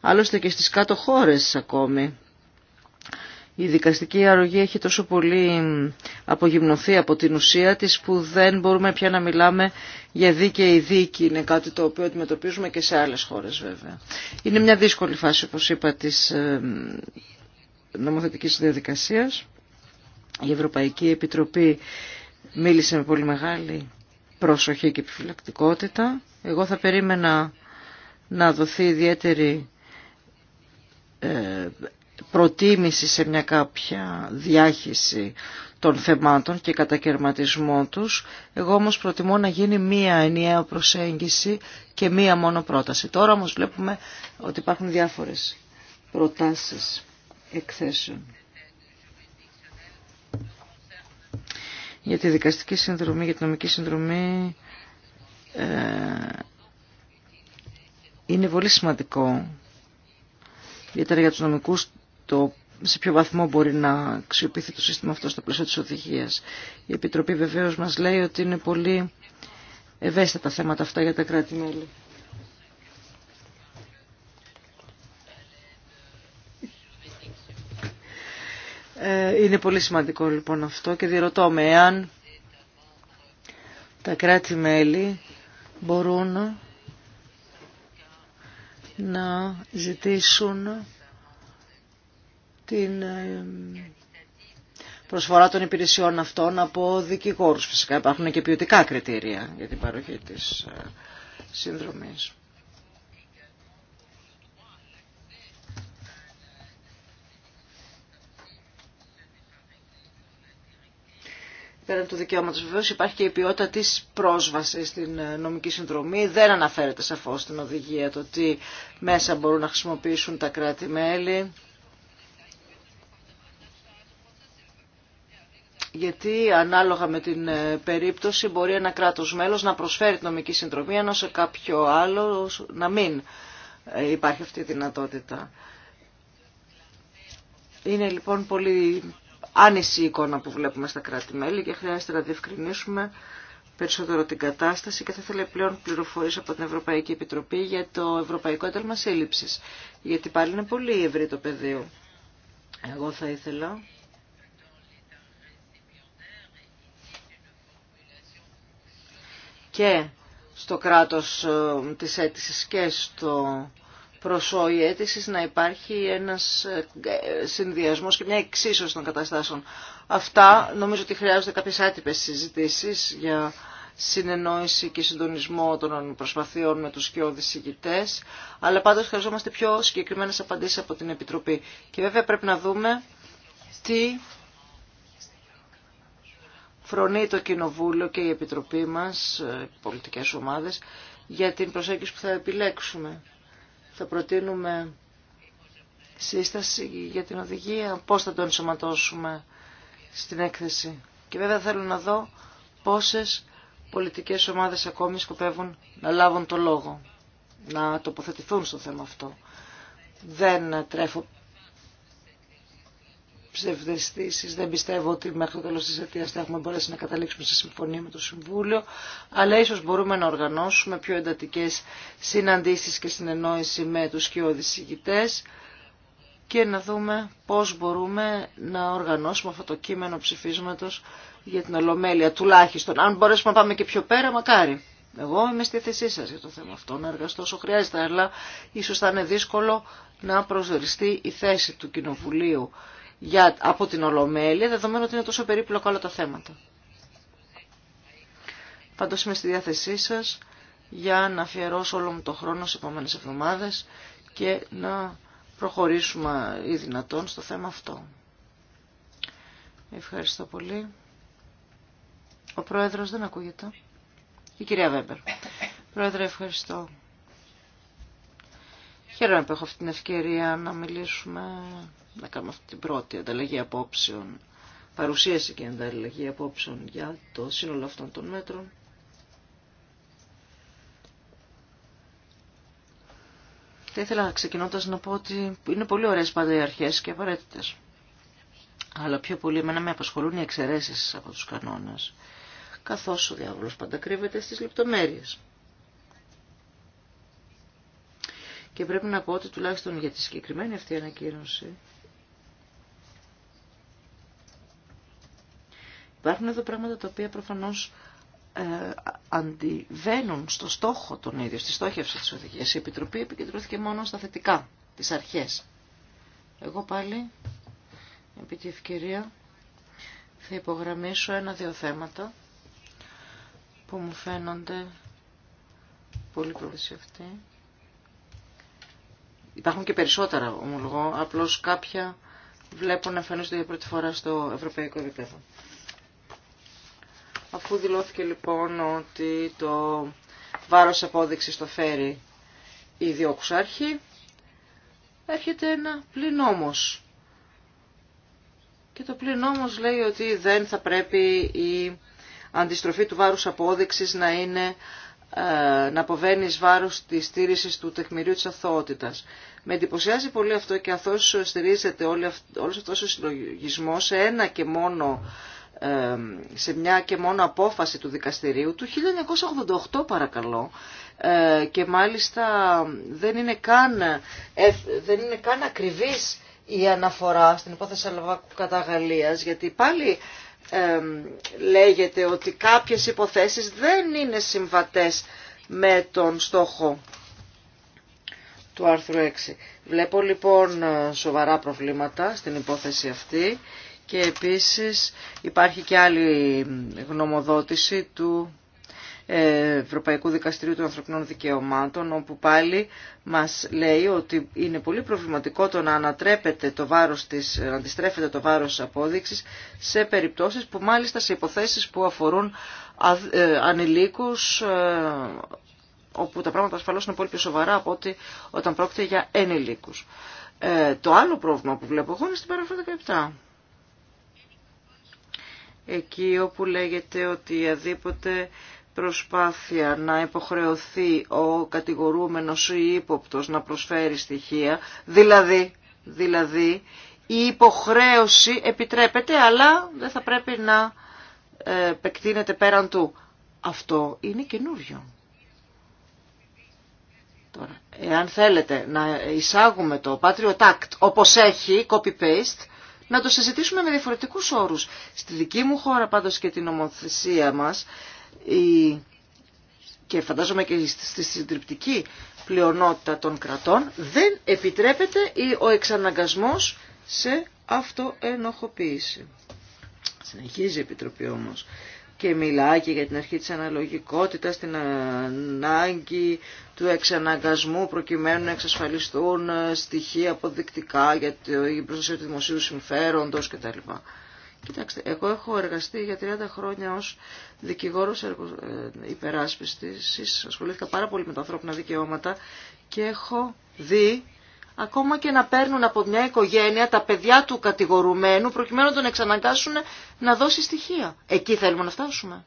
Άλλωστε και στις κάτω χώρες ακόμη η δικαστική αρρωγή έχει τόσο πολύ απογυμνωθεί από την ουσία της που δεν μπορούμε πια να μιλάμε για δίκαιη δίκη. Είναι κάτι το οποίο αντιμετωπίζουμε και σε άλλες χώρες βέβαια. Είναι μια δύσκολη φάση όπως είπα της ε, νομοθετικής διαδικασίας. Η Ευρωπαϊκή Επιτροπή μίλησε με πολύ μεγάλη προσοχή και επιφυλακτικότητα. Εγώ θα περίμενα να δοθεί ιδιαίτερη ε, προτίμηση σε μια κάποια διάχυση των θεμάτων και κατακαιρματισμό τους. Εγώ όμως προτιμώ να γίνει μία ενιαία προσέγγιση και μία μόνο πρόταση. Τώρα όμως βλέπουμε ότι υπάρχουν διάφορες προτάσεις εκθέσεων. Για τη δικαστική συνδρομή, για τη νομική συνδρομή ε, είναι πολύ σημαντικό ιδιαίτερα για τους νομικούς σε ποιο βαθμό μπορεί να αξιοποιηθεί το σύστημα αυτό στο πλαίσιο της οδηγίας. Η Επιτροπή βεβαίως μας λέει ότι είναι πολύ ευαίσθητα τα θέματα αυτά για τα κράτη-μέλη. Ε, είναι πολύ σημαντικό λοιπόν αυτό και διερωτώ με εάν τα κράτη-μέλη μπορούν να ζητήσουν την ε, προσφορά των υπηρεσιών αυτών από δικηγόρους. Φυσικά υπάρχουν και ποιοτικά κριτήρια για την παροχή της ε, συνδρομής. πέραν του δικαιώματο. Βεβαίω υπάρχει και η ποιότητα τη πρόσβαση στην ε, νομική συνδρομή. Δεν αναφέρεται σαφώ στην οδηγία το τι μέσα μπορούν να χρησιμοποιήσουν τα κράτη-μέλη. γιατί ανάλογα με την ε, περίπτωση μπορεί ένα κράτος μέλος να προσφέρει την νομική συντροφή ενώ σε κάποιο άλλο να μην ε, υπάρχει αυτή η δυνατότητα. Είναι λοιπόν πολύ άνηση η εικόνα που βλέπουμε στα κράτη-μέλη και χρειάζεται να διευκρινίσουμε περισσότερο την κατάσταση και θα ήθελα πλέον πληροφορίες από την Ευρωπαϊκή Επιτροπή για το Ευρωπαϊκό Ένταλμα Σύλληψης. Γιατί πάλι είναι πολύ ευρύ το πεδίο. Εγώ θα ήθελα και στο κράτος ε, της αίτηση και στο προσώοι αίτηση να υπάρχει ένας ε, συνδυασμός και μια εξίσωση των καταστάσεων. Αυτά νομίζω ότι χρειάζονται κάποιες άτυπες συζητήσεις για συνεννόηση και συντονισμό των προσπαθειών με τους και ηγητές, αλλά πάντως χρειαζόμαστε πιο συγκεκριμένες απαντήσεις από την Επιτροπή. Και βέβαια πρέπει να δούμε τι φρονεί το Κοινοβούλιο και η Επιτροπή μας, ε, οι πολιτικές ομάδες, για την προσέγγιση που θα επιλέξουμε. Θα προτείνουμε σύσταση για την οδηγία, πώς θα το ενσωματώσουμε στην έκθεση. Και βέβαια θέλω να δω πόσες πολιτικές ομάδες ακόμη σκοπεύουν να λάβουν το λόγο, να τοποθετηθούν στο θέμα αυτό. Δεν τρέφω ψευδεστήσει. Δεν πιστεύω ότι μέχρι το τέλο τη αιτία θα έχουμε μπορέσει να καταλήξουμε σε συμφωνία με το Συμβούλιο, αλλά ίσω μπορούμε να οργανώσουμε πιο εντατικέ συναντήσει και συνεννόηση με του σκιώδει ηγητέ και να δούμε πώ μπορούμε να οργανώσουμε αυτό το κείμενο ψηφίσματο για την Ολομέλεια τουλάχιστον. Αν μπορέσουμε να πάμε και πιο πέρα, μακάρι. Εγώ είμαι στη θέσή σα για το θέμα αυτό, να εργαστώ όσο χρειάζεται, αλλά ίσω θα είναι δύσκολο να προσδοριστεί η θέση του Κοινοβουλίου για, από την Ολομέλεια, δεδομένου ότι είναι τόσο περίπλοκο όλα τα θέματα. Πάντως είμαι στη διάθεσή σας για να αφιερώσω όλο μου το χρόνο στις επόμενες εβδομάδες και να προχωρήσουμε ή δυνατόν στο θέμα αυτό. Ευχαριστώ πολύ. Ο Πρόεδρος δεν ακούγεται. Η κυρία Βέμπερ. Πρόεδρε, ευχαριστώ. Χαίρομαι που έχω αυτή την ευκαιρία να μιλήσουμε να κάνουμε αυτή την πρώτη ανταλλαγή απόψεων, παρουσίαση και ανταλλαγή απόψεων για το σύνολο αυτών των μέτρων. Θα ήθελα ξεκινώντα να πω ότι είναι πολύ ωραίε πάντα οι αρχέ και απαραίτητε. Αλλά πιο πολύ εμένα με απασχολούν οι εξαιρέσει από του κανόνε. Καθώ ο διάβολο πάντα κρύβεται στι λεπτομέρειε. Και πρέπει να πω ότι τουλάχιστον για τη συγκεκριμένη αυτή ανακοίνωση Υπάρχουν εδώ πράγματα τα οποία προφανώς ε, αντιβαίνουν στο στόχο των ίδιων, στη στόχευση της οδηγίας. Η Επιτροπή επικεντρώθηκε μόνο στα θετικά, τις αρχές. Εγώ πάλι, επί τη ευκαιρία, θα υπογραμμίσω ένα-δύο θέματα που μου φαίνονται πολύ προβλησιαυτοί. Υπάρχουν και περισσότερα, ομολογώ, απλώς κάποια βλέπω να φαίνονται για πρώτη φορά στο ευρωπαϊκό επίπεδο. Αφού δηλώθηκε λοιπόν ότι το βάρος απόδειξης το φέρει η διώκουσα αρχή, έρχεται ένα πλην Και το πλην λέει ότι δεν θα πρέπει η αντιστροφή του βάρους απόδειξης να είναι ε, να αποβαίνει εις βάρος της στήρησης του τεκμηρίου της αθωότητας. Με εντυπωσιάζει πολύ αυτό και αθώς στηρίζεται όλος αυτός ο συλλογισμός σε ένα και μόνο σε μια και μόνο απόφαση του δικαστηρίου του 1988 παρακαλώ ε, και μάλιστα δεν είναι καν, ε, δεν είναι καν ακριβής η αναφορά στην υπόθεση Αλαβάκου κατά Γαλλίας, γιατί πάλι ε, λέγεται ότι κάποιες υποθέσεις δεν είναι συμβατές με τον στόχο του άρθρου 6. Βλέπω λοιπόν σοβαρά προβλήματα στην υπόθεση αυτή και επίσης υπάρχει και άλλη γνωμοδότηση του ε, Ευρωπαϊκού Δικαστηρίου των Ανθρωπινών Δικαιωμάτων, όπου πάλι μας λέει ότι είναι πολύ προβληματικό το να ανατρέπεται το βάρος της, να αντιστρέφεται το βάρος της απόδειξης σε περιπτώσεις που μάλιστα σε υποθέσεις που αφορούν ε, ανηλίκους, ε, όπου τα πράγματα ασφαλώς είναι πολύ πιο σοβαρά από ότι όταν πρόκειται για ενηλίκους. το άλλο πρόβλημα που βλέπω εγώ είναι στην παράγραφο 17 εκεί όπου λέγεται ότι αδίποτε προσπάθεια να υποχρεωθεί ο κατηγορούμενος ή ύποπτος να προσφέρει στοιχεία, δηλαδή, δηλαδή η υποχρέωση επιτρέπεται αλλά δεν θα πρέπει να ε, πέραν του. Αυτό είναι καινούριο. Τώρα, εάν θέλετε να εισάγουμε το Patriot Act όπως έχει, copy-paste, να το συζητήσουμε με διαφορετικούς όρους. Στη δική μου χώρα πάντως και την νομοθεσία μας η... και φαντάζομαι και στη συντριπτική πλειονότητα των κρατών δεν επιτρέπεται ο εξαναγκασμός σε αυτοενοχοποίηση. Συνεχίζει η Επιτροπή όμως και μιλάει και για την αρχή της αναλογικότητας, την ανάγκη του εξαναγκασμού προκειμένου να εξασφαλιστούν στοιχεία αποδεικτικά για την προστασία του δημοσίου συμφέροντος κτλ. Κοιτάξτε, εγώ έχω εργαστεί για 30 χρόνια ως δικηγόρος ε, υπεράσπιστης, ασχολήθηκα πάρα πολύ με τα ανθρώπινα δικαιώματα και έχω δει ακόμα και να παίρνουν από μια οικογένεια τα παιδιά του κατηγορουμένου προκειμένου να τον εξαναγκάσουν να δώσει στοιχεία. Εκεί θέλουμε να φτάσουμε.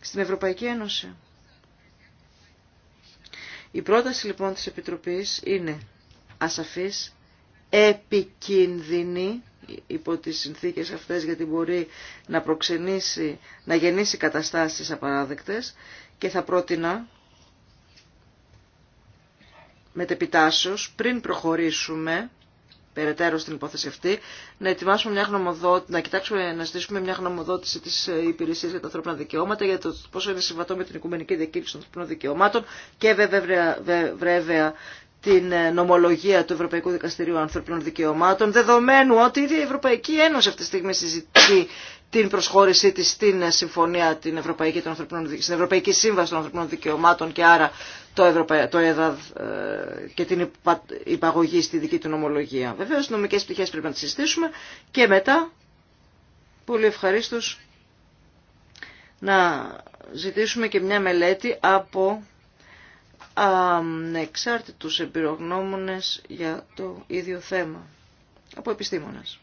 Στην Ευρωπαϊκή Ένωση. Η πρόταση λοιπόν της Επιτροπής είναι ασαφής, επικίνδυνη υπό τις συνθήκες αυτές γιατί μπορεί να προξενήσει, να γεννήσει καταστάσεις απαράδεκτες και θα πρότεινα μετεπιτάσεως, πριν προχωρήσουμε περαιτέρω στην υπόθεση αυτή, να ετοιμάσουμε μια γνωμοδότηση, να κοιτάξουμε, να ζητήσουμε μια γνωμοδότηση τη ε, Υπηρεσία για τα ανθρώπινα δικαιώματα, για το πόσο είναι συμβατό με την Οικουμενική Διακήρυξη των Ανθρωπίνων Δικαιωμάτων και βέβαια, βέβαια την ε, νομολογία του Ευρωπαϊκού Δικαστηρίου Ανθρωπίνων Δικαιωμάτων, δεδομένου ότι η ίδια η Ευρωπαϊκή Ένωση αυτή τη στιγμή συζητεί την προσχώρησή της στην ε, Συμφωνία την Ευρωπαϊκή, των Ανθρωπινών, στην Ευρωπαϊκή Σύμβαση των Ανθρωπίνων Δικαιωμάτων και άρα το, το ΕΔΑΔ ε, και την υπαγωγή στη δική του νομολογία. Βεβαίως, νομικέ πτυχές πρέπει να τις συζητήσουμε και μετά, πολύ ευχαρίστω, να ζητήσουμε και μια μελέτη από ανεξάρτητους εμπειρογνώμονες για το ίδιο θέμα από επιστήμονες.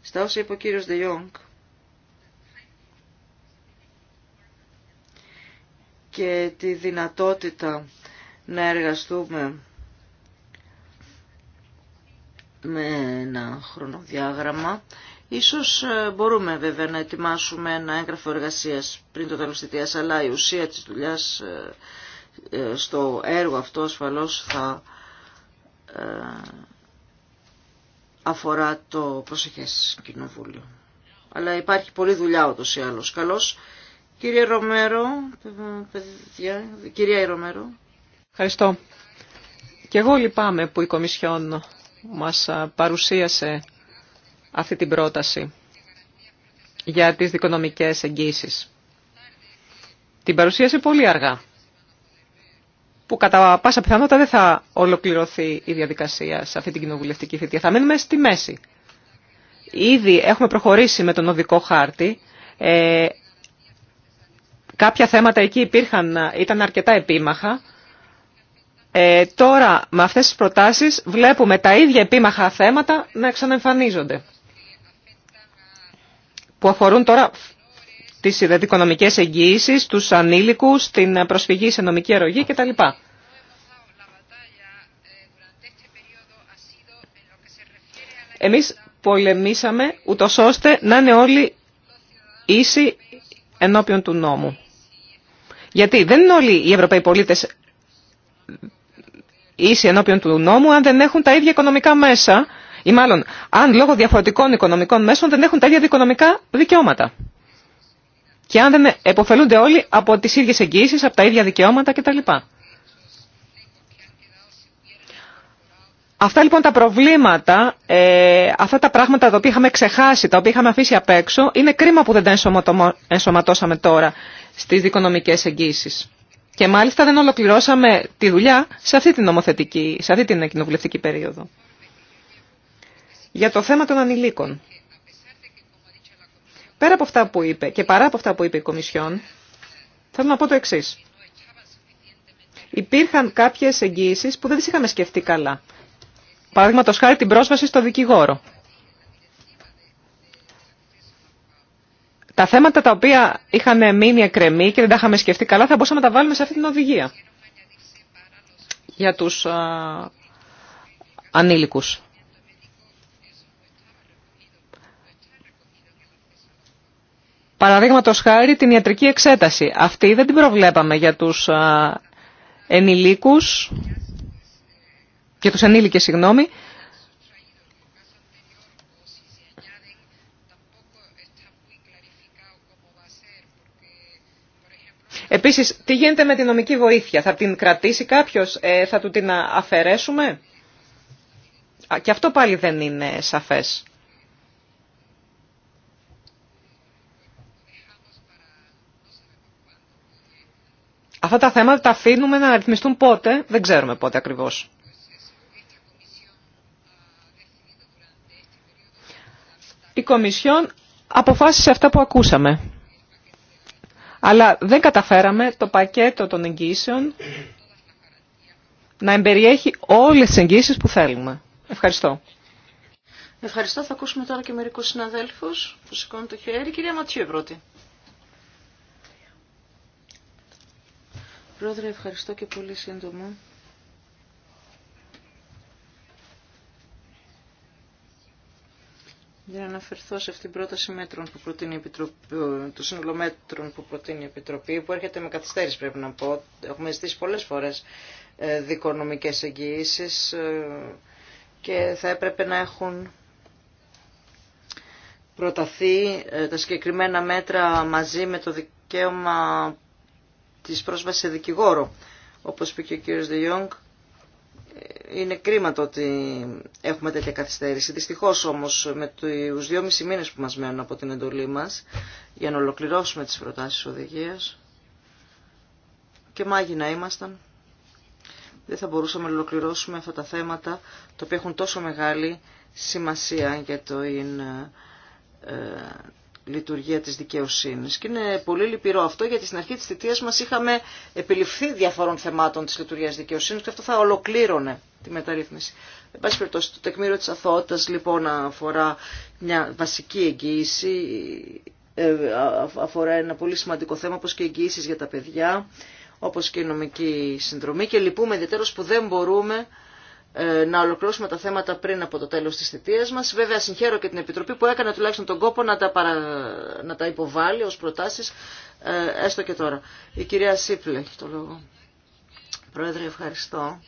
Στα όσα είπε ο κύριος Δε Ιόγκ και τη δυνατότητα να εργαστούμε με ένα χρονοδιάγραμμα Ίσως ε, μπορούμε βέβαια να ετοιμάσουμε ένα έγγραφο εργασίας πριν το τέλος θητείας, αλλά η ουσία της δουλειάς ε, ε, στο έργο αυτό ασφαλώς θα αφορά το προσεχές κοινοβούλιο. Αλλά υπάρχει πολλή δουλειά ούτως ή άλλως. Καλώς. Κύριε Ρομέρο, παιδιά, κυρία Ρομέρο. Ευχαριστώ. Και εγώ λυπάμαι που η Κομισιόν μας παρουσίασε αυτή την πρόταση για τις δικονομικές εγγύσεις. Την παρουσίασε πολύ αργά, που κατά πάσα πιθανότητα δεν θα ολοκληρωθεί η διαδικασία σε αυτή την κοινοβουλευτική θητεία. Θα μείνουμε στη μέση. Ήδη έχουμε προχωρήσει με τον οδικό χάρτη. Ε, κάποια θέματα εκεί υπήρχαν, ήταν αρκετά επίμαχα. Ε, τώρα με αυτές τις προτάσεις βλέπουμε τα ίδια επίμαχα θέματα να ξαναεμφανίζονται που αφορούν τώρα τις οικονομικές εγγύησεις, τους ανήλικους, την προσφυγή σε νομική αρρωγή κτλ. Εμείς πολεμήσαμε ούτω ώστε να είναι όλοι ίσοι ενώπιον του νόμου. Γιατί δεν είναι όλοι οι Ευρωπαίοι πολίτες ίσοι ενώπιον του νόμου αν δεν έχουν τα ίδια οικονομικά μέσα ή μάλλον αν λόγω διαφορετικών οικονομικών μέσων δεν έχουν τα ίδια δικονομικά δικαιώματα. Και αν δεν εποφελούνται όλοι από τις ίδιες εγγύησεις, από τα ίδια δικαιώματα κτλ. Αυτά λοιπόν τα προβλήματα, ε, αυτά τα πράγματα τα οποία είχαμε ξεχάσει, τα οποία είχαμε αφήσει απ' έξω, είναι κρίμα που δεν τα ενσωματώσαμε τώρα στις δικονομικές εγγύησεις. Και μάλιστα δεν ολοκληρώσαμε τη δουλειά σε αυτή την νομοθετική, σε αυτή την κοινοβουλευτική περίοδο για το θέμα των ανηλίκων. Πέρα από αυτά που είπε και παρά από αυτά που είπε η Κομισιόν, θέλω να πω το εξή. Υπήρχαν κάποιε εγγύησει που δεν τι είχαμε σκεφτεί καλά. Παραδείγματο χάρη την πρόσβαση στο δικηγόρο. Τα θέματα τα οποία είχαν μείνει εκκρεμή και δεν τα είχαμε σκεφτεί καλά θα μπορούσαμε να τα βάλουμε σε αυτή την οδηγία για τους α, ανήλικους. Παραδείγματο χάρη την ιατρική εξέταση. Αυτή δεν την προβλέπαμε για τους ενηλίκους, και τους ενήλικε, συγγνώμη, Επίση, τι γίνεται με την νομική βοήθεια, θα την κρατήσει κάποιο, ε, θα του την αφαιρέσουμε. Και αυτό πάλι δεν είναι σαφές. Αυτά τα θέματα τα αφήνουμε να ρυθμιστούν πότε, δεν ξέρουμε πότε ακριβώς. Η Κομισιόν αποφάσισε αυτά που ακούσαμε. Αλλά δεν καταφέραμε το πακέτο των εγγύσεων να εμπεριέχει όλες τις εγγύσεις που θέλουμε. Ευχαριστώ. Ευχαριστώ. Θα ακούσουμε τώρα και μερικούς συναδέλφους που σηκώνουν το χέρι. Κυρία Ματσίου πρώτη. Πρόεδρε, ευχαριστώ και πολύ σύντομα. Για να αναφερθώ σε αυτήν την πρόταση μέτρων που προτείνει η Επιτροπή, το σύνολο μέτρων που προτείνει η Επιτροπή, που έρχεται με καθυστέρηση πρέπει να πω. Έχουμε ζητήσει πολλές φορές ε, δικονομικές εγγυήσεις ε, και θα έπρεπε να έχουν προταθεί ε, τα συγκεκριμένα μέτρα μαζί με το δικαίωμα της πρόσβασης σε δικηγόρο. Όπως είπε και ο κύριος Δεγιόγκ, είναι κρίμα το ότι έχουμε τέτοια καθυστέρηση. Δυστυχώς όμως με τους μισή μήνες που μας μένουν από την εντολή μας για να ολοκληρώσουμε τις προτάσεις οδηγίας και να ήμασταν, δεν θα μπορούσαμε να ολοκληρώσουμε αυτά τα θέματα τα οποία έχουν τόσο μεγάλη σημασία για το ε, λειτουργία της δικαιοσύνης. Και είναι πολύ λυπηρό αυτό γιατί στην αρχή της θητείας μας είχαμε επιληφθεί διαφορών θεμάτων της λειτουργίας δικαιοσύνης και αυτό θα ολοκλήρωνε τη μεταρρύθμιση. Εν πάση περιπτώσει, το τεκμήριο της αθωότητας λοιπόν αφορά μια βασική εγγύηση, ε, αφορά ένα πολύ σημαντικό θέμα όπως και εγγύησεις για τα παιδιά, όπως και η νομική συνδρομή και λυπούμε ιδιαίτερως που δεν μπορούμε ε, να ολοκληρώσουμε τα θέματα πριν από το τέλος της θητείας μας. Βέβαια συγχαίρω και την Επιτροπή που έκανε τουλάχιστον τον κόπο να τα, να τα υποβάλει ως προτάσεις, ε, έστω και τώρα. Η κυρία Σίπλε έχει το λόγο. Πρόεδρε, ευχαριστώ.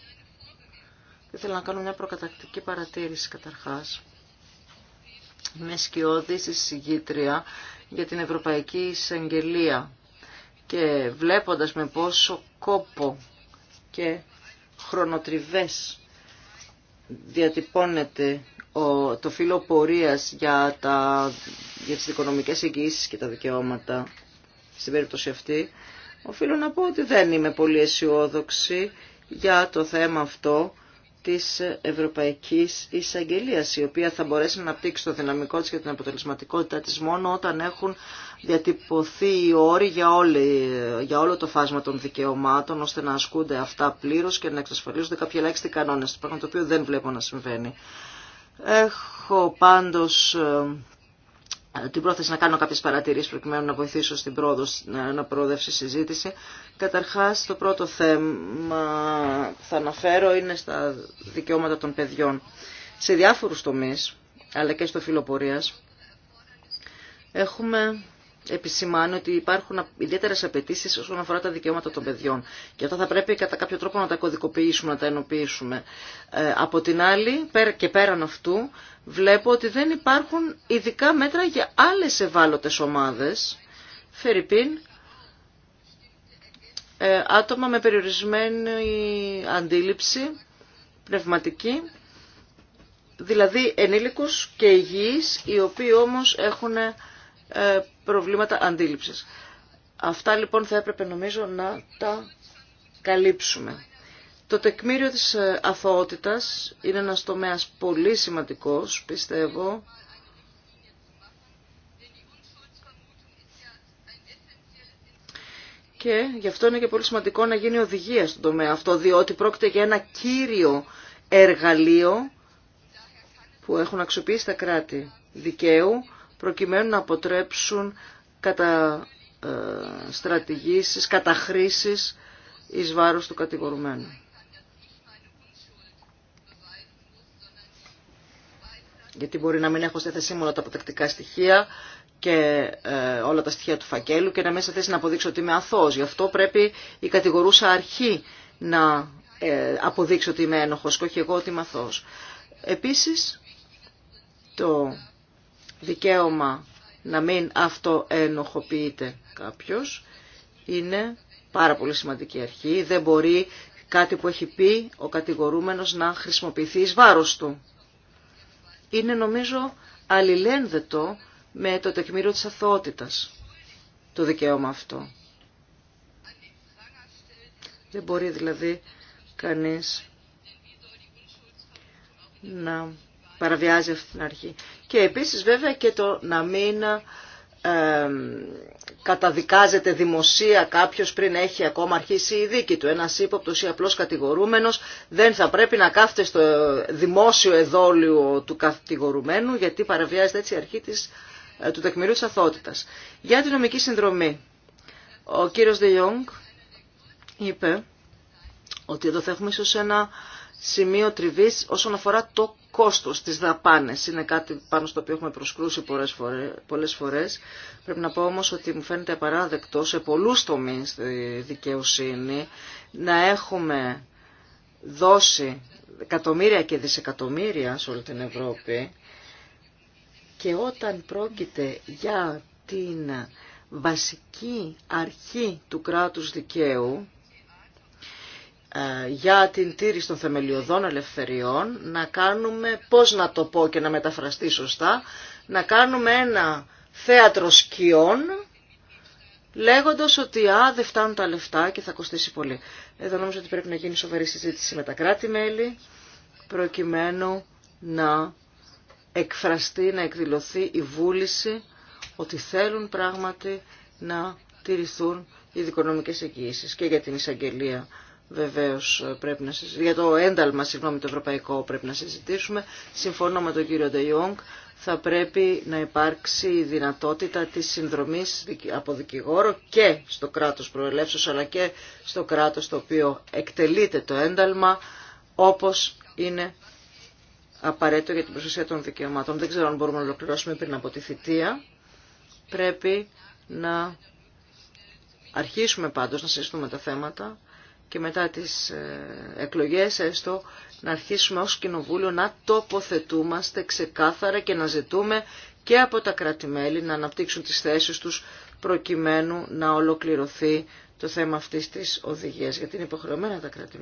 Ήθελα να κάνω μια προκατακτική παρατήρηση καταρχάς. με σκιώδη συγγήτρια για την Ευρωπαϊκή Εισαγγελία και βλέποντας με πόσο κόπο και χρονοτριβές διατυπώνεται το φύλλο πορείας για, τα, για τις οικονομικές εγγυήσεις και τα δικαιώματα στην περίπτωση αυτή, οφείλω να πω ότι δεν είμαι πολύ αισιόδοξη για το θέμα αυτό της Ευρωπαϊκής εισαγγελία, η οποία θα μπορέσει να αναπτύξει το δυναμικό της και την αποτελεσματικότητά της μόνο όταν έχουν διατυπωθεί οι όροι για, όλη, για όλο το φάσμα των δικαιωμάτων ώστε να ασκούνται αυτά πλήρως και να εξασφαλίζονται κάποιοι ελάχιστοι κανόνες, πράγμα το οποίο δεν βλέπω να συμβαίνει. Έχω πάντως ε, ε, την πρόθεση να κάνω κάποιες παρατηρήσεις προκειμένου να βοηθήσω στην πρόοδο, να προοδεύσει συζήτηση. Καταρχάς, το πρώτο θέμα που θα αναφέρω είναι στα δικαιώματα των παιδιών. Σε διάφορους τομεί, αλλά και στο φιλοπορία, έχουμε επισημάνει ότι υπάρχουν ιδιαίτερε απαιτήσει όσον αφορά τα δικαιώματα των παιδιών. Και αυτά θα πρέπει κατά κάποιο τρόπο να τα κωδικοποιήσουμε, να τα ενοποιήσουμε. Ε, από την άλλη, και πέραν αυτού, βλέπω ότι δεν υπάρχουν ειδικά μέτρα για άλλε ευάλωτε ομάδε. Φερρυπίν, ε, άτομα με περιορισμένη αντίληψη πνευματική, δηλαδή ενήλικους και υγιείς, οι οποίοι όμως έχουν ε, προβλήματα αντίληψης. Αυτά λοιπόν θα έπρεπε νομίζω να τα καλύψουμε. Το τεκμήριο της ε, αθωότητας είναι ένας τομέας πολύ σημαντικός, πιστεύω. Και γι' αυτό είναι και πολύ σημαντικό να γίνει οδηγία στον τομέα αυτό, διότι πρόκειται για ένα κύριο εργαλείο που έχουν αξιοποιήσει τα κράτη δικαίου προκειμένου να αποτρέψουν κατά ε, στρατηγήσεις, χρήσεις εις βάρος του κατηγορουμένου. Γιατί μπορεί να μην έχω στη θέση μου όλα τα αποτεκτικά στοιχεία και ε, όλα τα στοιχεία του φακέλου και να μην σε θέση να αποδείξω ότι είμαι αθώος. Γι' αυτό πρέπει η κατηγορούσα αρχή να ε, αποδείξει ότι είμαι ένοχος και όχι εγώ ότι είμαι αθώος. Επίσης, το δικαίωμα να μην αυτοενοχοποιείται κάποιος είναι πάρα πολύ σημαντική αρχή. Δεν μπορεί κάτι που έχει πει ο κατηγορούμενος να χρησιμοποιηθεί εις βάρος του. Είναι νομίζω αλληλένδετο με το τεκμήριο της αθωότητας το δικαίωμα αυτό. Δεν μπορεί δηλαδή κανείς να παραβιάζει αυτή την αρχή και επίσης βέβαια και το να μην ε, καταδικάζεται δημοσία κάποιος πριν έχει ακόμα αρχίσει η δίκη του. Ένας ύποπτος ή απλός κατηγορούμενος δεν θα πρέπει να κάθεται στο δημόσιο εδόλιο του κατηγορουμένου γιατί παραβιάζεται έτσι η αρχή της, ε, του τεκμηρίου της αθότητας. Για την νομική συνδρομή, ο κύριος Δε Ιόγκ είπε ότι εδώ θα έχουμε ίσως ένα σημείο τριβή όσον αφορά το κόστος της δαπάνε, Είναι κάτι πάνω στο οποίο έχουμε προσκρούσει πολλές φορές, Πρέπει να πω όμως ότι μου φαίνεται απαράδεκτο σε πολλούς τομείς στη δικαιοσύνη να έχουμε δώσει εκατομμύρια και δισεκατομμύρια σε όλη την Ευρώπη και όταν πρόκειται για την βασική αρχή του κράτους δικαίου ε, για την τήρηση των θεμελιωδών ελευθεριών, να κάνουμε, πώς να το πω και να μεταφραστεί σωστά, να κάνουμε ένα θέατρο σκιών, λέγοντας ότι α, δεν φτάνουν τα λεφτά και θα κοστίσει πολύ. Εδώ νομίζω ότι πρέπει να γίνει σοβαρή συζήτηση με τα κράτη-μέλη, προκειμένου να εκφραστεί, να εκδηλωθεί η βούληση ότι θέλουν πράγματι να τηρηθούν οι δικονομικές εγγύησεις και για την εισαγγελία Βεβαίω ε, πρέπει να συζητήσουμε, για το ένταλμα, συγγνώμη, το ευρωπαϊκό πρέπει να συζητήσουμε. Συμφωνώ με τον κύριο Ιόγκ, θα πρέπει να υπάρξει η δυνατότητα της συνδρομής από δικηγόρο και στο κράτος προελεύσεως, αλλά και στο κράτος το οποίο εκτελείται το ένταλμα, όπως είναι απαραίτητο για την προστασία των δικαιωμάτων. Δεν ξέρω αν μπορούμε να ολοκληρώσουμε πριν από τη θητεία. Πρέπει να αρχίσουμε πάντως να συζητούμε τα θέματα και μετά τις ε, εκλογές έστω να αρχίσουμε ως κοινοβούλιο να τοποθετούμαστε ξεκάθαρα και να ζητούμε και από τα κρατη να αναπτύξουν τις θέσεις τους προκειμένου να ολοκληρωθεί το θέμα αυτής της οδηγίας. Γιατί είναι υποχρεωμένα τα κρατη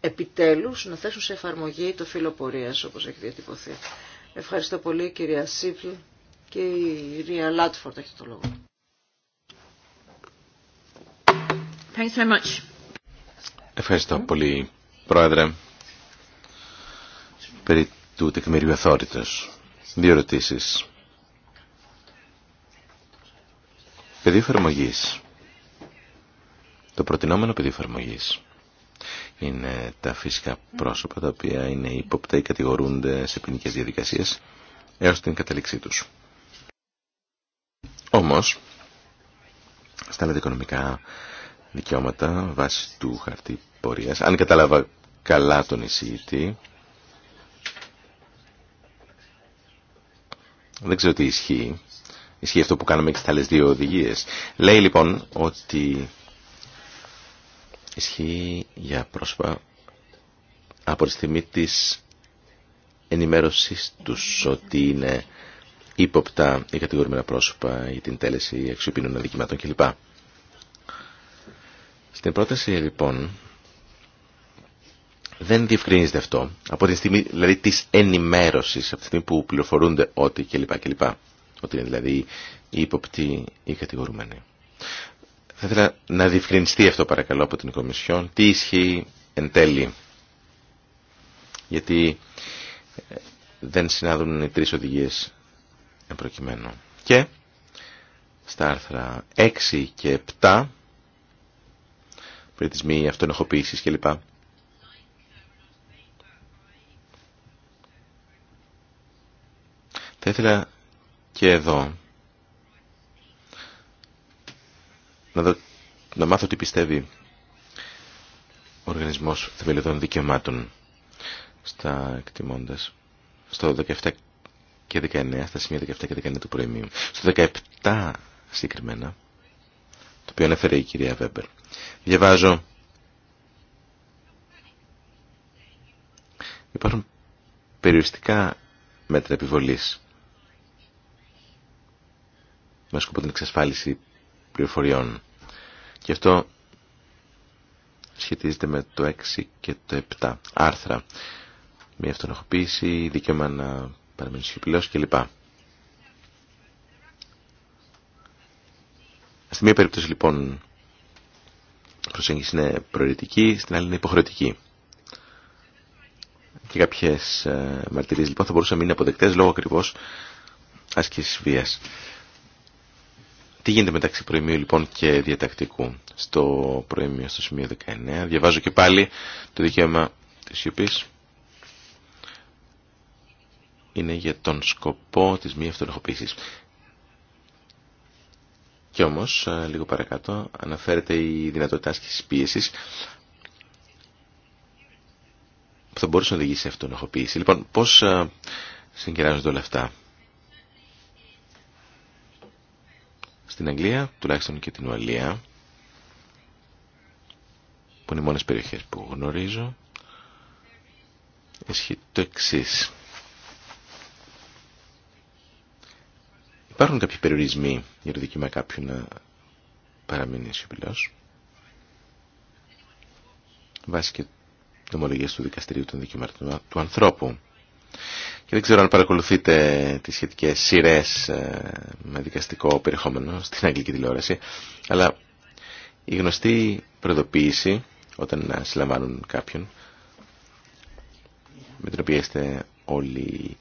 επιτέλους να θέσουν σε εφαρμογή το φύλλο πορείας όπως έχει διατυπωθεί. Ευχαριστώ πολύ κυρία Σίπλ και η κυρία Λάτφορντ έχει το λόγο. Ευχαριστώ πολύ, Πρόεδρε. Περί του τεκμηρίου αθόρυτος. Δύο ερωτήσει. Πεδίο εφαρμογή. Το προτινόμενο πεδίο εφαρμογή είναι τα φυσικά πρόσωπα τα οποία είναι ύποπτα ή κατηγορούνται σε ποινικέ διαδικασίε έως την καταλήξη τους. Όμως, στα λαδικονομικά δικαιώματα βάσει του χαρτί πορείας. Αν κατάλαβα καλά τον εισηγητή, δεν ξέρω τι ισχύει. Ισχύει αυτό που κάνουμε και στις άλλες δύο οδηγίες. Λέει λοιπόν ότι ισχύει για πρόσωπα από τη στιγμή της ενημέρωσής τους ότι είναι ύποπτα ή κατηγορημένα πρόσωπα για την τέλεση αξιοποιημένων αδικημάτων κλπ. Στην πρόταση λοιπόν δεν διευκρινίζεται αυτό. Από τη στιγμή δηλαδή της ενημέρωσης, από τη στιγμή που πληροφορούνται ότι κλπ. κλπ. Ότι είναι δηλαδή οι υποπτοί ή κατηγορούμενοι. Θα ήθελα να διευκρινιστεί αυτό παρακαλώ από την Κομισιόν. Τι ισχύει εν τέλει. Γιατί ε, δεν συνάδουν οι τρεις οδηγίες εμπροκειμένου. Και στα άρθρα 6 και 7 υπηρετισμοί, κλπ. Θα ήθελα και εδώ να, να μάθω τι πιστεύει ο Οργανισμός Θεμελιωδών Δικαιωμάτων στα εκτιμώντας στο 17 και 19, στα σημεία 17 και 19 του προημίου. Στο 17 συγκεκριμένα το οποίο ανέφερε η κυρία Βέμπερ. Διαβάζω. Υπάρχουν περιοριστικά μέτρα επιβολής με σκοπό την εξασφάλιση πληροφοριών. Και αυτό σχετίζεται με το 6 και το 7 άρθρα. Μια αυτονοχοποίηση, δικαίωμα να παραμείνει κλπ. Στη μία περίπτωση λοιπόν η προσέγγιση είναι προαιρετική, στην άλλη είναι υποχρεωτική. Και κάποιες ε, μαρτυρίες λοιπόν θα μπορούσαν να είναι αποδεκτές λόγω ακριβώς άσκησης βίας. Τι γίνεται μεταξύ προημίου λοιπόν και διατακτικού. Στο προημίο, στο σημείο 19, διαβάζω και πάλι το δικαίωμα της ΙΟΠΗΣ. Είναι για τον σκοπό της μη αυτονοχοποίησης. Και όμως, λίγο παρακάτω, αναφέρεται η δυνατότητα άσκησης πίεσης που θα μπορούσε να οδηγήσει σε αυτονοχοποίηση. Λοιπόν, πώς συγκεράζονται όλα αυτά. Στην Αγγλία, τουλάχιστον και την Ουαλία, που είναι οι μόνες περιοχές που γνωρίζω, ισχύει το εξής. Υπάρχουν κάποιοι περιορισμοί για το δικαίωμα κάποιου να παραμείνει σιωπηλό. Βάσει και νομολογία του Δικαστηρίου των Δικαιωμάτων του Ανθρώπου. Και δεν ξέρω αν παρακολουθείτε τις σχετικές σειρές ε, με δικαστικό περιεχόμενο στην αγγλική τηλεόραση, αλλά η γνωστή προειδοποίηση όταν συλλαμβάνουν κάποιον με την οποία είστε όλοι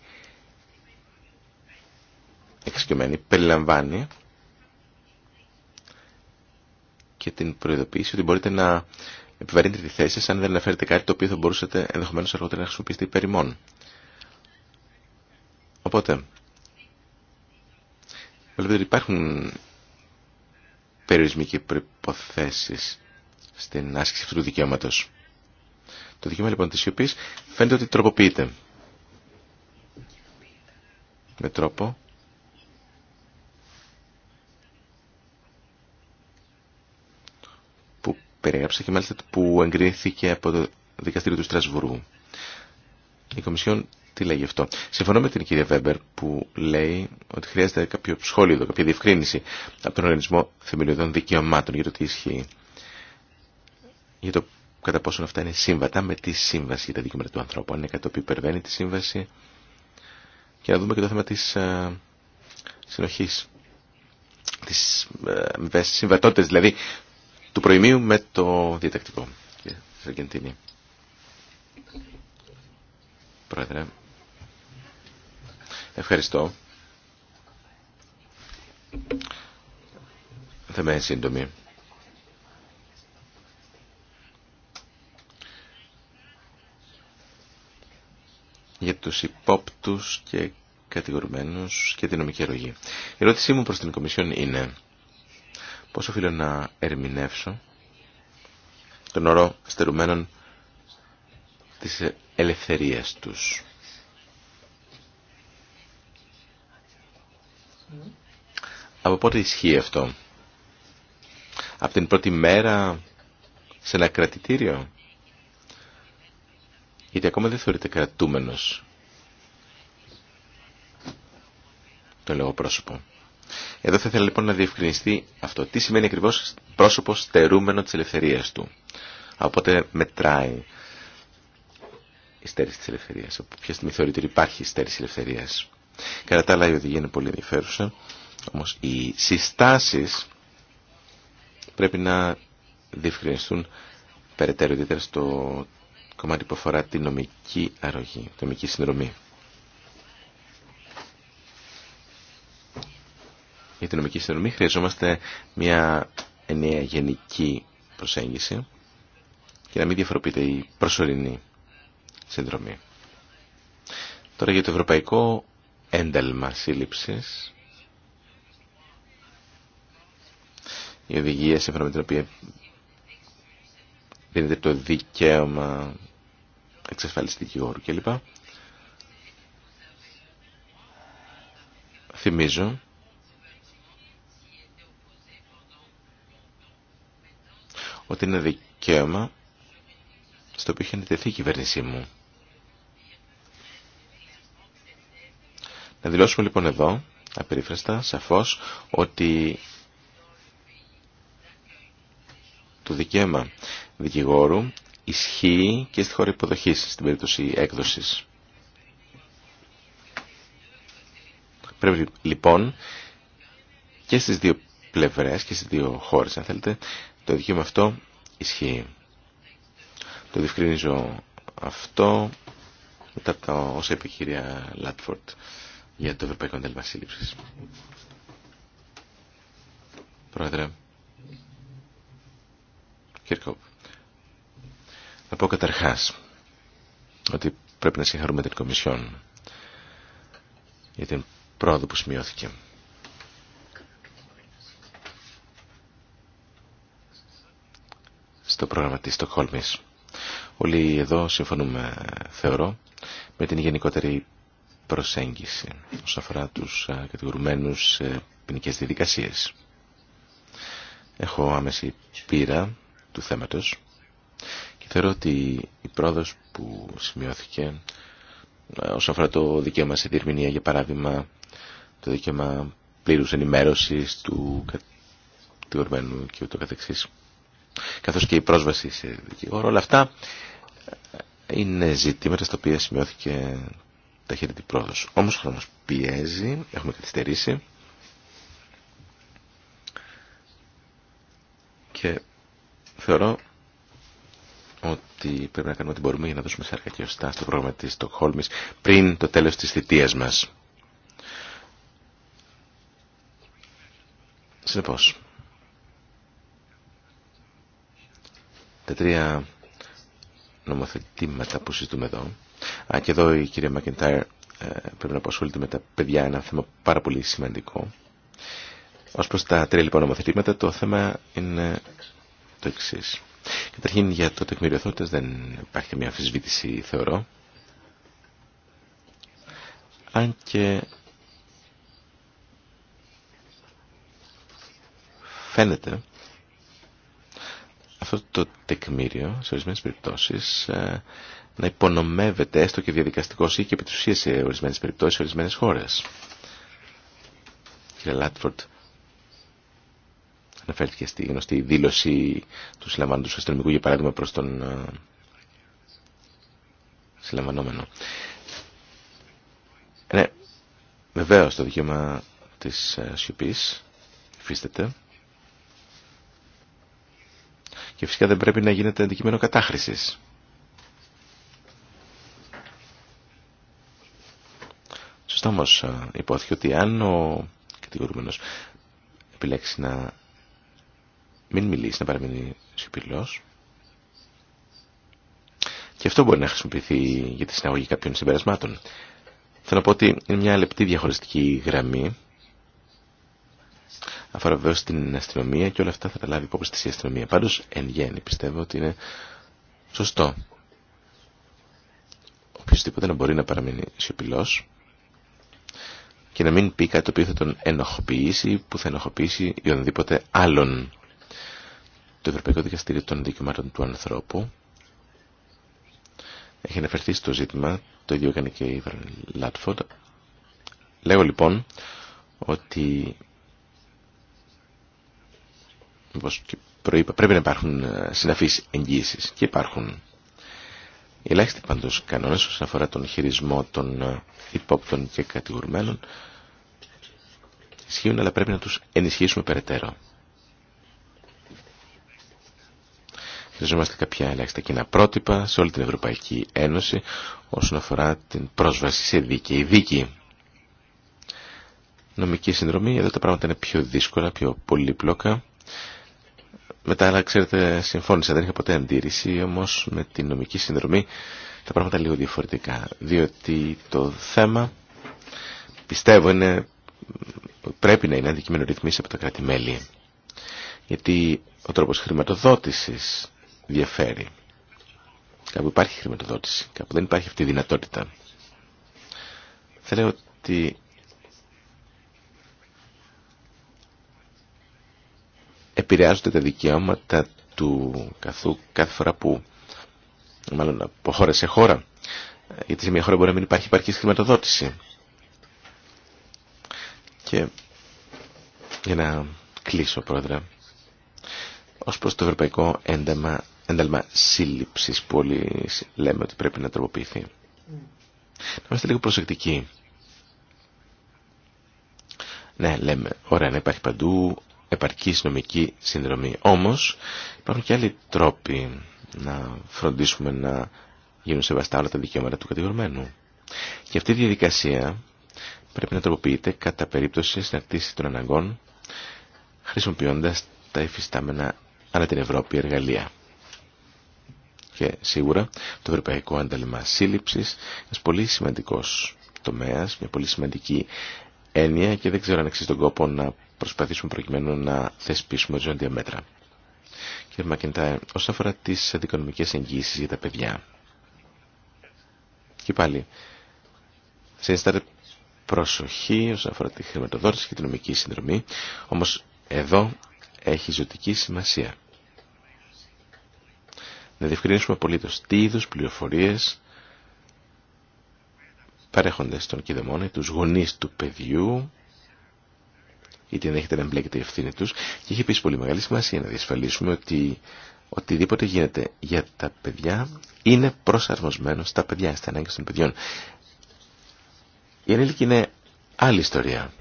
εξοικειωμένη περιλαμβάνει και την προειδοποίηση ότι μπορείτε να επιβαρύνετε τη θέση σας αν δεν αναφέρετε κάτι το οποίο θα μπορούσατε ενδεχομένως αργότερα να χρησιμοποιήσετε υπέρ ημών. Οπότε, βλέπετε ότι υπάρχουν περιορισμοί και προϋποθέσεις στην άσκηση αυτού του δικαιώματος. Το δικαίωμα λοιπόν της σιωπής φαίνεται ότι τροποποιείται. Με τρόπο περιέγραψα και μάλιστα που εγκρίθηκε από το δικαστήριο του Στρασβουργού. Η Κομισιόν τι λέει γι' αυτό. Συμφωνώ με την κυρία Βέμπερ που λέει ότι χρειάζεται κάποιο σχόλιο κάποια διευκρίνηση από τον Οργανισμό Θεμελιωδών Δικαιωμάτων για το τι ισχύει. Για το κατά πόσον αυτά είναι σύμβατα με τη σύμβαση για τα δικαιώματα του ανθρώπου. Αν είναι κάτι που υπερβαίνει τη σύμβαση. Και να δούμε και το θέμα τη ε, συνοχή. Τη ε, συμβατότητα δηλαδή του προημίου με το διατακτικό. Κύριε Αργεντινή. Πρόεδρε. Ευχαριστώ. Θα είμαι σύντομη. για τους υπόπτους και κατηγορουμένους και την νομική αρρωγή. Η ερώτησή μου προς την Κομισιόν είναι πώς οφείλω να ερμηνεύσω τον όρο στερουμένων της ελευθερίας τους. Από πότε ισχύει αυτό. Από την πρώτη μέρα σε ένα κρατητήριο. Γιατί ακόμα δεν θεωρείται κρατούμενος το λέω πρόσωπο. Εδώ θα ήθελα λοιπόν να διευκρινιστεί αυτό. Τι σημαίνει ακριβώ πρόσωπο στερούμενο τη ελευθερία του. Οπότε μετράει η στέρηση τη ελευθερία, Από ποια στιγμή θεωρείται ότι υπάρχει η στέρηση ελευθερία. Κατά τα άλλα η οδηγία είναι πολύ ενδιαφέρουσα. Όμω οι συστάσει πρέπει να διευκρινιστούν περαιτέρω ιδιαίτερα στο κομμάτι που αφορά τη νομική αρρωγή, τη νομική συνδρομή. για την νομική συνδρομή χρειαζόμαστε μια ενιαία γενική προσέγγιση και να μην διαφοροποιείται η προσωρινή συνδρομή. Τώρα για το ευρωπαϊκό ένταλμα σύλληψης η οδηγία σύμφωνα με την οποία δίνεται το δικαίωμα εξασφάλιση δικηγόρου κλπ. Θυμίζω ότι είναι δικαίωμα στο οποίο είχε αντιτεθεί η κυβέρνησή μου. Να δηλώσουμε λοιπόν εδώ, απερίφραστα, σαφώς, ότι το δικαίωμα δικηγόρου ισχύει και στη χώρα υποδοχής, στην περίπτωση έκδοσης. Πρέπει λοιπόν και στις δύο πλευρές και στις δύο χώρες, αν θέλετε, το δικαίωμα αυτό ισχύει. Το διευκρινίζω αυτό μετά από τα όσα είπε η κυρία Λάτφορτ για το Ευρωπαϊκό Ντέλμα Σύλληψης. Πρόεδρε, Κύρκοπ, να πω καταρχάς ότι πρέπει να συγχαρούμε την Κομισιόν για την πρόοδο που σημειώθηκε. το πρόγραμμα της Στοκχόλμης. Όλοι εδώ συμφωνούμε, θεωρώ, με την γενικότερη προσέγγιση όσον αφορά τους κατηγορουμένους ε, ποινικές διαδικασίες. Έχω άμεση πείρα του θέματος και θεωρώ ότι η πρόοδος που σημειώθηκε ε, όσον αφορά το δικαίωμα σε διερμηνία, για παράδειγμα, το δικαίωμα πλήρους ενημέρωσης του κατηγορουμένου και ούτω καθεξής, καθώς και η πρόσβαση σε δικηγόρο. Όλα αυτά είναι ζητήματα στα οποία σημειώθηκε ταχύτητη πρόοδος. Όμως ο χρόνος πιέζει, έχουμε καθυστερήσει και θεωρώ ότι πρέπει να κάνουμε ό,τι μπορούμε για να δώσουμε σάρκα και ωστά στο πρόγραμμα της Στοκχόλμης πριν το τέλος της θητείας μας. Συνεπώς, τα τρία νομοθετήματα που συζητούμε εδώ. Α, και εδώ η κυρία Μακεντάιρ ε, πρέπει να απασχολείται με τα παιδιά, ένα θέμα πάρα πολύ σημαντικό. Ως προς τα τρία λοιπόν νομοθετήματα, το θέμα είναι το εξή. Καταρχήν για το τεκμήριο δεν υπάρχει μια αμφισβήτηση θεωρώ. Αν και φαίνεται αυτό το τεκμήριο σε ορισμένε περιπτώσει ε, να υπονομεύεται έστω και διαδικαστικό ή και επί σε ορισμένε περιπτώσει σε ορισμένε χώρε. Κύριε Λάτφορντ, αναφέρθηκε στη γνωστή δήλωση του συλλαμβάνοντος αστυνομικού για παράδειγμα προς τον ε, συλλαμβανόμενο. Ναι, βεβαίω το δικαίωμα της ε, σιωπής υφίσταται και φυσικά δεν πρέπει να γίνεται αντικείμενο κατάχρησης. Σωστά όμως ε, υπόθηκε ότι αν ο κατηγορούμενος επιλέξει να μην μιλήσει, να παραμείνει σιωπηλός, και αυτό μπορεί να χρησιμοποιηθεί για τη συναγωγή κάποιων συμπερασμάτων. Θέλω να πω ότι είναι μια λεπτή διαχωριστική γραμμή αφορά βεβαίω την αστυνομία και όλα αυτά θα τα λάβει υπόψη η αστυνομία. Πάντω, εν γέννη, πιστεύω ότι είναι σωστό. Οποιοδήποτε να μπορεί να παραμείνει σιωπηλό και να μην πει κάτι το οποίο θα τον ενοχοποιήσει, που θα ενοχοποιήσει ή άλλον. Το Ευρωπαϊκό Δικαστήριο των Δικαιωμάτων του Ανθρώπου έχει αναφερθεί στο ζήτημα, το ίδιο έκανε και η Λάτφορντ. Λέω λοιπόν ότι όπως και προείπα, πρέπει να υπάρχουν ε, συναφείς εγγύησεις και υπάρχουν. ελάχιστοι πάντως κανόνες όσον αφορά τον χειρισμό των ε, υπόπτων και κατηγορουμένων ισχύουν αλλά πρέπει να τους ενισχύσουμε περαιτέρω. Χρειαζόμαστε κάποια ελάχιστα κοινά πρότυπα σε όλη την Ευρωπαϊκή Ένωση όσον αφορά την πρόσβαση σε δίκαιη δίκη. Νομική συνδρομή, εδώ τα πράγματα είναι πιο δύσκολα, πιο πολύπλοκα. Μετά, αλλά ξέρετε, συμφώνησα, δεν είχα ποτέ αντίρρηση, όμως με την νομική συνδρομή τα πράγματα λίγο διαφορετικά. Διότι το θέμα, πιστεύω, είναι, πρέπει να είναι αντικείμενο ρυθμίσει από τα κράτη-μέλη. Γιατί ο τρόπος χρηματοδότησης διαφέρει. Κάπου υπάρχει χρηματοδότηση, κάπου δεν υπάρχει αυτή η δυνατότητα. Θα λέω ότι επηρεάζονται τα δικαιώματα του καθού κάθε φορά που, μάλλον από χώρα σε χώρα, γιατί σε μια χώρα μπορεί να μην υπάρχει υπαρκής χρηματοδότηση. Και για να κλείσω, πρόεδρε, ως προς το ευρωπαϊκό ένταμα, ένταλμα σύλληψης που όλοι λέμε ότι πρέπει να τροποποιηθεί. Mm. Να είμαστε λίγο προσεκτικοί. Ναι, λέμε, ωραία να υπάρχει παντού, επαρκή νομική συνδρομή. Όμως υπάρχουν και άλλοι τρόποι να φροντίσουμε να γίνουν σεβαστά όλα τα δικαιώματα του κατηγορμένου. Και αυτή η διαδικασία πρέπει να τροποποιείται κατά περίπτωση στην συναρτήση των αναγκών χρησιμοποιώντας τα υφιστάμενα ανά την Ευρώπη εργαλεία. Και σίγουρα το ευρωπαϊκό Ανταλημά σύλληψης είναι πολύ σημαντικός τομέας, μια πολύ σημαντική έννοια και δεν ξέρω αν αξίζει τον κόπο να προσπαθήσουμε προκειμένου να θεσπίσουμε οριζόντια μέτρα. Κύριε Μακεντάε, όσον αφορά τι αντικονομικέ εγγύσει για τα παιδιά. Και πάλι, συνιστάται προσοχή όσον αφορά τη χρηματοδότηση και τη νομική συνδρομή, όμω εδώ έχει ζωτική σημασία. Να διευκρινίσουμε απολύτω τι είδου πληροφορίε παρέχονται στον κηδεμόνι τους γονείς του παιδιού, είτε έχετε να εμπλέκεται η ευθύνη τους. Και έχει επίσης πολύ μεγάλη σημασία να διασφαλίσουμε ότι οτιδήποτε γίνεται για τα παιδιά είναι προσαρμοσμένο στα παιδιά, στα ανάγκες των παιδιών. Η ανήλικη είναι άλλη ιστορία.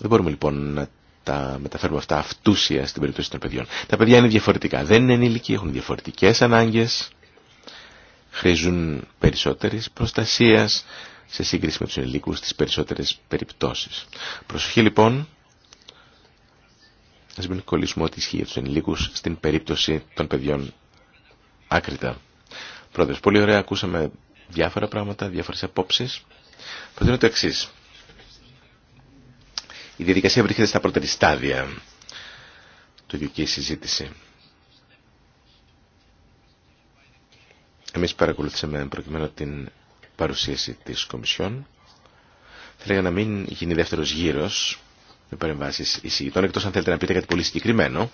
Δεν μπορούμε λοιπόν να τα μεταφέρουμε αυτά αυτούσια στην περίπτωση των παιδιών. Τα παιδιά είναι διαφορετικά. Δεν είναι ενήλικοι, έχουν διαφορετικές ανάγκες χρήζουν περισσότερη προστασίας σε σύγκριση με τους ενηλίκους στις περισσότερες περιπτώσεις. Προσοχή λοιπόν, ας μην κολλήσουμε ό,τι ισχύει για τους ενηλίκους στην περίπτωση των παιδιών άκρητα. Πρόεδρος, πολύ ωραία, ακούσαμε διάφορα πράγματα, διάφορες απόψεις. Προτείνω το εξή. Η διαδικασία βρίσκεται στα πρώτερη στάδια του συζήτηση. Εμείς παρακολούθησαμε προκειμένου την παρουσίαση της Κομισιόν. Θα έλεγα να μην γίνει δεύτερος γύρος με παρεμβάσεις εισηγητών, εκτός αν θέλετε να πείτε κάτι πολύ συγκεκριμένο.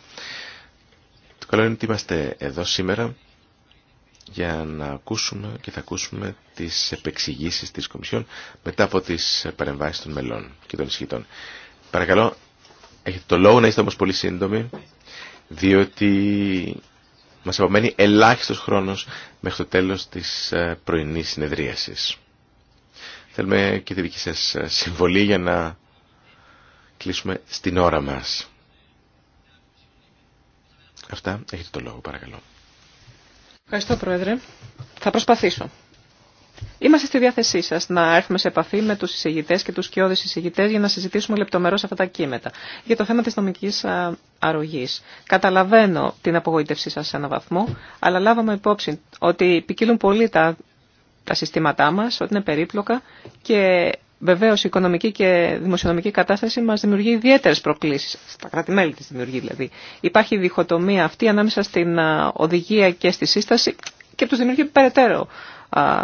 Το καλό είναι ότι είμαστε εδώ σήμερα για να ακούσουμε και θα ακούσουμε τις επεξηγήσεις της Κομισιόν μετά από τις παρεμβάσεις των μελών και των εισηγητών. Παρακαλώ, έχετε το λόγο να είστε όμως πολύ σύντομοι, διότι μας απομένει ελάχιστος χρόνος μέχρι το τέλος της ε, πρωινής συνεδρίασης. Θέλουμε και τη δική σας ε, συμβολή για να κλείσουμε στην ώρα μας. Αυτά. Έχετε το λόγο, παρακαλώ. Ευχαριστώ, Πρόεδρε. Θα προσπαθήσω. Είμαστε στη διάθεσή σα να έρθουμε σε επαφή με του εισηγητέ και του κοιόδη εισηγητέ για να συζητήσουμε λεπτομερώ αυτά τα κείμενα. Για το θέμα τη νομική αρρωγή. Καταλαβαίνω την απογοήτευσή σα σε έναν βαθμό, αλλά λάβαμε υπόψη ότι ποικίλουν πολύ τα, τα συστήματά μα, ότι είναι περίπλοκα και βεβαίω η οικονομική και δημοσιονομική κατάσταση μα δημιουργεί ιδιαίτερε προκλήσει. Στα κράτη-μέλη τη δημιουργεί δηλαδή. Υπάρχει διχοτομία αυτή ανάμεσα στην οδηγία και στη σύσταση και του δημιουργεί περαιτέρω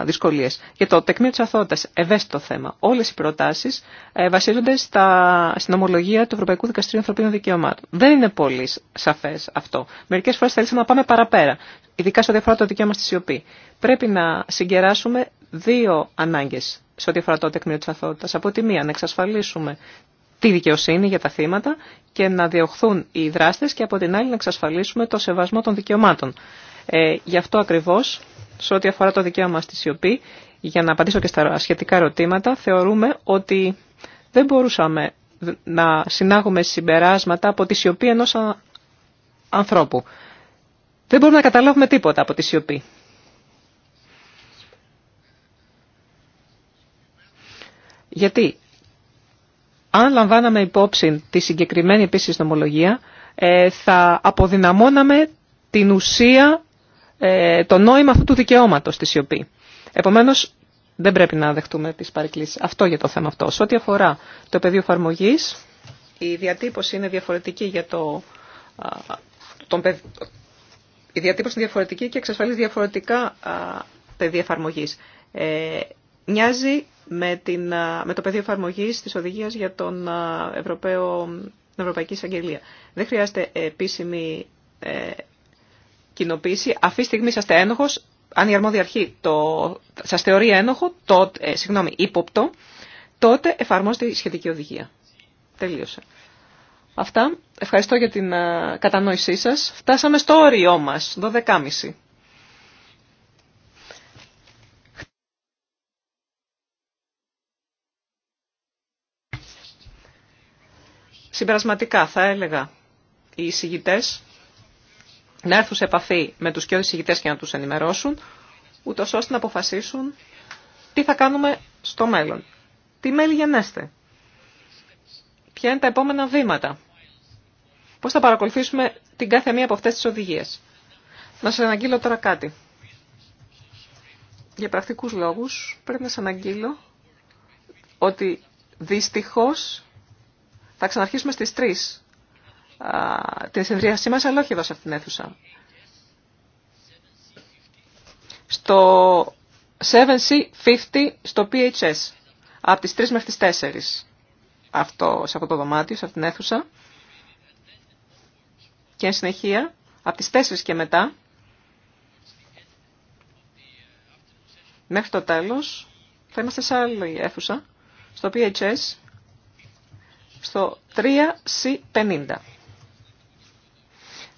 δυσκολίες. Για το τεκμήριο της αθότητας, ευαίσθητο θέμα. Όλες οι προτάσεις ε, βασίζονται στα, στην ομολογία του Ευρωπαϊκού Δικαστηρίου Ανθρωπίνων Δικαιωμάτων. Δεν είναι πολύ σαφές αυτό. Μερικές φορές θέλησαμε να πάμε παραπέρα, ειδικά σε ό,τι αφορά το δικαίωμα στη σιωπή. Πρέπει να συγκεράσουμε δύο ανάγκες σε ό,τι αφορά το τεκμήριο της αθότητας. Από τη μία, να εξασφαλίσουμε τη δικαιοσύνη για τα θύματα και να διωχθούν οι δράστες και από την άλλη να εξασφαλίσουμε το σεβασμό των δικαιωμάτων. Ε, γι' αυτό ακριβώς σε ό,τι αφορά το δικαίωμα στη σιωπή, για να απαντήσω και στα σχετικά ερωτήματα, θεωρούμε ότι δεν μπορούσαμε να συνάγουμε συμπεράσματα από τη σιωπή ενός ανθρώπου. Δεν μπορούμε να καταλάβουμε τίποτα από τη σιωπή. Γιατί αν λαμβάναμε υπόψη τη συγκεκριμένη επίσης νομολογία, ε, θα αποδυναμώναμε την ουσία ε, το νόημα αυτού του δικαιώματος στη σιωπή. Επομένως, δεν πρέπει να δεχτούμε τις παρεκκλήσει. Αυτό για το θέμα αυτό. Σε ό,τι αφορά το πεδίο εφαρμογή, η διατύπωση είναι διαφορετική για το... Τον παιδ... Η διατύπωση είναι διαφορετική και εξασφαλίζει διαφορετικά πεδία εφαρμογή. Ε, μοιάζει με, την, με το πεδίο εφαρμογή τη οδηγία για τον την Ευρωπαϊκή Εισαγγελία. Δεν χρειάζεται επίσημη ε, κοινοποίηση αυτή τη στιγμή είσαστε ένοχο. αν η αρμόδια αρχή το, σας θεωρεί ένοχο, τότε, ε, συγγνώμη, ύποπτο, τότε εφαρμόζεται η σχετική οδηγία. Τελείωσε. Αυτά. Ευχαριστώ για την ε, κατανόησή σας. Φτάσαμε στο όριό μας, 12.30. Συμπερασματικά θα έλεγα οι εισηγητές να έρθουν σε επαφή με τους και ηγητές και να τους ενημερώσουν, ούτω ώστε να αποφασίσουν τι θα κάνουμε στο μέλλον. Τι μέλη γενέστε. Ποια είναι τα επόμενα βήματα. Πώς θα παρακολουθήσουμε την κάθε μία από αυτές τις οδηγίες. Να σας αναγγείλω τώρα κάτι. Για πρακτικούς λόγους πρέπει να σας αναγγείλω ότι δυστυχώς θα ξαναρχίσουμε στις 3 την συνδρίασή μας, αλλά όχι εδώ σε αυτήν την αίθουσα. Στο 7C50 στο PHS, από τις 3 μέχρι τις 4 αυτό, σε αυτό το δωμάτιο, σε αυτήν την αίθουσα. Και εν συνεχεία, από τις 4 και μετά, μέχρι το τέλος, θα είμαστε σε άλλη αίθουσα, στο PHS, στο 3C50.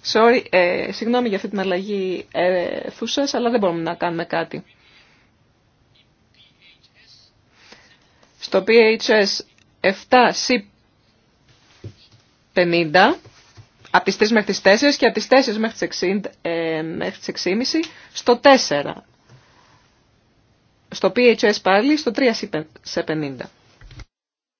Sorry, ε, συγγνώμη για αυτή την αλλαγή αίθουσας, αλλά δεν μπορούμε να κάνουμε κάτι. Στο PHS 7C50, από τις 3 μέχρι τις 4 και από τις 4 μέχρι τις, 6, ε, μέχρι τις στο 4. Στο PHS πάλι, στο 3 c 50.